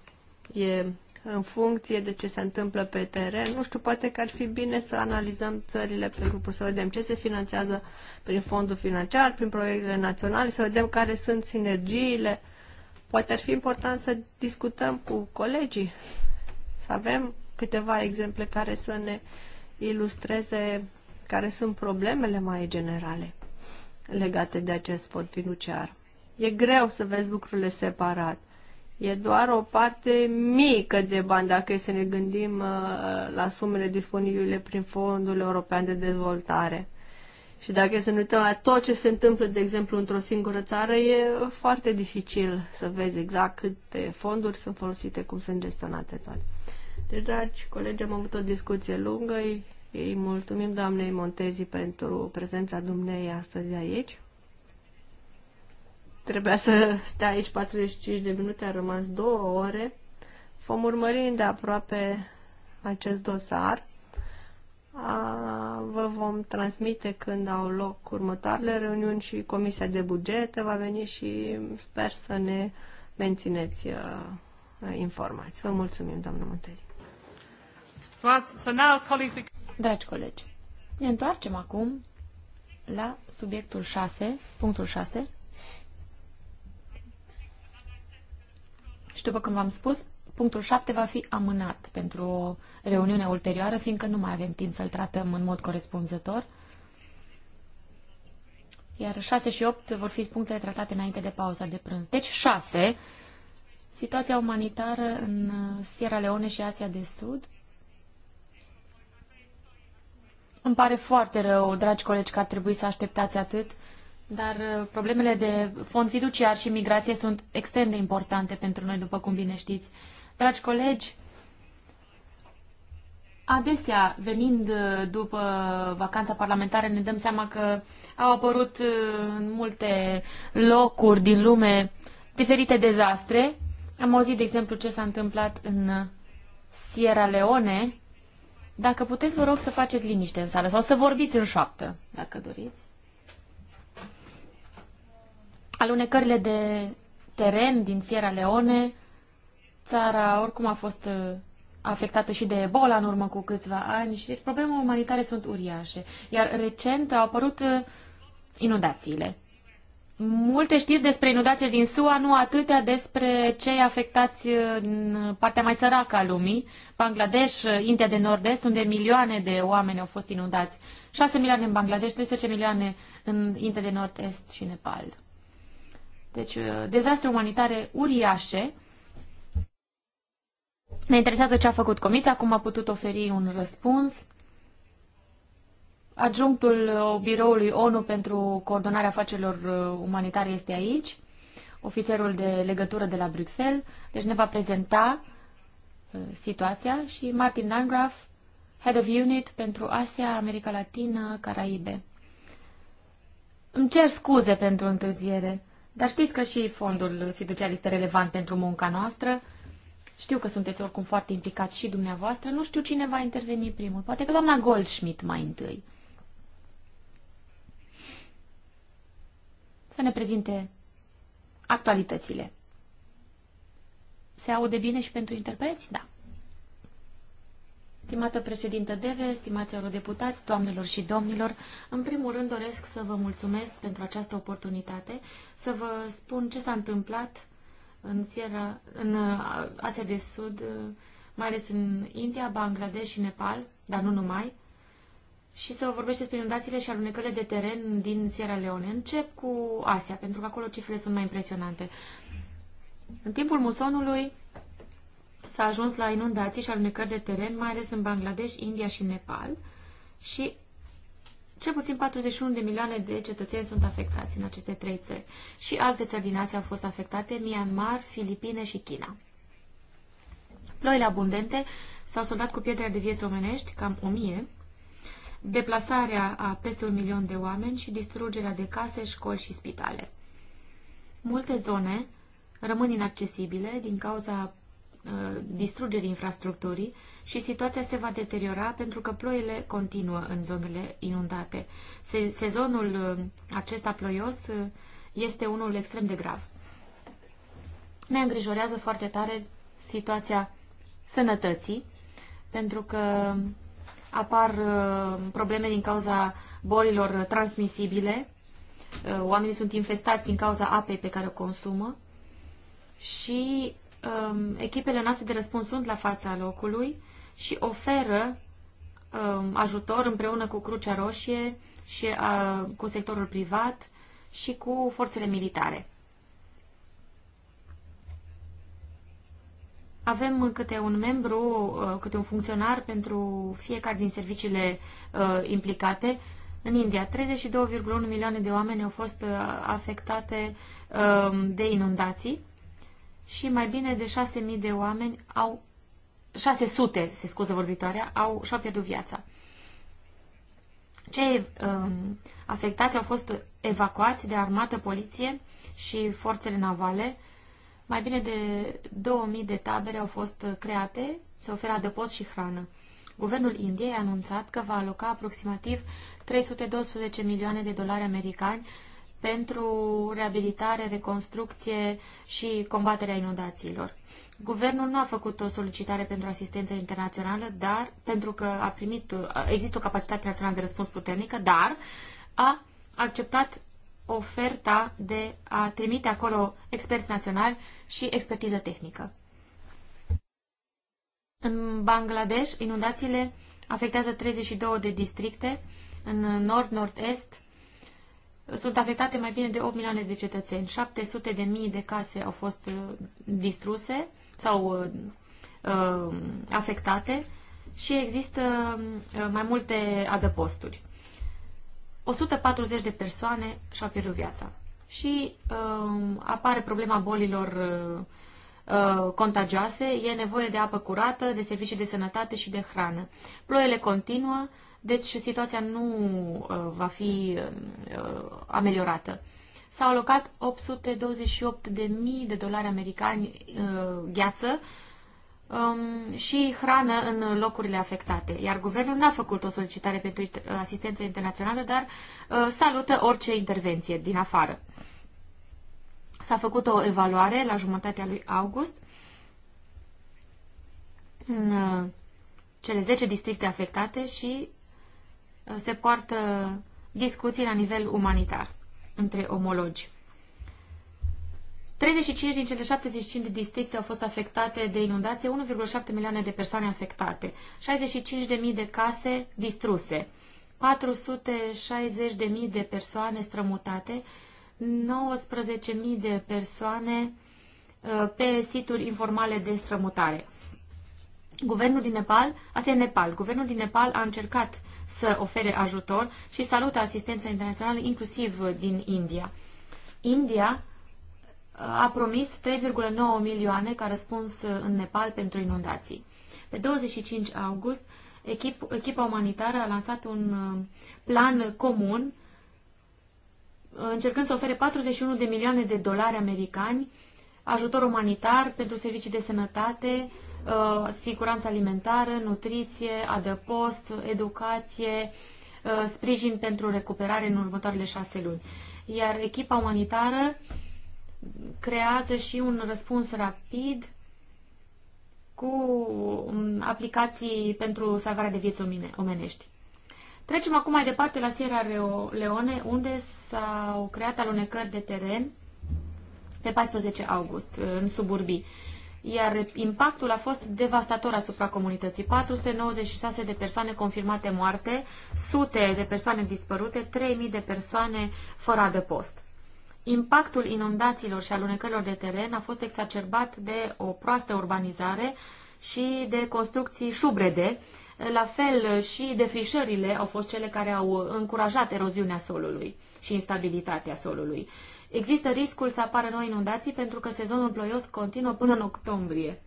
e în funcție de ce se întâmplă pe teren. Nu știu, poate că ar fi bine să analizăm țările pe grupuri, să vedem ce se finanțează prin fondul financiar, prin proiectele naționale, să vedem care sunt sinergiile. Poate ar fi important să discutăm cu colegii, să avem câteva exemple care să ne ilustreze care sunt problemele mai generale legate de acest fond financiar. E greu să vezi lucrurile separat. E doar o parte mică de bani dacă e să ne gândim uh, la sumele disponibile prin Fondul European de Dezvoltare. Și dacă să ne uităm la tot ce se întâmplă, de exemplu, într-o singură țară, e foarte dificil să vezi exact câte fonduri sunt folosite, cum sunt gestionate toate. Deci, dragi colegi, am avut o discuție lungă. Îi mulțumim doamnei Montezi pentru prezența dumnei astăzi aici. Trebuia să stea aici 45 de minute, a rămas două ore. Vom urmări de aproape acest dosar. A, vă vom transmite când au loc următoarele reuniuni și Comisia de Bugete va veni și sper să ne mențineți uh, informați. Vă mulțumim, doamnă Montezi. Dragi colegi, ne întoarcem acum la subiectul 6, punctul 6, Și după cum v-am spus, punctul 7 va fi amânat pentru o reuniune ulterioară, fiindcă nu mai avem timp să-l tratăm în mod corespunzător. Iar 6 și 8 vor fi punctele tratate înainte de pauza de prânz. Deci 6, situația umanitară în Sierra Leone și Asia de Sud. Îmi pare foarte rău, dragi colegi, că ar trebui să așteptați atât. Dar uh, problemele de fond fiduciar și migrație sunt extrem de importante pentru noi, după cum bine știți. Dragi colegi, adesea, venind uh, după vacanța parlamentară, ne dăm seama că au apărut uh, în multe locuri din lume diferite dezastre. Am auzit, de exemplu, ce s-a întâmplat în Sierra Leone. Dacă puteți, vă rog să faceți liniște în sală sau să vorbiți în șoaptă, dacă doriți alunecările de teren din Sierra Leone. Țara oricum a fost uh, afectată și de Ebola în urmă cu câțiva ani și deci problemele umanitare sunt uriașe. Iar recent au apărut uh, inundațiile. Multe știri despre inundații din SUA, nu atâtea despre cei afectați uh, în partea mai săracă a lumii, Bangladesh, India de Nord-Est, unde milioane de oameni au fost inundați. 6 milioane în Bangladesh, 13 milioane în India de Nord-Est și Nepal. Deci, uh, dezastre umanitare uriașe. Ne interesează ce a făcut comisia, cum a putut oferi un răspuns. Adjunctul uh, biroului ONU pentru coordonarea afacerilor uh, umanitare este aici, ofițerul de legătură de la Bruxelles, deci ne va prezenta situația și Martin Langraf, Head of Unit pentru Asia, America Latină, Caraibe. Îmi cer scuze pentru întârziere. Dar știți că și fondul fiducial este relevant pentru munca noastră. Știu că sunteți oricum foarte implicați și dumneavoastră. Nu știu cine va interveni primul. Poate că doamna Goldschmidt mai întâi. Să ne prezinte actualitățile. Se aude bine și pentru interpreți? Da. Stimată președintă Deve, stimați eurodeputați, doamnelor și domnilor, în primul rând doresc să vă mulțumesc pentru această oportunitate, să vă spun ce s-a întâmplat în, Sierra, în uh, Asia de Sud, uh, mai ales în India, Bangladesh și Nepal, dar nu numai, și să vă vorbesc despre inundațiile și alunecările de teren din Sierra Leone. Încep cu Asia, pentru că acolo cifrele sunt mai impresionante. În timpul musonului, s-a ajuns la inundații și alunecări de teren, mai ales în Bangladesh, India și Nepal și cel puțin 41 de milioane de cetățeni sunt afectați în aceste trei țări și alte țări din Asia au fost afectate, Myanmar, Filipine și China. Ploile abundente s-au soldat cu pietre de vieți omenești, cam 1000, deplasarea a peste un milion de oameni și distrugerea de case, școli și spitale. Multe zone rămân inaccesibile din cauza Uh, distrugerii infrastructurii și situația se va deteriora pentru că ploile continuă în zonele inundate. Sezonul uh, acesta ploios uh, este unul extrem de grav. Ne îngrijorează foarte tare situația sănătății, pentru că apar probleme din cauza bolilor transmisibile, oamenii sunt infestați din cauza apei pe care o consumă și um, echipele noastre de răspuns sunt la fața locului și oferă um, ajutor împreună cu Crucea Roșie și uh, cu sectorul privat și cu forțele militare. Avem câte un membru, uh, câte un funcționar pentru fiecare din serviciile uh, implicate. În India, 32,1 milioane de oameni au fost uh, afectate uh, de inundații și mai bine de 6.000 de oameni au 600, se scuză vorbitoarea, au și-au pierdut viața. Cei um, afectați au fost evacuați de armată, poliție și forțele navale. Mai bine de 2000 de tabere au fost create, se oferă adăpost și hrană. Guvernul Indiei a anunțat că va aloca aproximativ 312 milioane de dolari americani pentru reabilitare, reconstrucție și combaterea inundațiilor. Guvernul nu a făcut o solicitare pentru asistență internațională, dar pentru că a primit, există o capacitate națională de răspuns puternică, dar a acceptat oferta de a trimite acolo experți naționali și expertiză tehnică. În Bangladesh, inundațiile afectează 32 de districte, în nord-nord-est sunt afectate mai bine de 8 milioane de cetățeni. 700 de mii de case au fost uh, distruse sau uh, uh, afectate și există uh, mai multe adăposturi. 140 de persoane și-au pierdut viața. Și uh, apare problema bolilor uh, contagioase, e nevoie de apă curată, de servicii de sănătate și de hrană. Ploile continuă, uh, deci situația nu uh, va fi uh, ameliorată. S-au alocat 828.000 de dolari americani uh, gheață um, și hrană în locurile afectate. Iar guvernul n-a făcut o solicitare pentru asistență internațională, dar salută orice intervenție din afară. S-a făcut o evaluare la jumătatea lui august în cele 10 districte afectate și se poartă discuții la nivel umanitar între omologi. 35 din cele 75 de districte au fost afectate de inundație, 1,7 milioane de persoane afectate, 65.000 de case distruse, 460.000 de persoane strămutate, 19.000 de persoane uh, pe situri informale de strămutare. Guvernul din Nepal, asta e Nepal, guvernul din Nepal a încercat să ofere ajutor și salută asistența internațională, inclusiv din India. India uh, a promis 3,9 milioane ca răspuns uh, în Nepal pentru inundații. Pe 25 august, echip, echipa umanitară a lansat un uh, plan comun încercând să ofere 41 de milioane de dolari americani ajutor umanitar pentru servicii de sănătate, Uh, siguranță alimentară, nutriție, adăpost, educație, uh, sprijin pentru recuperare în următoarele șase luni. Iar echipa umanitară creează și un răspuns rapid cu um, aplicații pentru salvarea de vieți omenești. Trecem acum mai departe la Sierra Leone, unde s-au creat alunecări de teren pe 14 august, uh, în suburbii iar impactul a fost devastator asupra comunității. 496 de persoane confirmate moarte, sute de persoane dispărute, 3000 de persoane fără adăpost. Impactul inundațiilor și alunecărilor de teren a fost exacerbat de o proastă urbanizare și de construcții șubrede. La fel și defrișările au fost cele care au încurajat eroziunea solului și instabilitatea solului. Există riscul să apară noi inundații pentru că sezonul ploios continuă până în octombrie.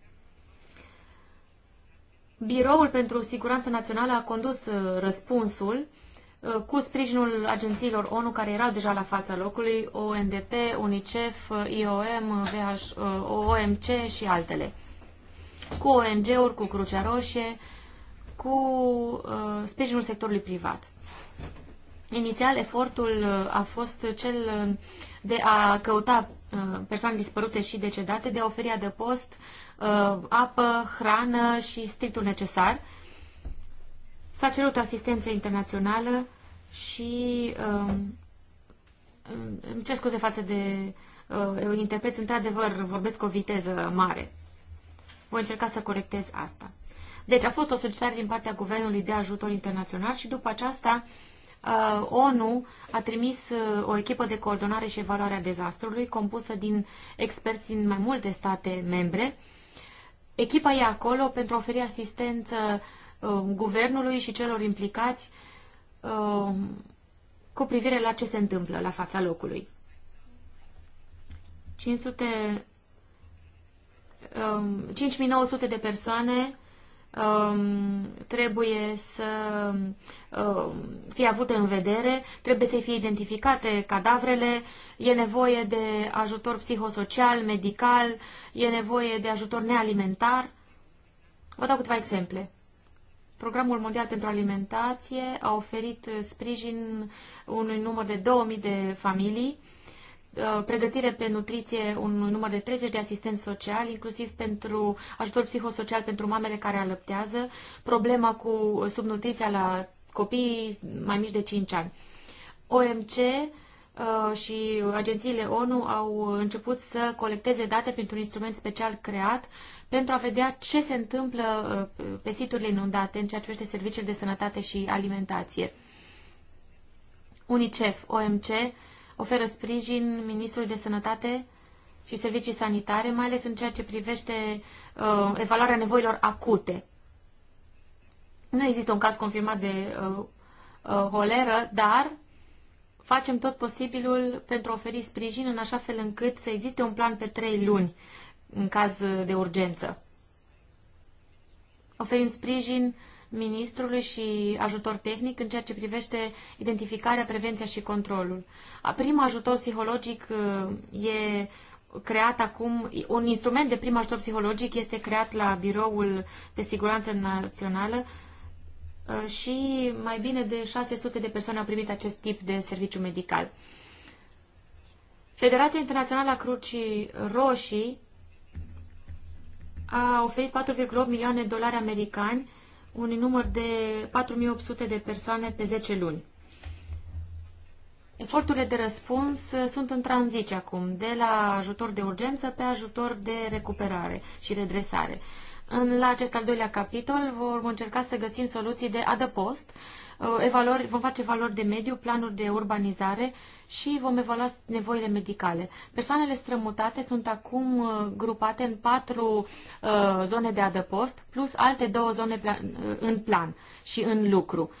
Biroul pentru Siguranță Națională a condus uh, răspunsul uh, cu sprijinul agențiilor ONU care erau deja la fața locului, ONDP, UNICEF, uh, IOM, VH, OMC și altele. Cu ONG-uri, cu Crucea Roșie, cu sprijinul sectorului privat. Inițial, efortul a fost cel de a căuta uh, persoane dispărute și decedate, de a oferi adăpost, uh, apă, hrană și strictul necesar. S-a cerut asistență internațională și um, îmi cer scuze față de uh, interpret într-adevăr vorbesc cu o viteză mare. Voi încerca să corectez asta. Deci a fost o solicitare din partea Guvernului de ajutor internațional și după aceasta uh, Uh, ONU a trimis uh, o echipă de coordonare și evaluare a dezastrului, compusă din experți din mai multe state membre. Echipa e acolo pentru a oferi asistență uh, guvernului și celor implicați cu privire la ce se întâmplă la fața locului. 500, 5900 um, de persoane Um, trebuie să um, fie avute în vedere, trebuie să fie identificate cadavrele, e nevoie de ajutor psihosocial, medical, e nevoie de ajutor nealimentar. Vă dau câteva exemple. Programul Mondial pentru Alimentație a oferit sprijin unui număr de 2000 de familii Uh, pregătire pe nutriție un număr de 30 de asistenți sociali, inclusiv pentru ajutor psihosocial pentru mamele care alăptează, problema cu subnutriția la copiii mai mici de 5 ani. OMC uh, și agențiile ONU au început să colecteze date printr-un instrument special creat pentru a vedea ce se întâmplă uh, pe siturile inundate în ceea ce privește serviciile de sănătate și alimentație. UNICEF, OMC oferă sprijin Ministrului de Sănătate și Servicii Sanitare, mai ales în ceea ce privește uh, evaluarea nevoilor acute. Nu există un caz confirmat de uh, uh, holeră, dar facem tot posibilul pentru a oferi sprijin în așa fel încât să existe un plan pe trei luni în caz de urgență. Oferim sprijin ministrului și ajutor tehnic în ceea ce privește identificarea, prevenția și controlul. A, ajutor psihologic uh, e creat acum, un instrument de prim ajutor psihologic este creat la Biroul de Siguranță Națională uh, și mai bine de 600 de persoane au primit acest tip de serviciu medical. Federația Internațională a Crucii Roșii a oferit 4,8 milioane de dolari americani un număr de 4800 de persoane pe 10 luni. Eforturile de răspuns uh, sunt în tranziție acum, de la ajutor de urgență pe ajutor de recuperare și redresare. În, la acest al doilea capitol vom încerca să găsim soluții de adăpost, uh, evaluări, vom face valori de mediu, planuri de urbanizare și vom evalua nevoile medicale. Persoanele strămutate sunt acum uh, grupate în patru uh, zone de adăpost, plus alte două zone plan, uh, în plan și în lucru.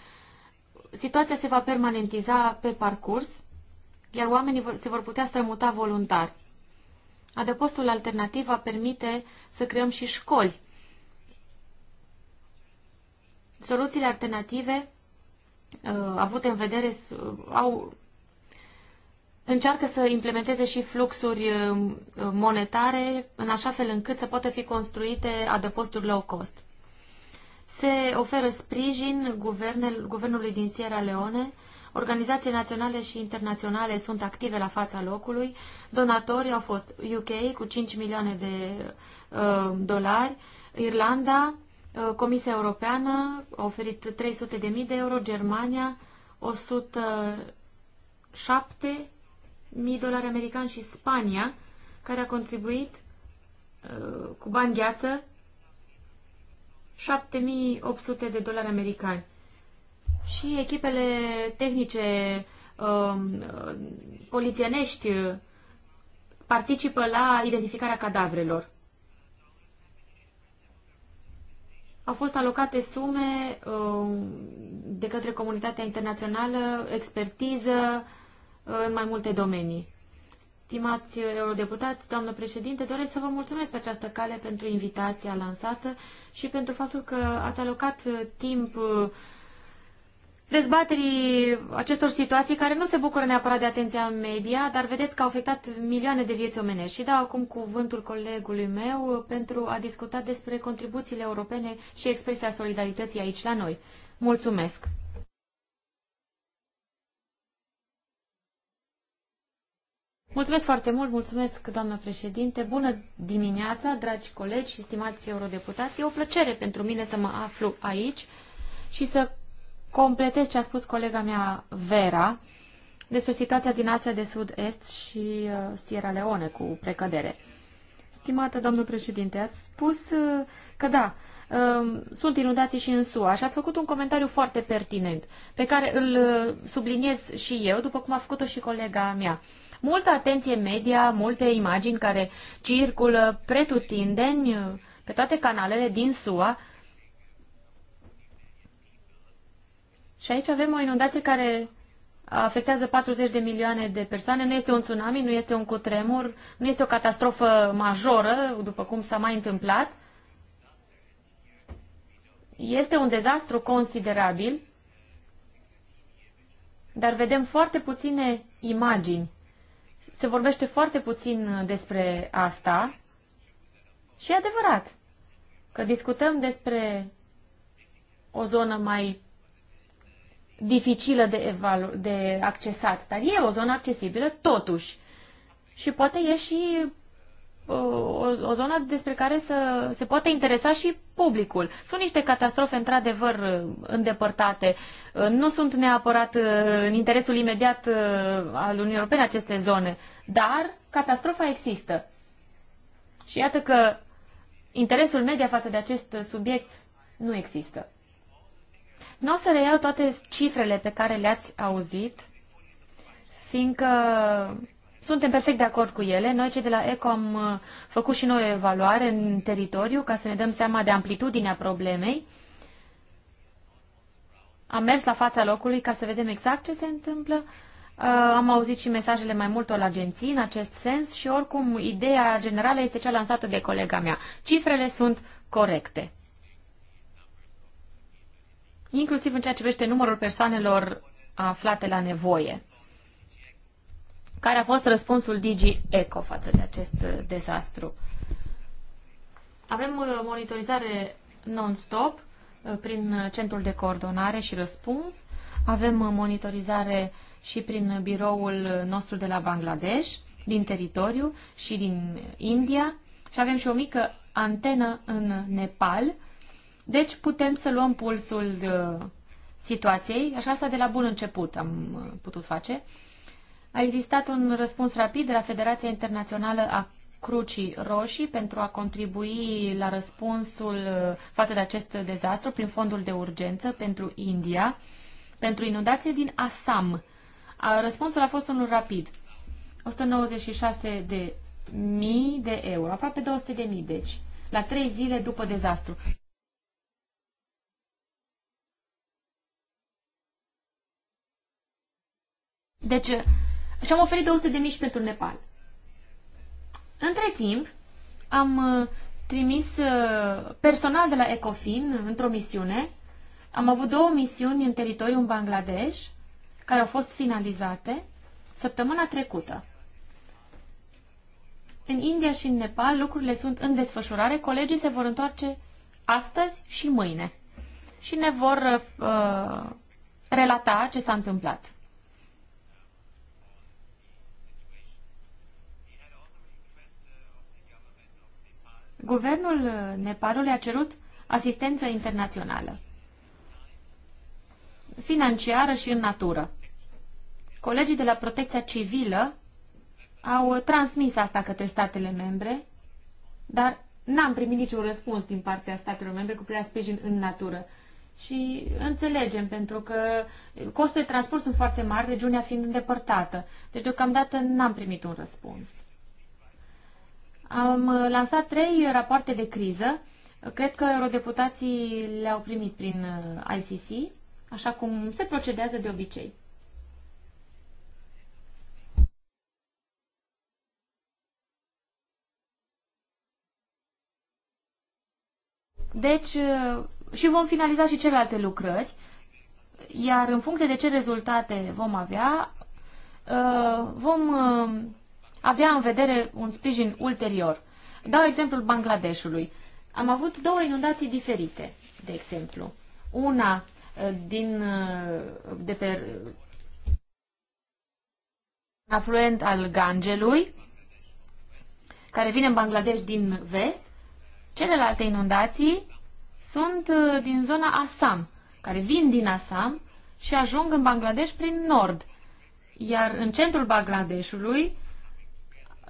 Situația se va permanentiza pe parcurs, iar oamenii se vor putea strămuta voluntar. Adăpostul alternativ va permite să creăm și școli Soluțiile alternative uh, avute în vedere uh, au încearcă să implementeze și fluxuri uh, monetare în așa fel încât să poată fi construite adăposturi low cost. Se oferă sprijin guvernel, guvernului din Sierra Leone, organizații naționale și internaționale sunt active la fața locului, donatorii au fost UK cu 5 milioane de uh, dolari, Irlanda, Uh, Comisia Europeană a oferit 300.000 de euro, Germania 107.000 mii dolari americani și Spania, care a contribuit uh, cu bani gheață 7800 de dolari americani. Și echipele tehnice um, uh, polițienești uh, participă la identificarea cadavrelor. au fost alocate sume um, de către comunitatea internațională, expertiză uh, în mai multe domenii. Stimați eurodeputați, doamnă președinte, doresc să vă mulțumesc pe această cale pentru invitația lansată și pentru faptul că ați alocat uh, timp uh, dezbaterii acestor situații care nu se bucură neapărat de atenția media, dar vedeți că au afectat milioane de vieți omenești. Și dau acum cuvântul colegului meu pentru a discuta despre contribuțiile europene și expresia solidarității aici la noi. Mulțumesc! Mulțumesc foarte mult, mulțumesc, doamnă președinte. Bună dimineața, dragi colegi și stimați eurodeputați. E o plăcere pentru mine să mă aflu aici și să completez ce a spus colega mea Vera despre situația din Asia de Sud-Est și uh, Sierra Leone cu precădere. Stimată domnul președinte, ați spus uh, că da, um, sunt inundații și în SUA și ați făcut un comentariu foarte pertinent, pe care îl uh, subliniez și eu, după cum a făcut-o și colega mea. Multă atenție media, multe imagini care circulă pretutindeni pe toate canalele din SUA Și aici avem o inundație care afectează 40 de milioane de persoane. Nu este un tsunami, nu este un cutremur, nu este o catastrofă majoră, după cum s-a mai întâmplat. Este un dezastru considerabil, dar vedem foarte puține imagini. Se vorbește foarte puțin despre asta și e adevărat că discutăm despre o zonă mai dificilă de, evalu- de accesat, dar e o zonă accesibilă totuși. Și poate e și uh, o, o zonă despre care să se poate interesa și publicul. Sunt niște catastrofe într-adevăr uh, îndepărtate. Uh, nu sunt neapărat în interesul imediat al Uniunii Europene aceste zone, dar catastrofa există. Și iată că interesul media față de acest subiect nu există. Nu o să le iau toate cifrele pe care le-ați auzit, fiindcă suntem perfect de acord cu ele. Noi, cei de la ECO, am făcut și noi o evaluare în teritoriu ca să ne dăm seama de amplitudinea problemei. Am mers la fața locului ca să vedem exact ce se întâmplă. Uh, am auzit și mesajele mai multor agenții în acest sens și oricum ideea generală este cea lansată de colega mea. Cifrele sunt corecte inclusiv în ceea ce vește numărul persoanelor aflate la nevoie. Care a fost răspunsul Digi Eco față de acest uh, dezastru? Avem uh, monitorizare non-stop uh, prin centrul de coordonare și răspuns. Avem monitorizare și prin biroul nostru de la Bangladesh, din teritoriu și din India. Și avem și o mică antenă în Nepal, deci putem să luăm pulsul uh, situației, așa asta de la bun început am uh, putut face. A existat un răspuns rapid de la Federația Internațională a Crucii Roșii pentru a contribui la răspunsul uh, față de acest dezastru prin fondul de urgență pentru India, pentru inundație din Assam. Răspunsul a fost unul rapid. 196 de mii de euro, aproape 200 de mii, deci, la trei zile după dezastru. Deci, și-am oferit 200 de mici pentru Nepal. Între timp, am uh, trimis uh, personal de la Ecofin uh, într-o misiune. Am avut două misiuni în teritoriul în Bangladesh, care au fost finalizate săptămâna trecută. În India și în Nepal lucrurile sunt în desfășurare. Colegii se vor întoarce astăzi și mâine și ne vor uh, relata ce s-a întâmplat. Guvernul Nepalului a cerut asistență internațională, financiară și în natură. Colegii de la Protecția Civilă au transmis asta către statele membre, dar n-am primit niciun răspuns din partea statelor membre cu privire la sprijin în natură. Și înțelegem, pentru că costurile de transport sunt foarte mari, regiunea fiind îndepărtată. Deci, deocamdată, n-am primit un răspuns. Am uh, lansat trei rapoarte de criză. Cred că eurodeputații le-au primit prin uh, ICC, așa cum se procedează de obicei. Deci, uh, și vom finaliza și celelalte lucrări, iar în funcție de ce rezultate vom avea, vom avea în vedere un sprijin ulterior. Dau exemplul Bangladeshului. Am avut două inundații diferite, de exemplu. Una eh, din, eh, de pe afluent al Gangelui, care vine în Bangladesh din vest. Celelalte inundații sunt eh, din zona Assam, care vin din Assam și ajung în Bangladesh prin nord. Iar în centrul Bangladeshului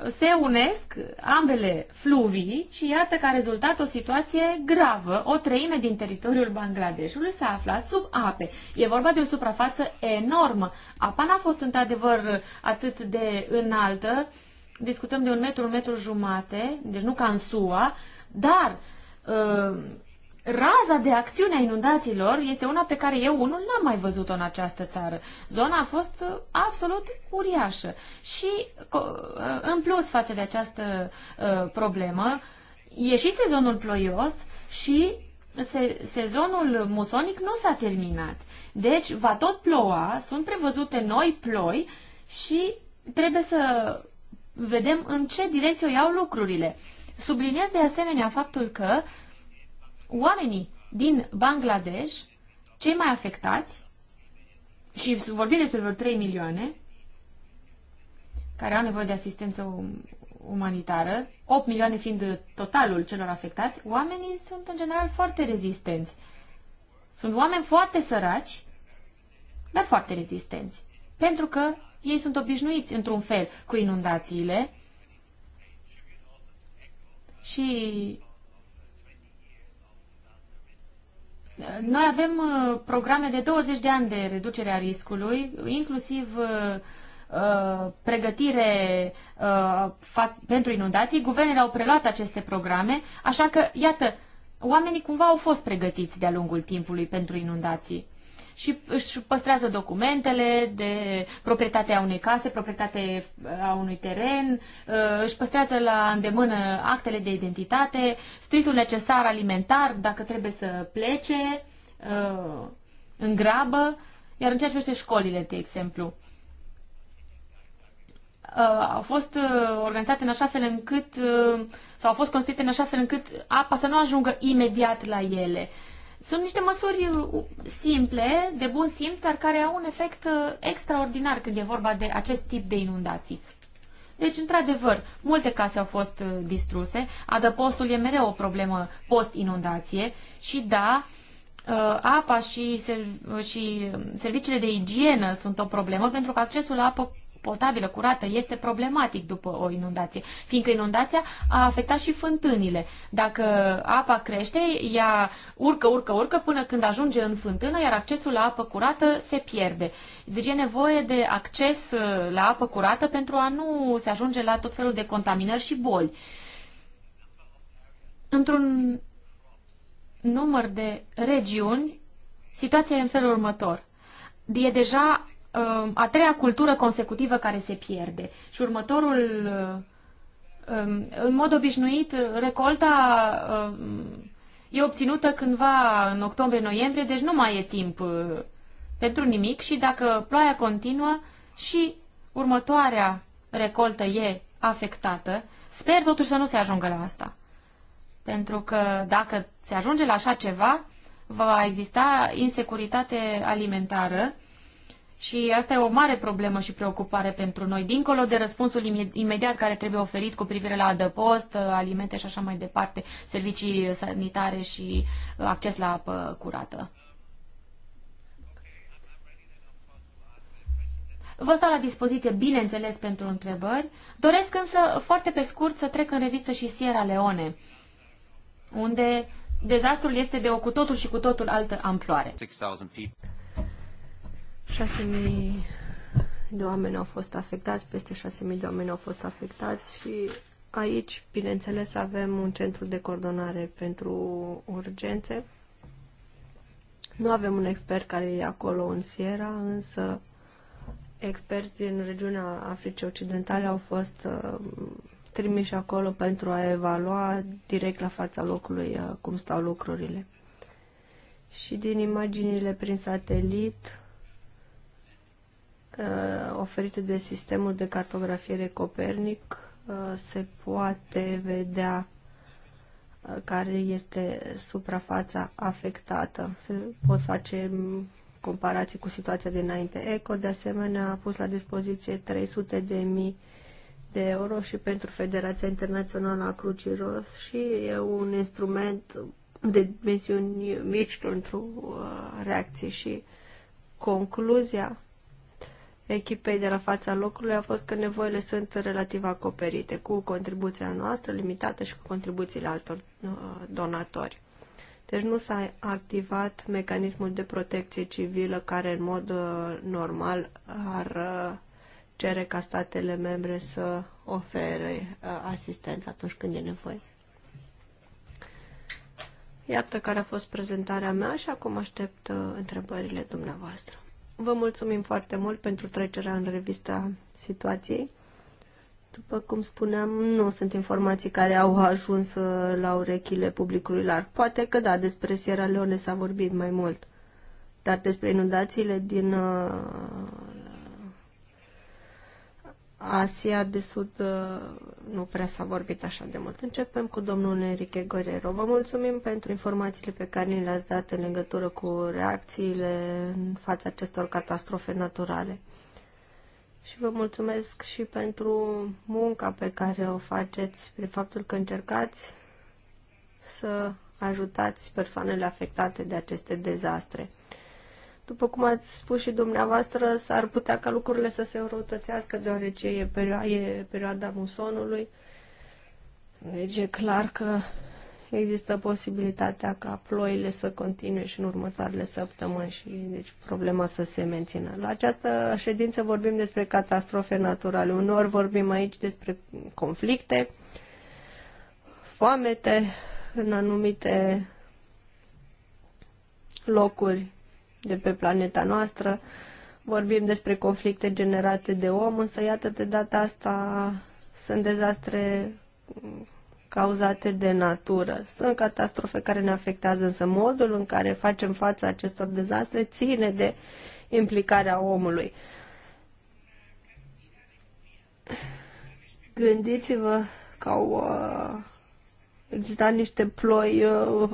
se unesc ambele fluvii și iată ca rezultat o situație gravă. O treime din teritoriul Bangladeshului s-a aflat sub ape. E vorba de o suprafață enormă. Apa n-a fost într-adevăr atât de înaltă, discutăm de un metru, un metru jumate, deci nu ca în SUA, dar ă, raza de acțiune a inundațiilor este una pe care eu unul n-am mai văzut-o în această țară. Zona a fost uh, absolut uriașă. Și uh, în plus față de această uh, problemă, e și sezonul ploios și se, sezonul musonic nu s-a terminat. Deci va tot ploua, sunt prevăzute noi ploi și trebuie să vedem în ce direcție o iau lucrurile. Subliniez de asemenea faptul că oamenii din Bangladesh, cei mai afectați, și vorbim despre vreo 3 milioane, care au nevoie de asistență um, umanitară, 8 milioane fiind totalul celor afectați, oamenii sunt în general foarte rezistenți. Sunt oameni foarte săraci, dar foarte rezistenți. Pentru că ei sunt obișnuiți, într-un fel, cu inundațiile și Noi avem uh, programe de 20 de ani de reducere a riscului, inclusiv uh, uh, pregătire pentru inundații. Guvernele au preluat aceste programe, așa că, iată, oamenii cumva au fost pregătiți de-a lungul timpului pentru inundații și își păstrează documentele de proprietate a unei case, proprietate a unui teren, uh, își păstrează la îndemână actele de identitate, stritul necesar alimentar dacă trebuie să plece uh, în grabă, iar în ceea ce privește școlile, de exemplu uh, au fost organizate în așa fel încât, sau au fost construite în așa fel încât apa să nu ajungă imediat la ele. Sunt niște măsuri uh, simple, de bun simț, dar care au un efect uh, extraordinar când e vorba de acest tip de inundații. Deci, într-adevăr, multe case au fost uh, distruse, adăpostul e mereu o problemă post-inundație și da, apa și, serv- și serviciile de igienă sunt o problemă pentru că accesul la apă potabilă, curată, este problematic după o inundație, fiindcă inundația a afectat și fântânile. Dacă apa crește, ea urcă, urcă, urcă până când ajunge în fântână, iar accesul la apă curată se pierde. Deci e nevoie de acces uh, la apă curată pentru a nu se ajunge la tot felul de contaminări și boli. Într-un număr de regiuni, situația e în felul următor. E deja Um, a treia cultură consecutivă care se pierde. Și următorul, uh, um, în mod obișnuit, recolta um, e obținută cândva în octombrie-noiembrie, deci nu mai e timp uh, pentru nimic și dacă ploaia continuă și următoarea recoltă e afectată, sper totuși să nu se ajungă la asta. Pentru că dacă se ajunge la așa ceva, va exista insecuritate alimentară și asta e o mare problemă și preocupare pentru noi, dincolo de răspunsul imediat care trebuie oferit cu privire la adăpost, alimente și așa mai departe, servicii sanitare și uh, acces la apă curată. Vă stau la dispoziție, bineînțeles, pentru întrebări. Doresc însă, foarte pe scurt, să trec în revistă și Sierra Leone, unde dezastrul este de o cu totul și cu totul altă amploare. 6.000 de oameni au fost afectați, peste 6.000 de oameni au fost afectați și aici, bineînțeles, avem un centru de coordonare pentru urgențe. Nu avem un expert care e acolo în Sierra, însă experți din regiunea Africii Occidentale au fost uh, trimiși acolo pentru a evalua direct la fața locului uh, cum stau lucrurile. Și din imaginile prin satelit Uh, oferite de sistemul de cartografiere Copernic uh, se poate vedea uh, care este suprafața afectată. Se pot face comparații cu situația dinainte. ECO, de asemenea, a pus la dispoziție 300 de mii de euro și pentru Federația Internațională a Crucii Ros și e un instrument de dimensiuni mici pentru reacție și concluzia echipei de la fața locului a fost că nevoile sunt relativ acoperite, cu contribuția noastră limitată și cu contribuțiile altor uh, donatori. Deci nu s-a activat mecanismul de protecție civilă care în mod uh, normal ar uh, cere ca statele membre să ofere asistență atunci când e nevoie. Iată care a fost prezentarea mea și acum aștept întrebările dumneavoastră. Vă mulțumim foarte mult pentru trecerea în revista situației. După cum spuneam, nu sunt informații care au ajuns uh, la urechile publicului larg. Poate că da, despre Sierra Leone s-a vorbit mai mult, dar despre inundațiile din uh, Asia de Sud uh, nu prea s-a vorbit așa de mult. Începem cu domnul Enrique Guerrero. Vă mulțumim pentru informațiile pe care ni le-ați dat în legătură cu reacțiile în fața acestor catastrofe naturale. Și vă mulțumesc și pentru munca pe care o faceți, prin faptul că încercați să ajutați persoanele afectate de aceste dezastre. După cum ați spus și dumneavoastră, s-ar putea ca lucrurile să se înrăutățească deoarece e, perio- e perioada musonului. Deci e clar că există posibilitatea ca ploile să continue și în următoarele săptămâni și deci problema să se mențină. La această ședință vorbim despre catastrofe naturale. Unor vorbim aici despre conflicte, foamete în anumite locuri de pe planeta noastră. Vorbim despre conflicte generate de om, însă iată de data asta sunt dezastre cauzate de natură. Sunt catastrofe care ne afectează, însă modul în care facem față acestor dezastre ține de implicarea omului. Gândiți-vă că au uh, existat niște ploi uh,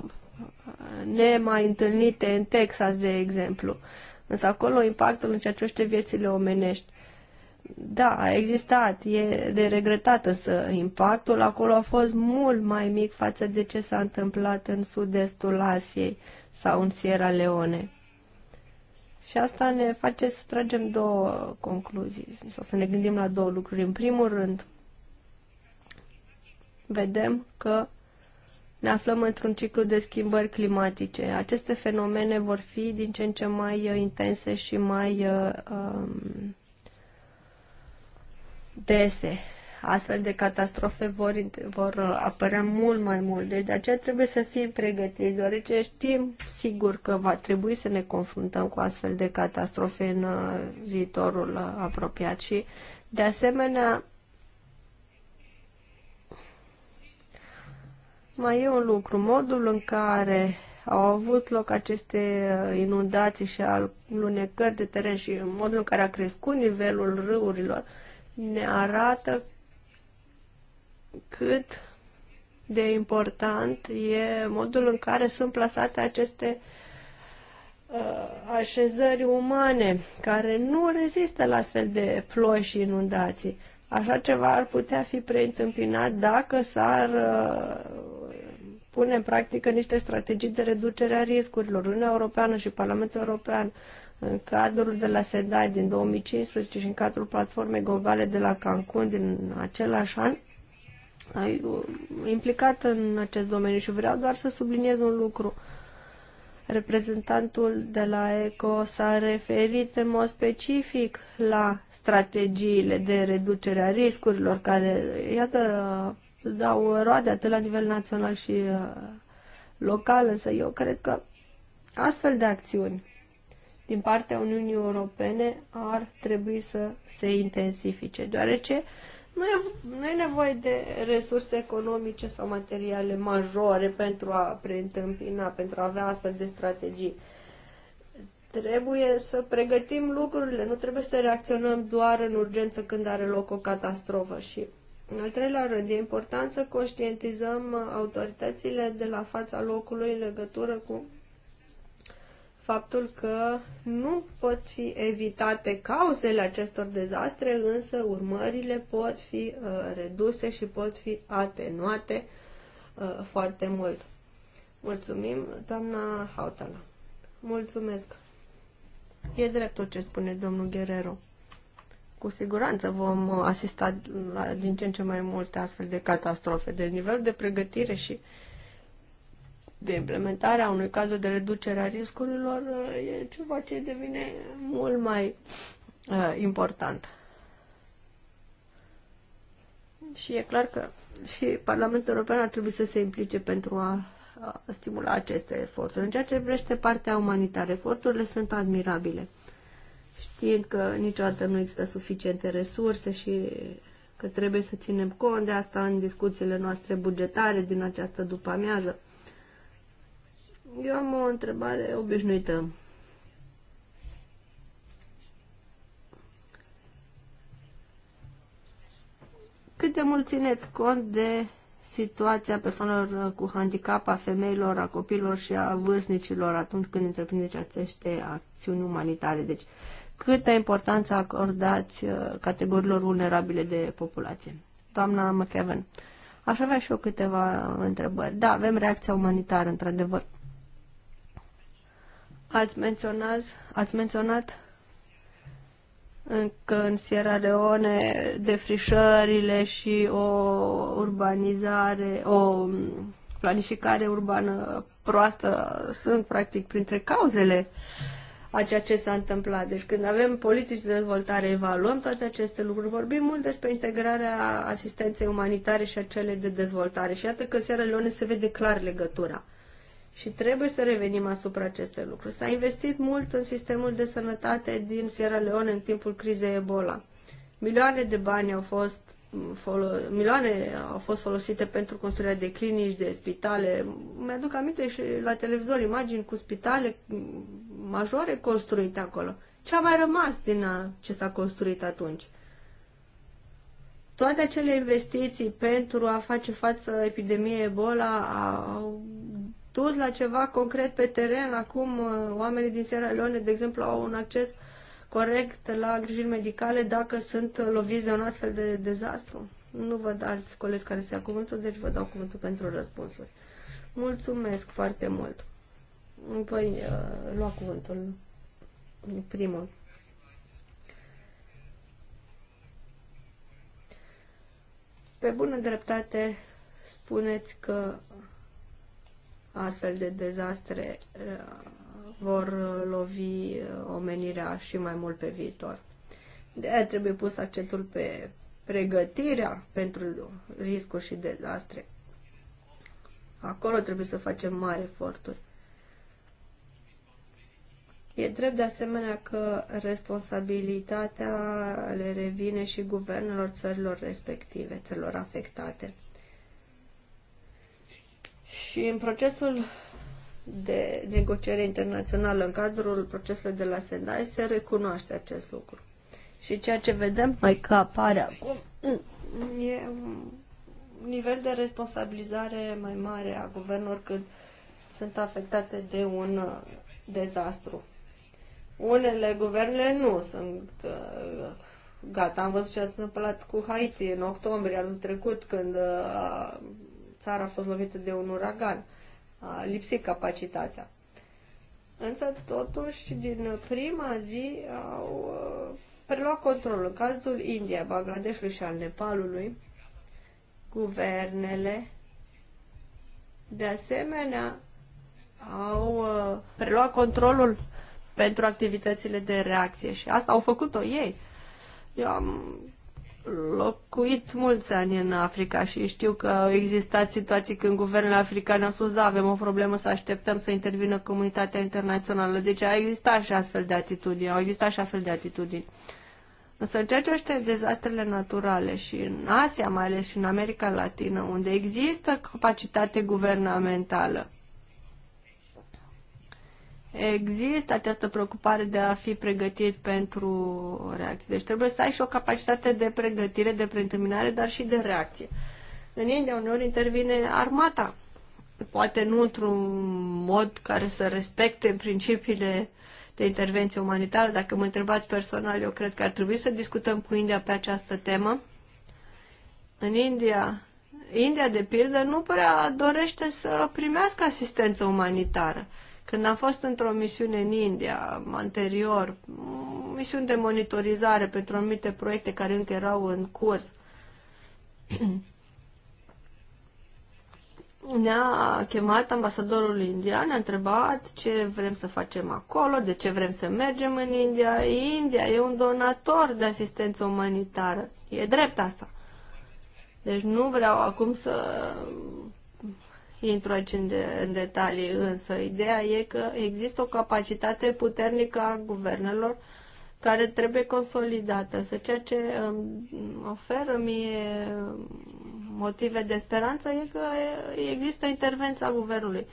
nemai întâlnite în Texas, de exemplu. Însă acolo impactul în ceea ce privește viețile omenești. Da, a existat, e de regretat însă impactul. Acolo a fost mult mai mic față de ce s-a întâmplat în sud-estul Asiei sau în Sierra Leone. Și asta ne face să tragem două concluzii sau să ne gândim la două lucruri. În primul rând, vedem că ne aflăm într-un ciclu de schimbări climatice. Aceste fenomene vor fi din ce în ce mai uh, intense și mai uh, um, dese. Astfel de catastrofe vor, vor uh, apărea mult mai mult. Deci de aceea trebuie să fim pregătiți, deoarece știm sigur că va trebui să ne confruntăm cu astfel de catastrofe în viitorul apropiat și de asemenea Mai e un lucru, modul în care au avut loc aceste uh, inundații și alunecări de teren și modul în care a crescut nivelul râurilor ne arată cât de important e modul în care sunt plasate aceste uh, așezări umane care nu rezistă la astfel de ploi și inundații. Așa ceva ar putea fi preîntâmpinat dacă s-ar uh, pune în practică niște strategii de reducere a riscurilor. Uniunea Europeană și Parlamentul European în cadrul de la SEDAI din 2015 și în cadrul platformei globale de la Cancun din același an, implicat în acest domeniu și vreau doar să subliniez un lucru. Reprezentantul de la ECO s-a referit în mod specific la strategiile de reducere a riscurilor care, iată, dau roade atât la nivel național și uh, local, însă eu cred că astfel de acțiuni din partea Uniunii Europene ar trebui să se intensifice, deoarece nu e, nu e nevoie de resurse economice sau materiale majore pentru a preîntâmpina, pentru a avea astfel de strategii. Trebuie să pregătim lucrurile, nu trebuie să reacționăm doar în urgență când are loc o catastrofă și în al treilea rând, e important să conștientizăm autoritățile de la fața locului în legătură cu faptul că nu pot fi evitate cauzele acestor dezastre, însă urmările pot fi uh, reduse și pot fi atenuate uh, foarte mult. Mulțumim, doamna Hautala. Mulțumesc. E dreptul ce spune domnul Guerrero cu siguranță vom asista la din ce în ce mai multe astfel de catastrofe. De deci nivel de pregătire și de implementare a unui cadru de reducere a riscurilor uh, e ceva ce devine mult mai uh, important. Și e clar că și Parlamentul European ar trebui să se implice pentru a, a stimula aceste eforturi. În ceea ce privește partea umanitară, eforturile sunt admirabile. Știm că niciodată nu există suficiente resurse și că trebuie să ținem cont de asta în discuțiile noastre bugetare din această după-amiază. Eu am o întrebare obișnuită. Cât de mult țineți cont de situația persoanelor cu handicap, a femeilor, a copilor și a vârstnicilor atunci când întreprindeți aceste acțiuni umanitare? Deci, câtă importanță acordați uh, categoriilor vulnerabile de populație. Doamna McEwen, aș avea și eu câteva întrebări. Da, avem reacția umanitară, într-adevăr. Ați menționat, ați menționat încă în Sierra Leone defrișările și o urbanizare, o planificare urbană proastă sunt practic printre cauzele uh, a ceea ce s-a întâmplat. Deci când avem politici de dezvoltare, evaluăm toate aceste lucruri. Vorbim mult despre integrarea asistenței umanitare și a cele de dezvoltare. Și iată că Sierra Leone se vede clar legătura. Și trebuie să revenim asupra acestor lucruri. S-a investit mult în sistemul de sănătate din Sierra Leone în timpul crizei Ebola. Milioane de bani au fost folo- milioane au fost folosite pentru construirea de clinici, de spitale. Mi-aduc aminte și la televizor imagini cu spitale majore construite acolo. Ce a mai rămas din a, ce s-a construit atunci? Toate acele investiții pentru a face față epidemiei Ebola au dus la ceva concret pe teren. Acum uh, oamenii din Sierra Leone, de exemplu, au un acces corect la grijiri medicale dacă sunt loviți de un astfel de dezastru. Nu văd alți colegi care se ia cuvântul, deci vă dau cuvântul pentru răspunsuri. Mulțumesc foarte mult! voi uh, lua cuvântul primul. Pe bună dreptate spuneți că astfel de dezastre uh, vor lovi uh, omenirea și mai mult pe viitor. De aia trebuie pus accentul pe pregătirea pentru riscuri și dezastre. Acolo trebuie să facem mari eforturi. E drept de asemenea că responsabilitatea le revine și guvernelor țărilor respective, țărilor afectate. Și în procesul de negociere internațională, în cadrul procesului de la Sendai, se recunoaște acest lucru. Și ceea ce vedem mai că apare acum e un nivel de responsabilizare mai mare a guvernelor când sunt afectate de un dezastru. Unele guverne nu sunt uh, gata. Am văzut ce a întâmplat cu Haiti în octombrie anul trecut, când uh, țara a fost lovită de un uragan. A lipsit capacitatea. Însă, totuși, din prima zi au uh, preluat controlul. În cazul India, Bangladeshului și al Nepalului, guvernele, de asemenea, au uh, preluat controlul pentru activitățile de reacție și asta au făcut-o ei. Eu am locuit mulți ani în Africa și știu că au existat situații când guvernele africane au spus da, avem o problemă să așteptăm să intervină comunitatea internațională. Deci a existat și astfel de atitudini, au existat și astfel de atitudini. Însă în ceea ce aștept dezastrele naturale și în Asia, mai ales și în America Latină, unde există capacitate guvernamentală Există această preocupare de a fi pregătit pentru reacție. Deci trebuie să ai și o capacitate de pregătire, de preîntâmpinare, dar și de reacție. În India uneori intervine armata, poate nu într-un mod care să respecte principiile de intervenție umanitară. Dacă mă întrebați personal, eu cred că ar trebui să discutăm cu India pe această temă. În India, India, de pildă, nu prea dorește să primească asistență umanitară. Când am fost într-o misiune în India, anterior, misiuni de monitorizare pentru anumite proiecte care încă erau în curs, ne-a chemat ambasadorul indian, ne-a întrebat ce vrem să facem acolo, de ce vrem să mergem în India. India e un donator de asistență umanitară. E drept asta. Deci nu vreau acum să intru aici în, de, în detalii, însă ideea e că există o capacitate puternică a guvernelor care trebuie consolidată. Să ceea ce îmi oferă mie motive de speranță e că există intervenția guvernului.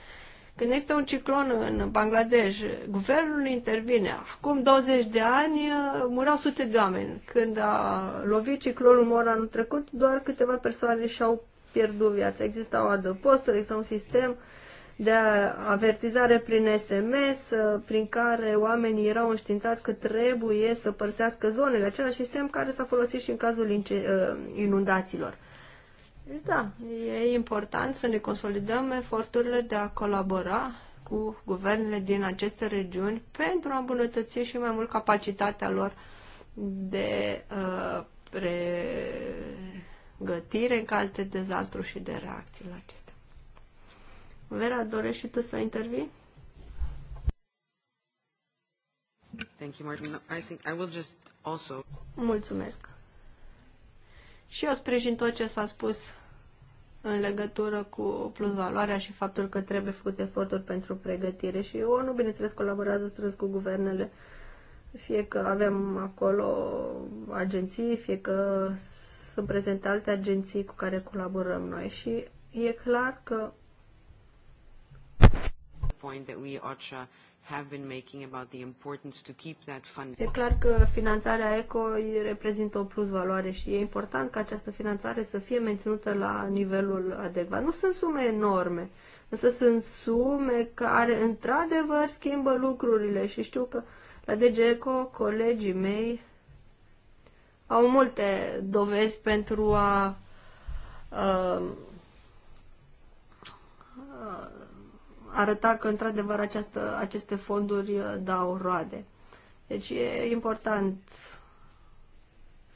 Când este un ciclon în Bangladesh, guvernul intervine. Acum 20 de ani uh, murau sute de oameni. Când a lovit ciclonul Mora anul trecut, doar câteva persoane și-au pierdut viața. Există o adăpostă, există un sistem de avertizare prin SMS, prin care oamenii erau înștiințați că trebuie să părsească zonele, același sistem care s-a folosit și în cazul uh, inundațiilor. Deci, da, e important să ne consolidăm eforturile de a colabora cu guvernele din aceste regiuni pentru a îmbunătăți și mai mult capacitatea lor de uh, pre gătire, în alte dezastru și de reacții la acestea. Vera, dorești și tu să intervii? Thank you, Martin. I think I will just also... Mulțumesc. Și eu sprijin tot ce s-a spus în legătură cu plusvaloarea și faptul că trebuie făcut eforturi pentru pregătire și ONU, bineînțeles, colaborează strâns cu guvernele, fie că avem acolo agenții, fie că sunt prezente alte agenții cu care colaborăm noi și e clar că point that we OCHA have been making about the importance to keep that E clar că finanțarea ECO reprezintă o plus valoare și e important ca această finanțare să fie menținută la nivelul adecvat. Nu sunt sume enorme, însă sunt sume care într-adevăr schimbă lucrurile și știu că la DG ECO colegii mei au multe dovezi pentru a uh, arăta că, într-adevăr, această, aceste fonduri uh, dau roade. Deci e important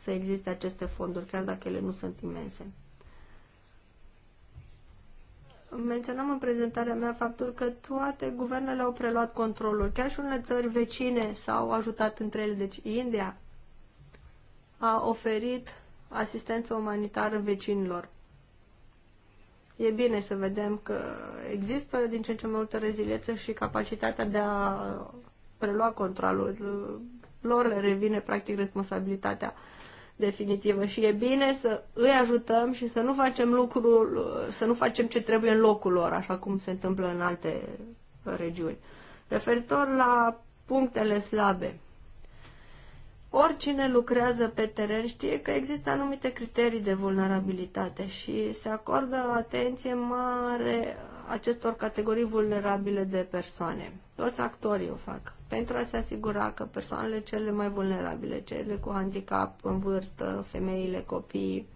să existe aceste fonduri, chiar dacă ele nu sunt imense. Menționam în prezentarea mea faptul că toate guvernele au preluat controlul. Chiar și unele țări vecine s-au ajutat între ele. Deci India, a oferit asistență umanitară vecinilor. E bine să vedem că există din ce în ce mai multă reziliență și capacitatea de a prelua controlul lor le revine practic responsabilitatea definitivă și e bine să îi ajutăm și să nu facem lucrul, să nu facem ce trebuie în locul lor, așa cum se întâmplă în alte regiuni. Referitor la punctele slabe, oricine lucrează pe teren știe că există anumite criterii de vulnerabilitate și se acordă atenție mare acestor categorii vulnerabile de persoane. Toți actorii o fac pentru a se asigura că persoanele cele mai vulnerabile, cele cu handicap în vârstă, femeile, copiii,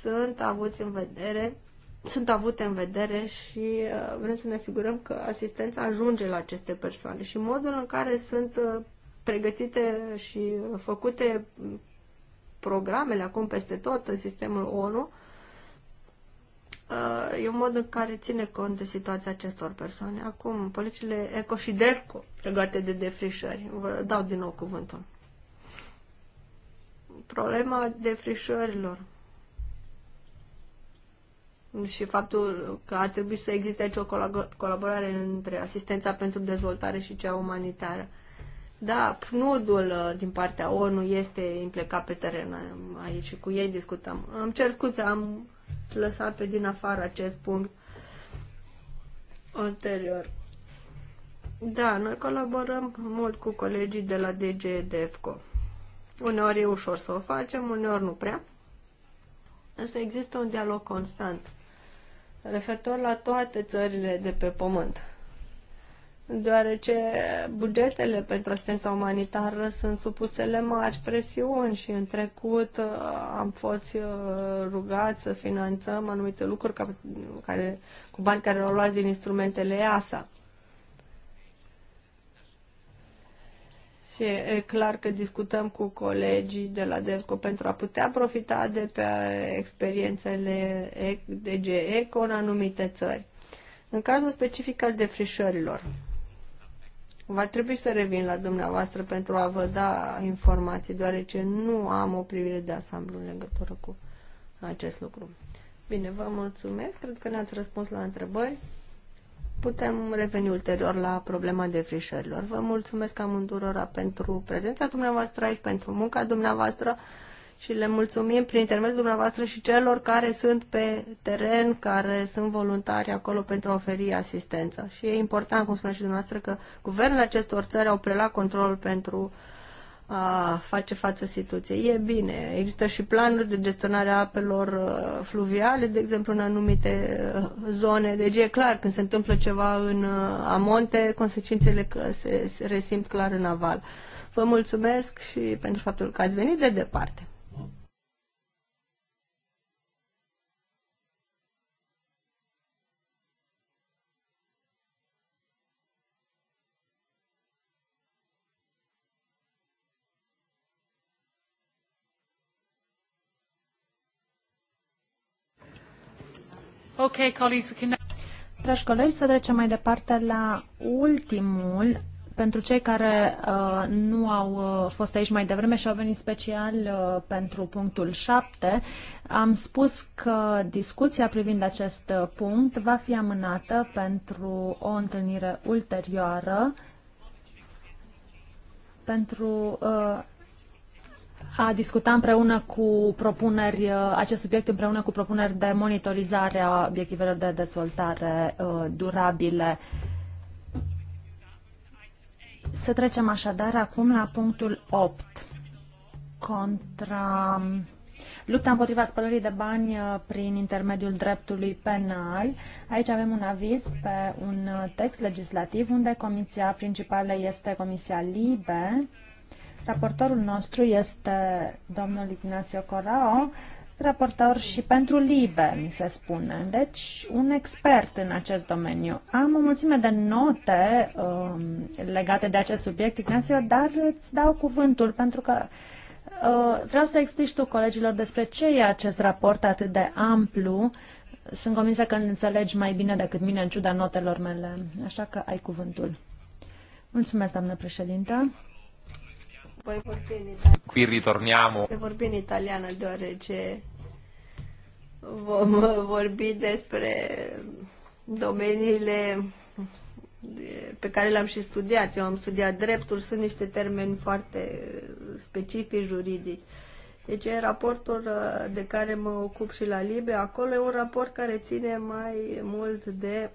sunt avuți în vedere sunt avute în vedere și uh, vrem să ne asigurăm că asistența ajunge la aceste persoane și modul în care sunt uh, pregătite și făcute programele acum peste tot în sistemul ONU, uh, e un mod în care ține cont de situația acestor persoane. Acum, politicile ECO și DEFCO legate de defrișări. Vă dau din nou cuvântul. Problema defrișărilor și faptul că ar trebui să existe aici o colaborare între asistența pentru dezvoltare și cea umanitară. Da, PNUD-ul uh, din partea ONU este implicat pe teren uh, aici și cu ei discutăm. Îmi cer scuze, am lăsat pe din afară acest punct anterior. Da, noi colaborăm mult cu colegii de la DG DEFCO. Uneori e ușor să o facem, uneori nu prea. Însă există un dialog constant referitor la toate țările de pe pământ deoarece bugetele pentru asistența umanitară sunt supusele mari presiuni și în trecut uh, am fost uh, rugați să finanțăm anumite lucruri ca, care, cu bani care au luat din instrumentele EASA. Și e clar că discutăm cu colegii de la DESCO pentru a putea profita de pe experiențele DG cu în anumite țări. În cazul specific al defrișărilor, Va trebui să revin la dumneavoastră pentru a vă da informații, deoarece nu am o privire de asamblu în legătură cu acest lucru. Bine, vă mulțumesc. Cred că ne-ați răspuns la întrebări. Putem reveni ulterior la problema defrișărilor. Vă mulțumesc amândurora pentru prezența dumneavoastră aici, pentru munca dumneavoastră și le mulțumim prin intermediul dumneavoastră și celor care sunt pe teren, care sunt voluntari acolo pentru a oferi asistență. Și e important, cum spuneți și dumneavoastră, că guvernele acestor țări au preluat controlul pentru a face față situației. E bine, există și planuri de gestionare a apelor uh, fluviale, de exemplu, în anumite uh, zone. Deci e clar, când se întâmplă ceva în uh, amonte, consecințele se resimt clar în aval. Vă mulțumesc și pentru faptul că ați venit de departe. Okay, colleagues, we can... Dragi colegi, să trecem mai departe la ultimul. Pentru cei care uh, nu au uh, fost aici mai devreme și au venit special uh, pentru punctul 7, am spus că discuția privind acest uh, punct va fi amânată pentru o întâlnire ulterioară pentru uh, a discuta împreună cu propuneri, uh, acest subiect împreună cu propuneri de monitorizare a obiectivelor de dezvoltare uh, durabile. Să trecem așadar acum la punctul 8. Contra um, lupta împotriva spălării de bani uh, prin intermediul dreptului penal. Aici avem un aviz pe un text legislativ unde comisia principală este Comisia Libe Raportorul nostru este domnul Ignacio Corao, raportor și pentru libe, mi se spune. Deci, un expert în acest domeniu. Am o mulțime de note um, legate de acest subiect, Ignacio, dar îți dau cuvântul pentru că uh, vreau să explici tu colegilor despre ce e acest raport atât de amplu. Sunt convinsă că înțelegi mai bine decât mine în ciuda notelor mele, așa că ai cuvântul. Mulțumesc, doamnă președintă. Voi vorbi în italiană. Qui ritorniamo. Se vorbi in italiană deoarece vom vorbi despre domeniile pe care le-am și studiat. Eu am studiat dreptul, sunt niște termeni foarte specifici juridici. Deci e raportul uh, de care mă ocup și la Libe. Acolo e un raport care ține mai mult de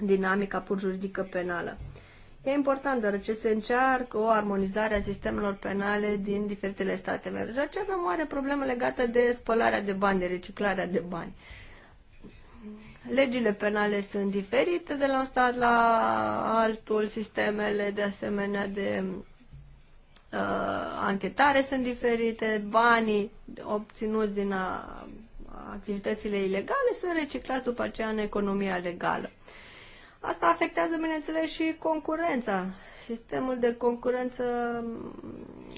dinamica pur juridică penală. E important, deoarece se încearcă o armonizare a sistemelor penale din diferitele state membre. Deci avem oare mare problemă legată de spălarea de bani, de reciclarea de bani. Legile penale sunt diferite de la un stat la altul, sistemele de asemenea de uh, anchetare sunt diferite, banii obținuți din a, uh, activitățile ilegale sunt reciclați după aceea în economia legală. Uh, Asta afectează, bineînțeles, și concurența, sistemul de concurență mm,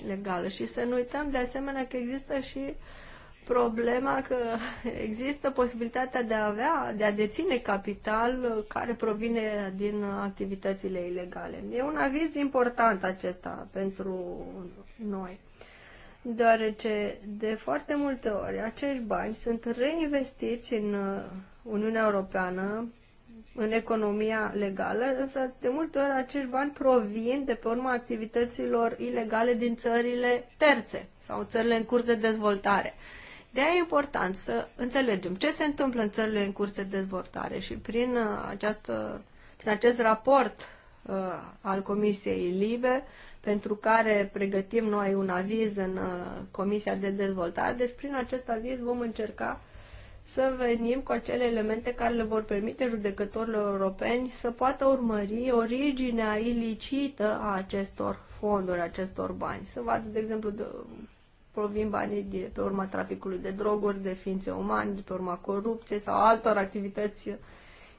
legală. Și să nu uităm, de asemenea, că există și problema că există posibilitatea de a avea, de a deține capital care provine din activitățile ilegale. E un aviz important acesta pentru noi, deoarece de foarte multe ori acești bani sunt reinvestiți în uh, Uniunea Europeană în economia legală, însă de multe ori acești bani provin de pe urma activităților ilegale din țările terțe sau țările în curs de dezvoltare. De aia e important să înțelegem ce se întâmplă în țările în curs de dezvoltare și prin, uh, această, prin acest raport uh, al Comisiei Libe, pentru care pregătim noi un aviz în uh, Comisia de Dezvoltare, deci prin acest aviz vom încerca să venim cu acele elemente care le vor permite judecătorilor europeni să poată urmări originea ilicită a acestor fonduri, acestor bani. Să vadă, de exemplu, de, provin banii de pe urma traficului de droguri, de ființe umane, de pe urma corupției sau altor activități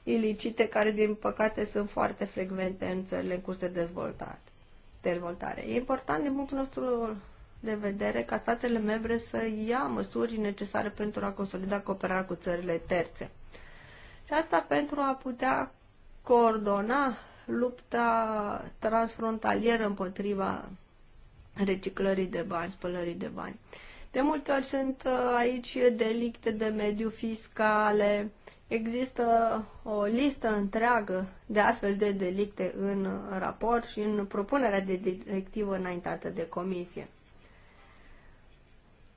ilicite care, din păcate, sunt foarte frecvente în țările în curs de dezvoltare. dezvoltare. E important din punctul nostru de vedere ca statele membre să ia măsuri necesare pentru a consolida cooperarea cu țările terțe. Și asta pentru a putea coordona lupta transfrontalieră împotriva reciclării de bani, spălării de bani. De multe ori sunt uh, aici delicte de mediu fiscale, există o listă întreagă de astfel de delicte în raport și în propunerea de directivă înaintată de comisie.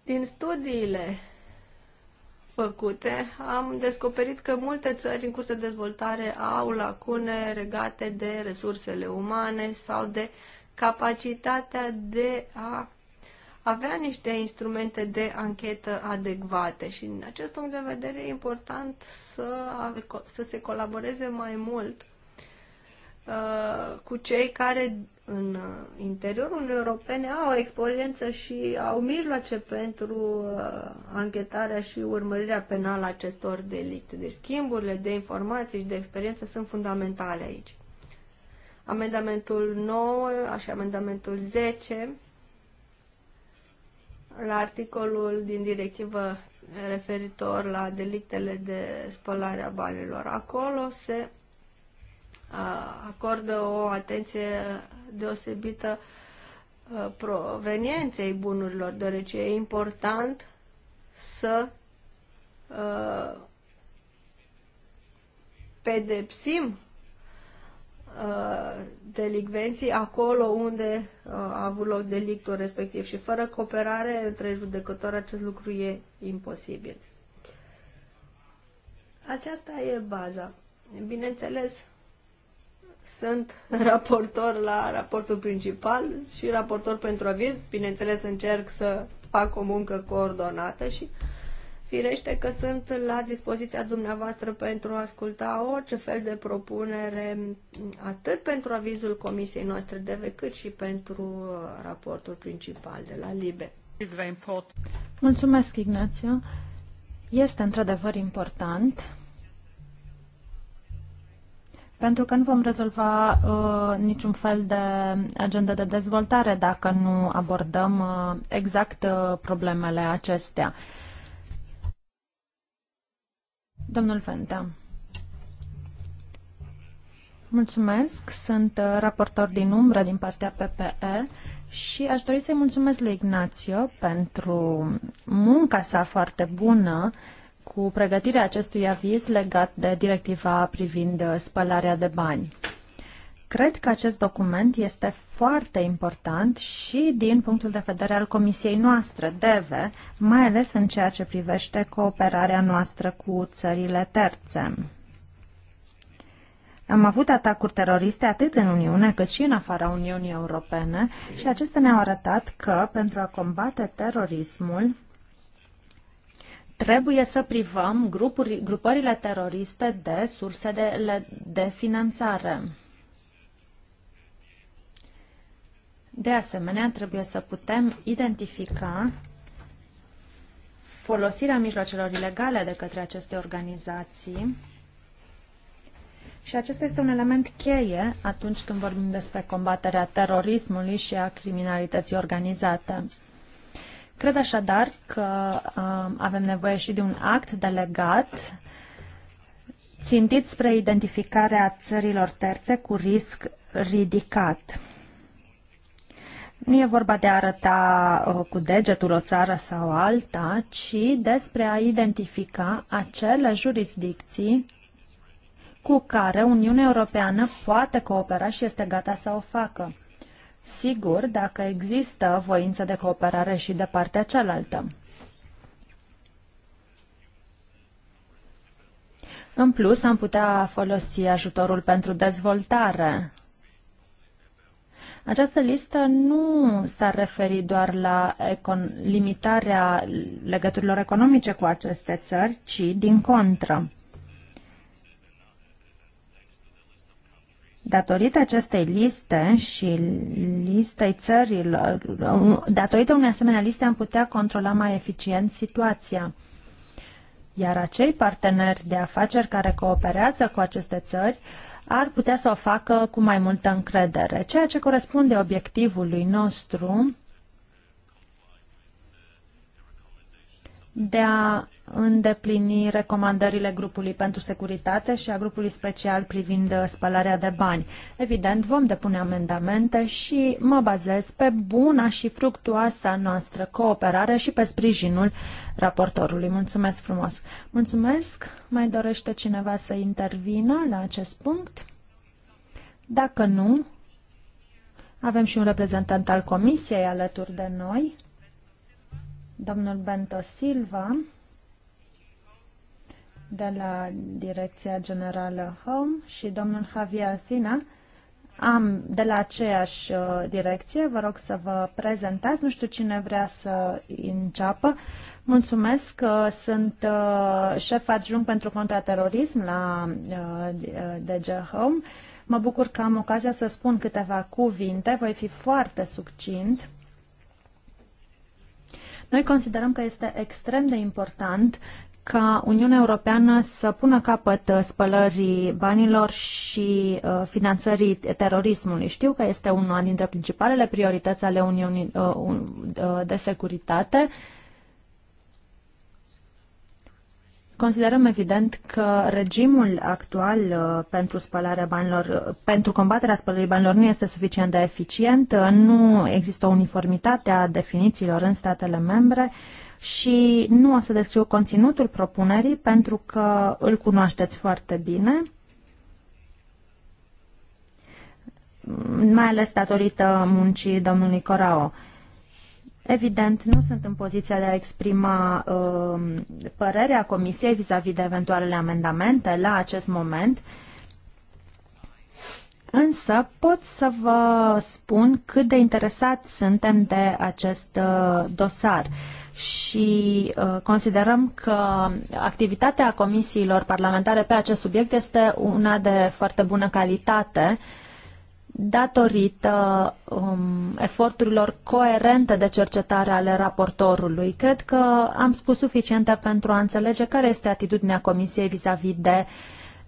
Din studiile făcute, am descoperit că multe țări în curs de dezvoltare au lacune regate de resursele umane sau de capacitatea de a avea niște instrumente de anchetă adecvate și din acest punct de vedere e important să, să se colaboreze mai mult uh, cu cei care în uh, interiorul Uniunii Europene au experiență și au mijloace pentru uh, anchetarea și urmărirea penală a acestor delicte. Deci schimburile de informații și de experiență sunt fundamentale aici. Amendamentul 9 și amendamentul 10 la articolul din directivă referitor la delictele de spălare a banilor. Acolo se uh, acordă o atenție deosebită uh, provenienței bunurilor, deoarece e important să uh, pedepsim uh, delicvenții acolo unde a avut loc delictul respectiv și fără cooperare între judecători acest lucru e imposibil. Aceasta e baza. Bineînțeles, sunt raportor la raportul principal și raportor pentru aviz. Bineînțeles, încerc să fac o muncă coordonată și firește că sunt la dispoziția dumneavoastră pentru a asculta orice fel de propunere, atât pentru avizul comisiei noastre DEVE, cât și pentru uh, raportul principal de la LIBE. Mulțumesc, Ignațiu. Este într-adevăr important pentru că nu vom rezolva uh, niciun fel de agenda de dezvoltare dacă nu abordăm uh, exact uh, problemele acestea. Domnul Fenta. Mulțumesc, sunt uh, raportor din umbră din partea PPE și aș dori să-i mulțumesc lui Ignacio pentru munca sa foarte bună uh, cu pregătirea acestui aviz legat de directiva privind spălarea de bani. Cred că acest document este foarte important și din punctul de vedere al Comisiei noastre, DEVE, mai ales în ceea ce privește cooperarea noastră cu țările terțe. Am avut atacuri teroriste atât în Uniune cât și în afara Uniunii Europene și acestea ne-au arătat că, pentru a combate terorismul, trebuie să privăm grupuri, grupările teroriste de surse de, de finanțare. De asemenea, trebuie să putem identifica folosirea mijloacelor ilegale de către aceste organizații și acesta este un element cheie atunci când vorbim despre combaterea terorismului și a criminalității organizate. Cred așadar că um, avem nevoie și de un act delegat țintit spre identificarea țărilor terțe cu risc ridicat. Nu e vorba de a arăta uh, cu degetul o țară sau alta, ci despre a identifica acele jurisdicții cu care Uniunea Europeană poate coopera și este gata să o facă. Sigur, dacă există voință de cooperare și de partea cealaltă. În plus, am putea folosi ajutorul pentru dezvoltare. Această listă nu s ar referi doar la econ- limitarea legăturilor economice cu aceste țări, ci din contră. Datorită acestei liste și listei țărilor, um, datorită unei asemenea liste am putea controla mai eficient situația. Iar acei parteneri de afaceri care cooperează cu aceste țări ar putea să o facă cu mai multă încredere, ceea ce corespunde obiectivului nostru de a îndeplini recomandările grupului pentru securitate și a grupului special privind spălarea de bani. Evident, vom depune amendamente și mă bazez pe buna și fructuoasa noastră cooperare și pe sprijinul raportorului. Mulțumesc frumos! Mulțumesc! Mai dorește cineva să intervină la acest punct? Dacă nu, avem și un reprezentant al comisiei alături de noi. Domnul Bento Silva de la Direcția Generală Home și domnul Javier Fina am de la aceeași uh, direcție. Vă rog să vă prezentați. Nu știu cine vrea să înceapă. Mulțumesc. Uh, sunt uh, șef adjunct pentru contraterorism la DG Home. Mă bucur că am ocazia să spun câteva cuvinte. Voi fi foarte succint. Noi considerăm că este extrem de important ca Uniunea Europeană să pună capăt uh, spălării banilor și uh, finanțării terorismului. Știu că este una dintre principalele priorități ale Uniunii uh, de Securitate Considerăm evident că regimul actual uh, pentru spălarea banilor, uh, pentru combaterea spălării banilor nu este suficient de eficient, uh, nu există o uniformitate a definițiilor în statele membre și nu o să descriu conținutul propunerii pentru că îl cunoașteți foarte bine. mai ales datorită muncii domnului Corao. Evident, nu sunt în poziția de a exprima uh, părerea Comisiei vis-a-vis -vis de eventualele amendamente la acest moment, însă pot să vă spun cât de interesați suntem de acest uh, dosar și uh, considerăm că activitatea comisiilor parlamentare pe acest subiect este una de foarte bună calitate uh, datorită um, eforturilor coerente de cercetare ale raportorului. Cred că am spus suficiente pentru a înțelege care este atitudinea Comisiei vis-a-vis -vis de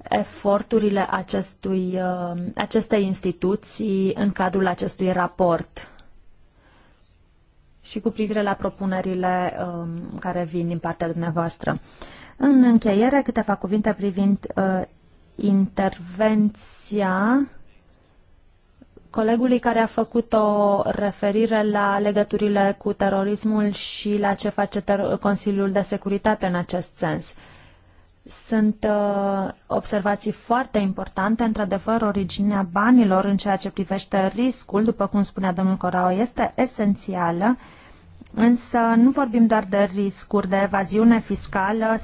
eforturile acestui, uh, acestei instituții în cadrul acestui raport și cu privire la propunerile um, care vin din partea dumneavoastră. În încheiere, câteva cuvinte privind uh, intervenția colegului care a făcut o referire la legăturile cu terorismul și la ce face Consiliul de Securitate în acest sens. Sunt uh, observații foarte importante. Într-adevăr, originea banilor în ceea ce privește riscul, după cum spunea domnul Corao, este esențială, însă nu vorbim doar de riscuri de evaziune fiscală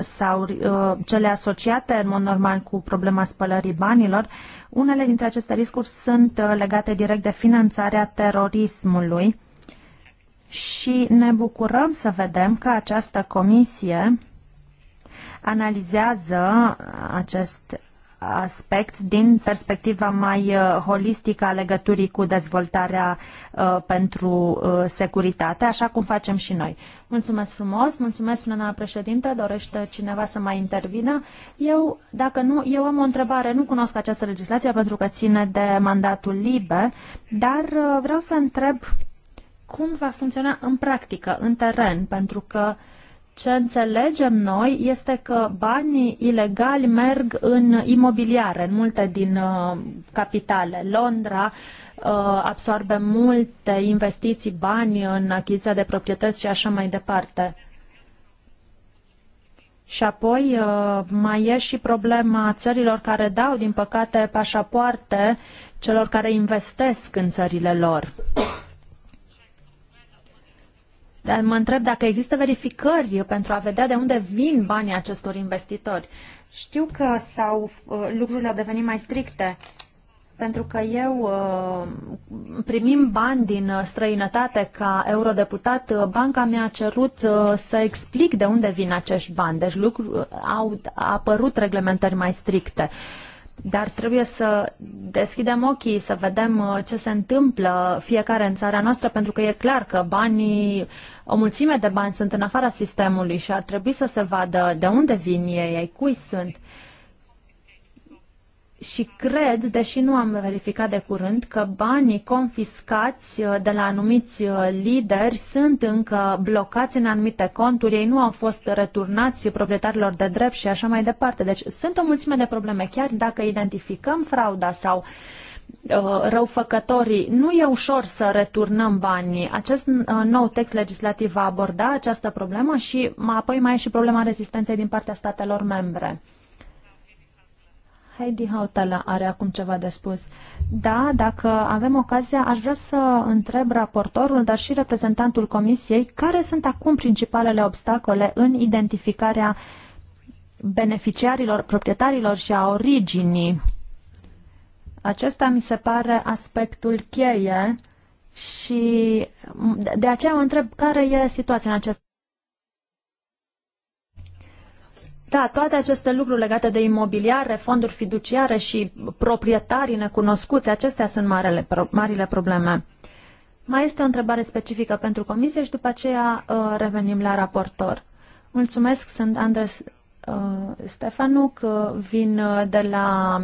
sau uh, cele asociate în mod normal cu problema spălării banilor, unele dintre aceste riscuri sunt uh, legate direct de finanțarea terorismului și ne bucurăm să vedem că această comisie analizează acest aspect din perspectiva mai uh, holistică a legăturii cu dezvoltarea uh, pentru uh, securitate, așa cum facem și noi. Mulțumesc frumos, mulțumesc, doamna președinte, dorește cineva să mai intervină. Eu, dacă nu, eu am o întrebare, nu cunosc această legislație pentru că ține de mandatul liber, dar vreau să întreb cum va funcționa în practică, în teren, pentru că uh, ce înțelegem noi este că banii ilegali merg în imobiliare, în multe din uh, capitale. Londra uh, absorbe multe investiții, bani în achiziția de proprietăți și așa mai departe. Și apoi uh, mai e și problema țărilor care dau, din păcate, pașapoarte celor care investesc în țările lor. Dar mă întreb dacă există verificări pentru a vedea de unde vin banii acestor investitori. Știu că sau uh, lucrurile au devenit mai stricte, pentru că eu uh, primim bani din uh, străinătate ca eurodeputat, banca mi-a cerut să explic de unde vin acești bani. Deci lucru, au apărut reglementări mai stricte. Uh, dar trebuie să deschidem ochii, să vedem uh, ce se întâmplă fiecare în țara noastră, pentru că e clar că banii, o mulțime de bani sunt în afara sistemului și ar trebui să se vadă de unde vin ei, ai cui sunt. Uh, și cred, deși nu am verificat de curând, că banii confiscați uh, de la anumiți uh, lideri sunt încă blocați în anumite conturi, ei nu au fost returnați proprietarilor de drept și așa mai departe. Deci sunt o mulțime de probleme, chiar dacă identificăm frauda sau uh, răufăcătorii, nu e ușor să returnăm banii. Acest nou text legislativ va aborda această problemă și apoi mai e și problema rezistenței din partea statelor membre. Heidi Hautala are acum ceva de spus. Da, dacă avem ocazia, aș vrea să întreb raportorul, dar și reprezentantul Comisiei, care sunt acum principalele obstacole în identificarea beneficiarilor, proprietarilor și a originii. Acesta mi se pare aspectul cheie și de aceea mă întreb care e situația în acest Da, toate aceste lucruri legate de imobiliare, fonduri fiduciare și proprietarii necunoscuți, acestea sunt marele, pro, marile probleme. Mai este o întrebare specifică pentru comisie și după aceea uh, revenim la raportor. Mulțumesc, sunt Andres uh, Stefanuc, uh, vin uh, de la...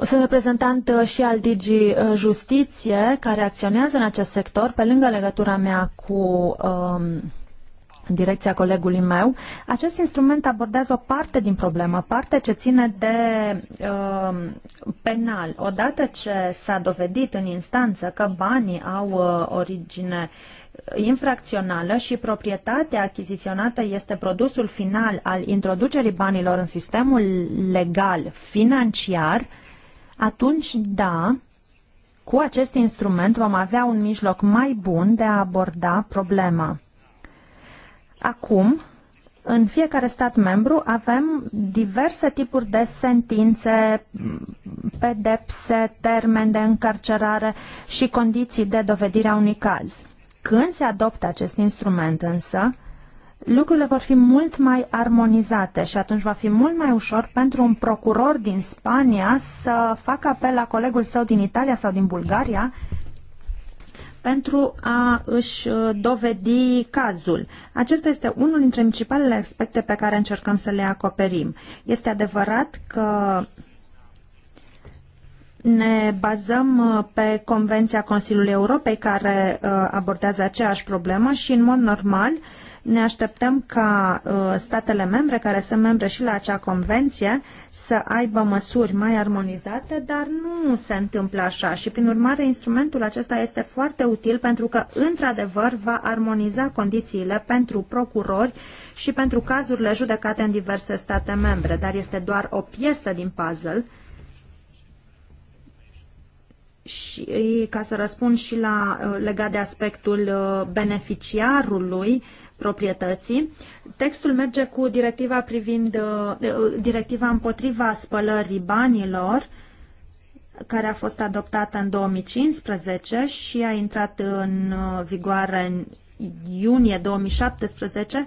Sunt reprezentant uh, și al Digi uh, Justiție, care acționează în acest sector, pe lângă legătura mea cu... Uh, în direcția colegului meu, acest instrument abordează o parte din problemă, parte ce ține de uh, penal. Odată ce s-a dovedit în instanță că banii au uh, origine infracțională și proprietatea achiziționată este produsul final al introducerii banilor în sistemul legal financiar, atunci da, cu acest instrument vom avea un mijloc mai bun de a aborda problema. Acum, în fiecare stat membru avem diverse tipuri de sentințe, pedepse, termeni de încarcerare și condiții de dovedire a unui caz. Când se adoptă acest instrument însă, lucrurile vor fi mult mai armonizate și atunci va fi mult mai ușor pentru un procuror din Spania să facă apel la colegul său din Italia sau din Bulgaria pentru a își uh, dovedi cazul. Acesta este unul dintre principalele aspecte pe care încercăm să le acoperim. Este adevărat că ne bazăm uh, pe Convenția Consiliului Europei care uh, abordează aceeași problemă și, în mod normal, ne așteptăm ca uh, statele membre, care sunt membre și la acea convenție, să aibă măsuri mai armonizate, dar nu se întâmplă așa și, prin urmare, instrumentul acesta este foarte util pentru că, într-adevăr, va armoniza condițiile pentru procurori și pentru cazurile judecate în diverse state membre, dar este doar o piesă din puzzle și ca să răspund și la uh, legat de aspectul uh, beneficiarului, uh, proprietății. Textul merge cu directiva privind uh, uh, directiva împotriva spălării banilor care a fost adoptată în 2015 și a intrat în uh, vigoare în iunie 2017.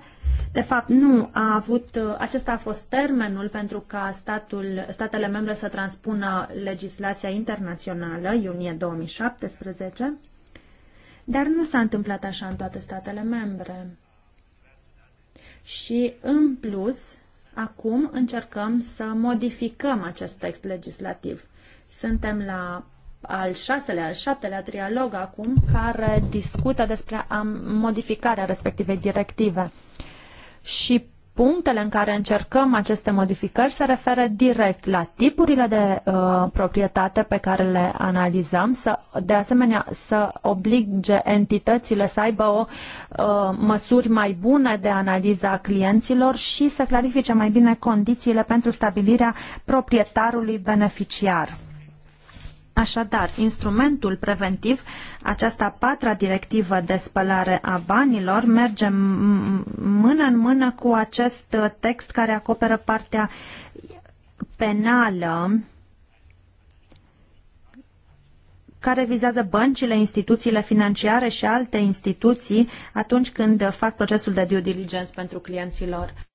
De fapt, nu a avut, acesta a fost termenul pentru ca statul, statele membre să transpună legislația internațională, iunie 2017, dar nu s-a întâmplat așa în toate statele membre și, în plus, acum încercăm să modificăm acest text legislativ. Suntem la al șaselea, al șaptelea trialog acum, care discută despre modificarea respectivei directive. Și punctele în care încercăm aceste modificări se referă direct la tipurile de uh, proprietate pe care le analizăm, să, de asemenea să oblige entitățile să aibă o uh, măsuri mai bune de analiza clienților și să clarifice mai bine condițiile pentru stabilirea proprietarului beneficiar. Așadar, instrumentul preventiv, această a patra directivă de spălare a banilor, merge mână în mână cu acest text care acoperă partea penală care vizează băncile, instituțiile financiare și alte instituții atunci când fac procesul de due diligence pentru clienților.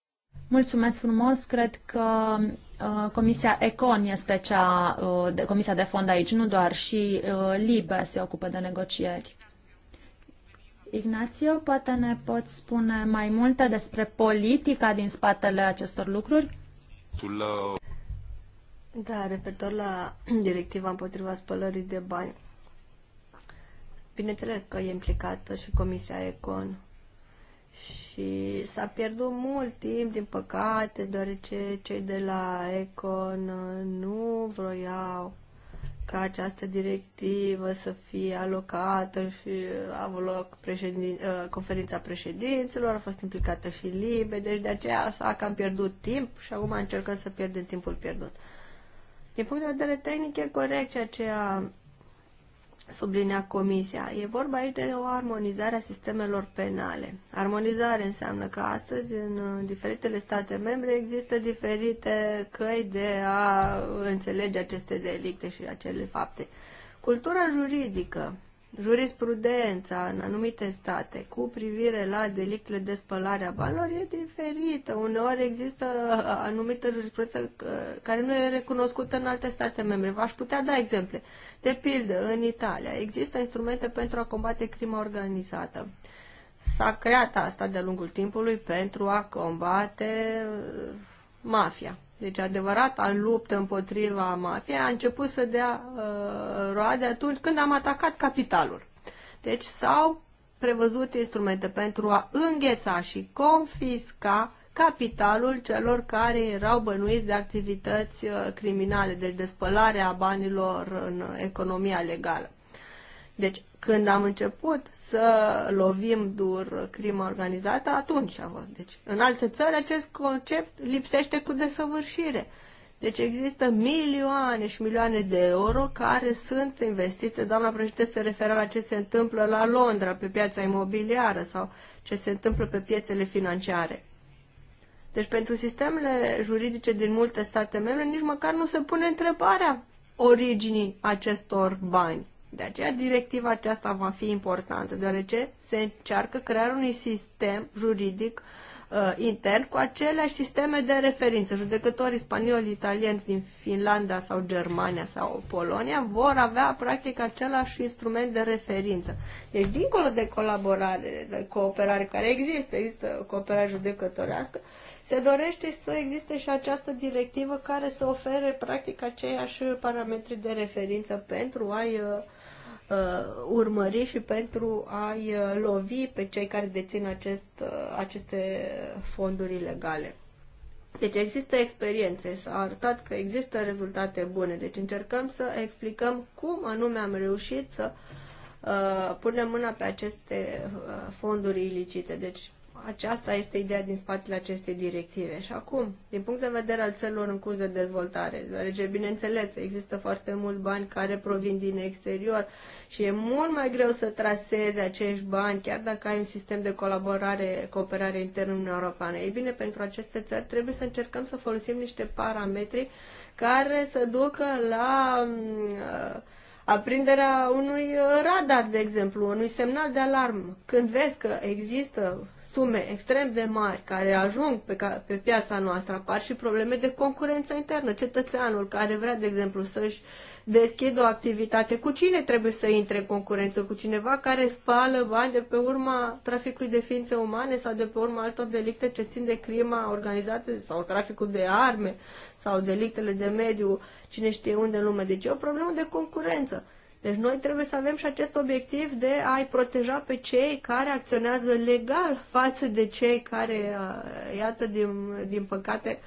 Mulțumesc frumos. Cred că uh, Comisia Econ este cea, uh, de, Comisia de Fond aici, nu doar, și uh, LIBE se ocupă de negocieri. Ignațio, poate ne poți spune mai multe despre politica din spatele acestor lucruri? Da, referitor la directiva împotriva spălării de bani. Bineînțeles că e implicată și Comisia Econ și s-a pierdut mult timp, din păcate, deoarece cei de la Econ uh, nu vroiau ca această directivă să fie alocată și uh, a avut loc președin, uh, conferința președinților, a fost implicată și Libe, deci de aceea s-a cam pierdut timp și acum încercăm să pierdem timpul pierdut. Din punct de vedere tehnic e corect ceea ce a sublinea Comisia. E vorba aici de o armonizare a sistemelor penale. Armonizare înseamnă că astăzi în uh, diferitele state membre există diferite căi de a înțelege aceste delicte și acele fapte. Cultura juridică jurisprudența în anumite state cu privire la delictele de spălare a banilor e diferită. Uneori există anumită jurisprudență uh, care nu e recunoscută în alte state membre. V-aș putea da exemple. De pildă, în Italia există instrumente pentru a combate crima organizată. S-a creat asta de-a lungul timpului pentru a combate uh, mafia deci adevărata luptă împotriva mafiei, a început să dea uh, roade atunci când am atacat capitalul. Deci s-au prevăzut instrumente pentru a îngheța și confisca capitalul celor care erau bănuiți de activități uh, criminale, deci de spălarea banilor în economia legală. Deci când am început să lovim dur crima organizată, atunci a fost. Deci, în alte țări, acest concept lipsește cu desăvârșire. Deci există milioane și milioane de euro care sunt investite. Doamna președinte se referă la ce se întâmplă la Londra, pe piața imobiliară sau ce se întâmplă pe piețele financiare. Deci pentru sistemele juridice din multe state membre nici măcar nu se pune întrebarea originii acestor bani. De aceea directiva aceasta va fi importantă, deoarece se încearcă crearea unui sistem juridic uh, intern cu aceleași sisteme de referință. Judecătorii spanioli, italieni din Finlanda sau Germania sau Polonia vor avea practic același instrument de referință. Deci, dincolo de colaborare, de cooperare care există, există cooperare judecătorească, se dorește să existe și această directivă care să ofere practic aceiași parametri de referință pentru a-i uh, Uh, urmări și pentru a-i uh, lovi pe cei care dețin acest, uh, aceste fonduri ilegale. Deci există experiențe, s-a arătat că există rezultate bune, deci încercăm să explicăm cum anume am reușit să uh, punem mâna pe aceste uh, fonduri ilicite. Deci aceasta este ideea din spatele acestei directive. Și acum, din punct de vedere al țărilor în curs de dezvoltare, deoarece, bineînțeles, există foarte mulți bani care provin din exterior și e mult mai greu să traseze acești bani, chiar dacă ai un sistem de colaborare, cooperare internă în Europeană. Ei bine, pentru aceste țări trebuie să încercăm să folosim niște parametri care să ducă la mm, uh, aprinderea unui radar, de exemplu, unui semnal de alarmă. Când vezi că există sume extrem de mari care ajung pe, ca, pe piața noastră, apar și probleme de concurență internă. Cetățeanul care vrea, de exemplu, să-și deschidă o activitate, cu cine trebuie să intre în concurență? Cu cineva care spală bani de pe urma traficului de ființe umane sau de pe urma altor delicte ce țin de crima organizată sau traficul de arme sau delictele de mediu, cine știe unde în lume. Deci e o problemă de concurență. Deci noi trebuie să avem și acest obiectiv de a-i proteja pe cei care acționează legal față de cei care, uh, iată, din, din păcate,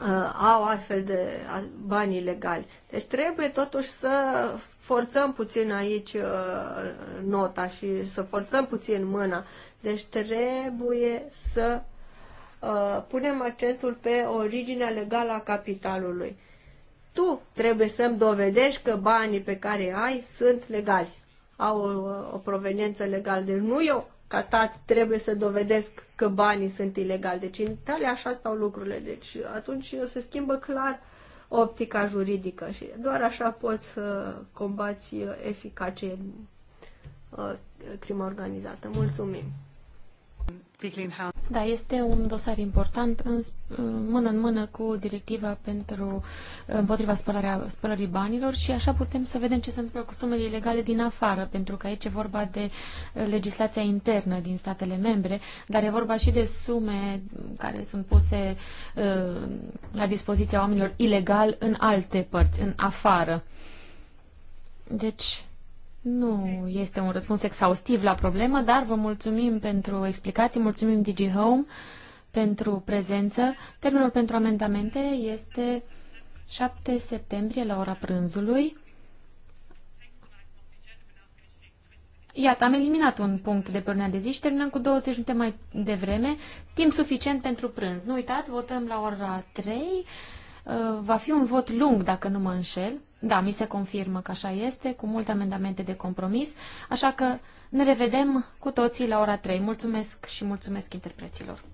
uh, au astfel de bani ilegali. Deci trebuie totuși să forțăm puțin aici uh, nota și să forțăm puțin mâna. Deci trebuie să punem accentul pe originea legală a capitalului tu trebuie să-mi dovedești că banii pe care ai sunt legali, au o, uh, o proveniență legală. Deci nu eu, ca stat, trebuie să dovedesc că banii sunt ilegali. Deci în Italia așa stau lucrurile. Deci atunci se schimbă clar optica juridică și doar așa poți să combați uh, eficace uh, crima organizată. Mulțumim! Da, este un dosar important în, mână în mână cu directiva pentru împotriva spălarea, spălării banilor și așa putem să vedem ce se întâmplă cu sumele ilegale din afară, pentru că aici e vorba de uh, legislația internă din statele membre, dar e vorba și de sume care sunt puse uh, la dispoziția oamenilor ilegal în alte părți, în afară. Deci, nu este un răspuns exhaustiv la problemă, dar vă mulțumim pentru explicații, mulțumim DigiHome pentru prezență. Termenul pentru amendamente este 7 septembrie la ora prânzului. Iată, am eliminat un punct de până de zi și terminăm cu 20 minute mai devreme, timp suficient pentru prânz. Nu uitați, votăm la ora 3. Uh, va fi un vot lung, dacă nu mă înșel. Da, mi se confirmă că așa este, cu multe amendamente de compromis, așa că ne revedem cu toții la ora 3. Mulțumesc și mulțumesc interpreților.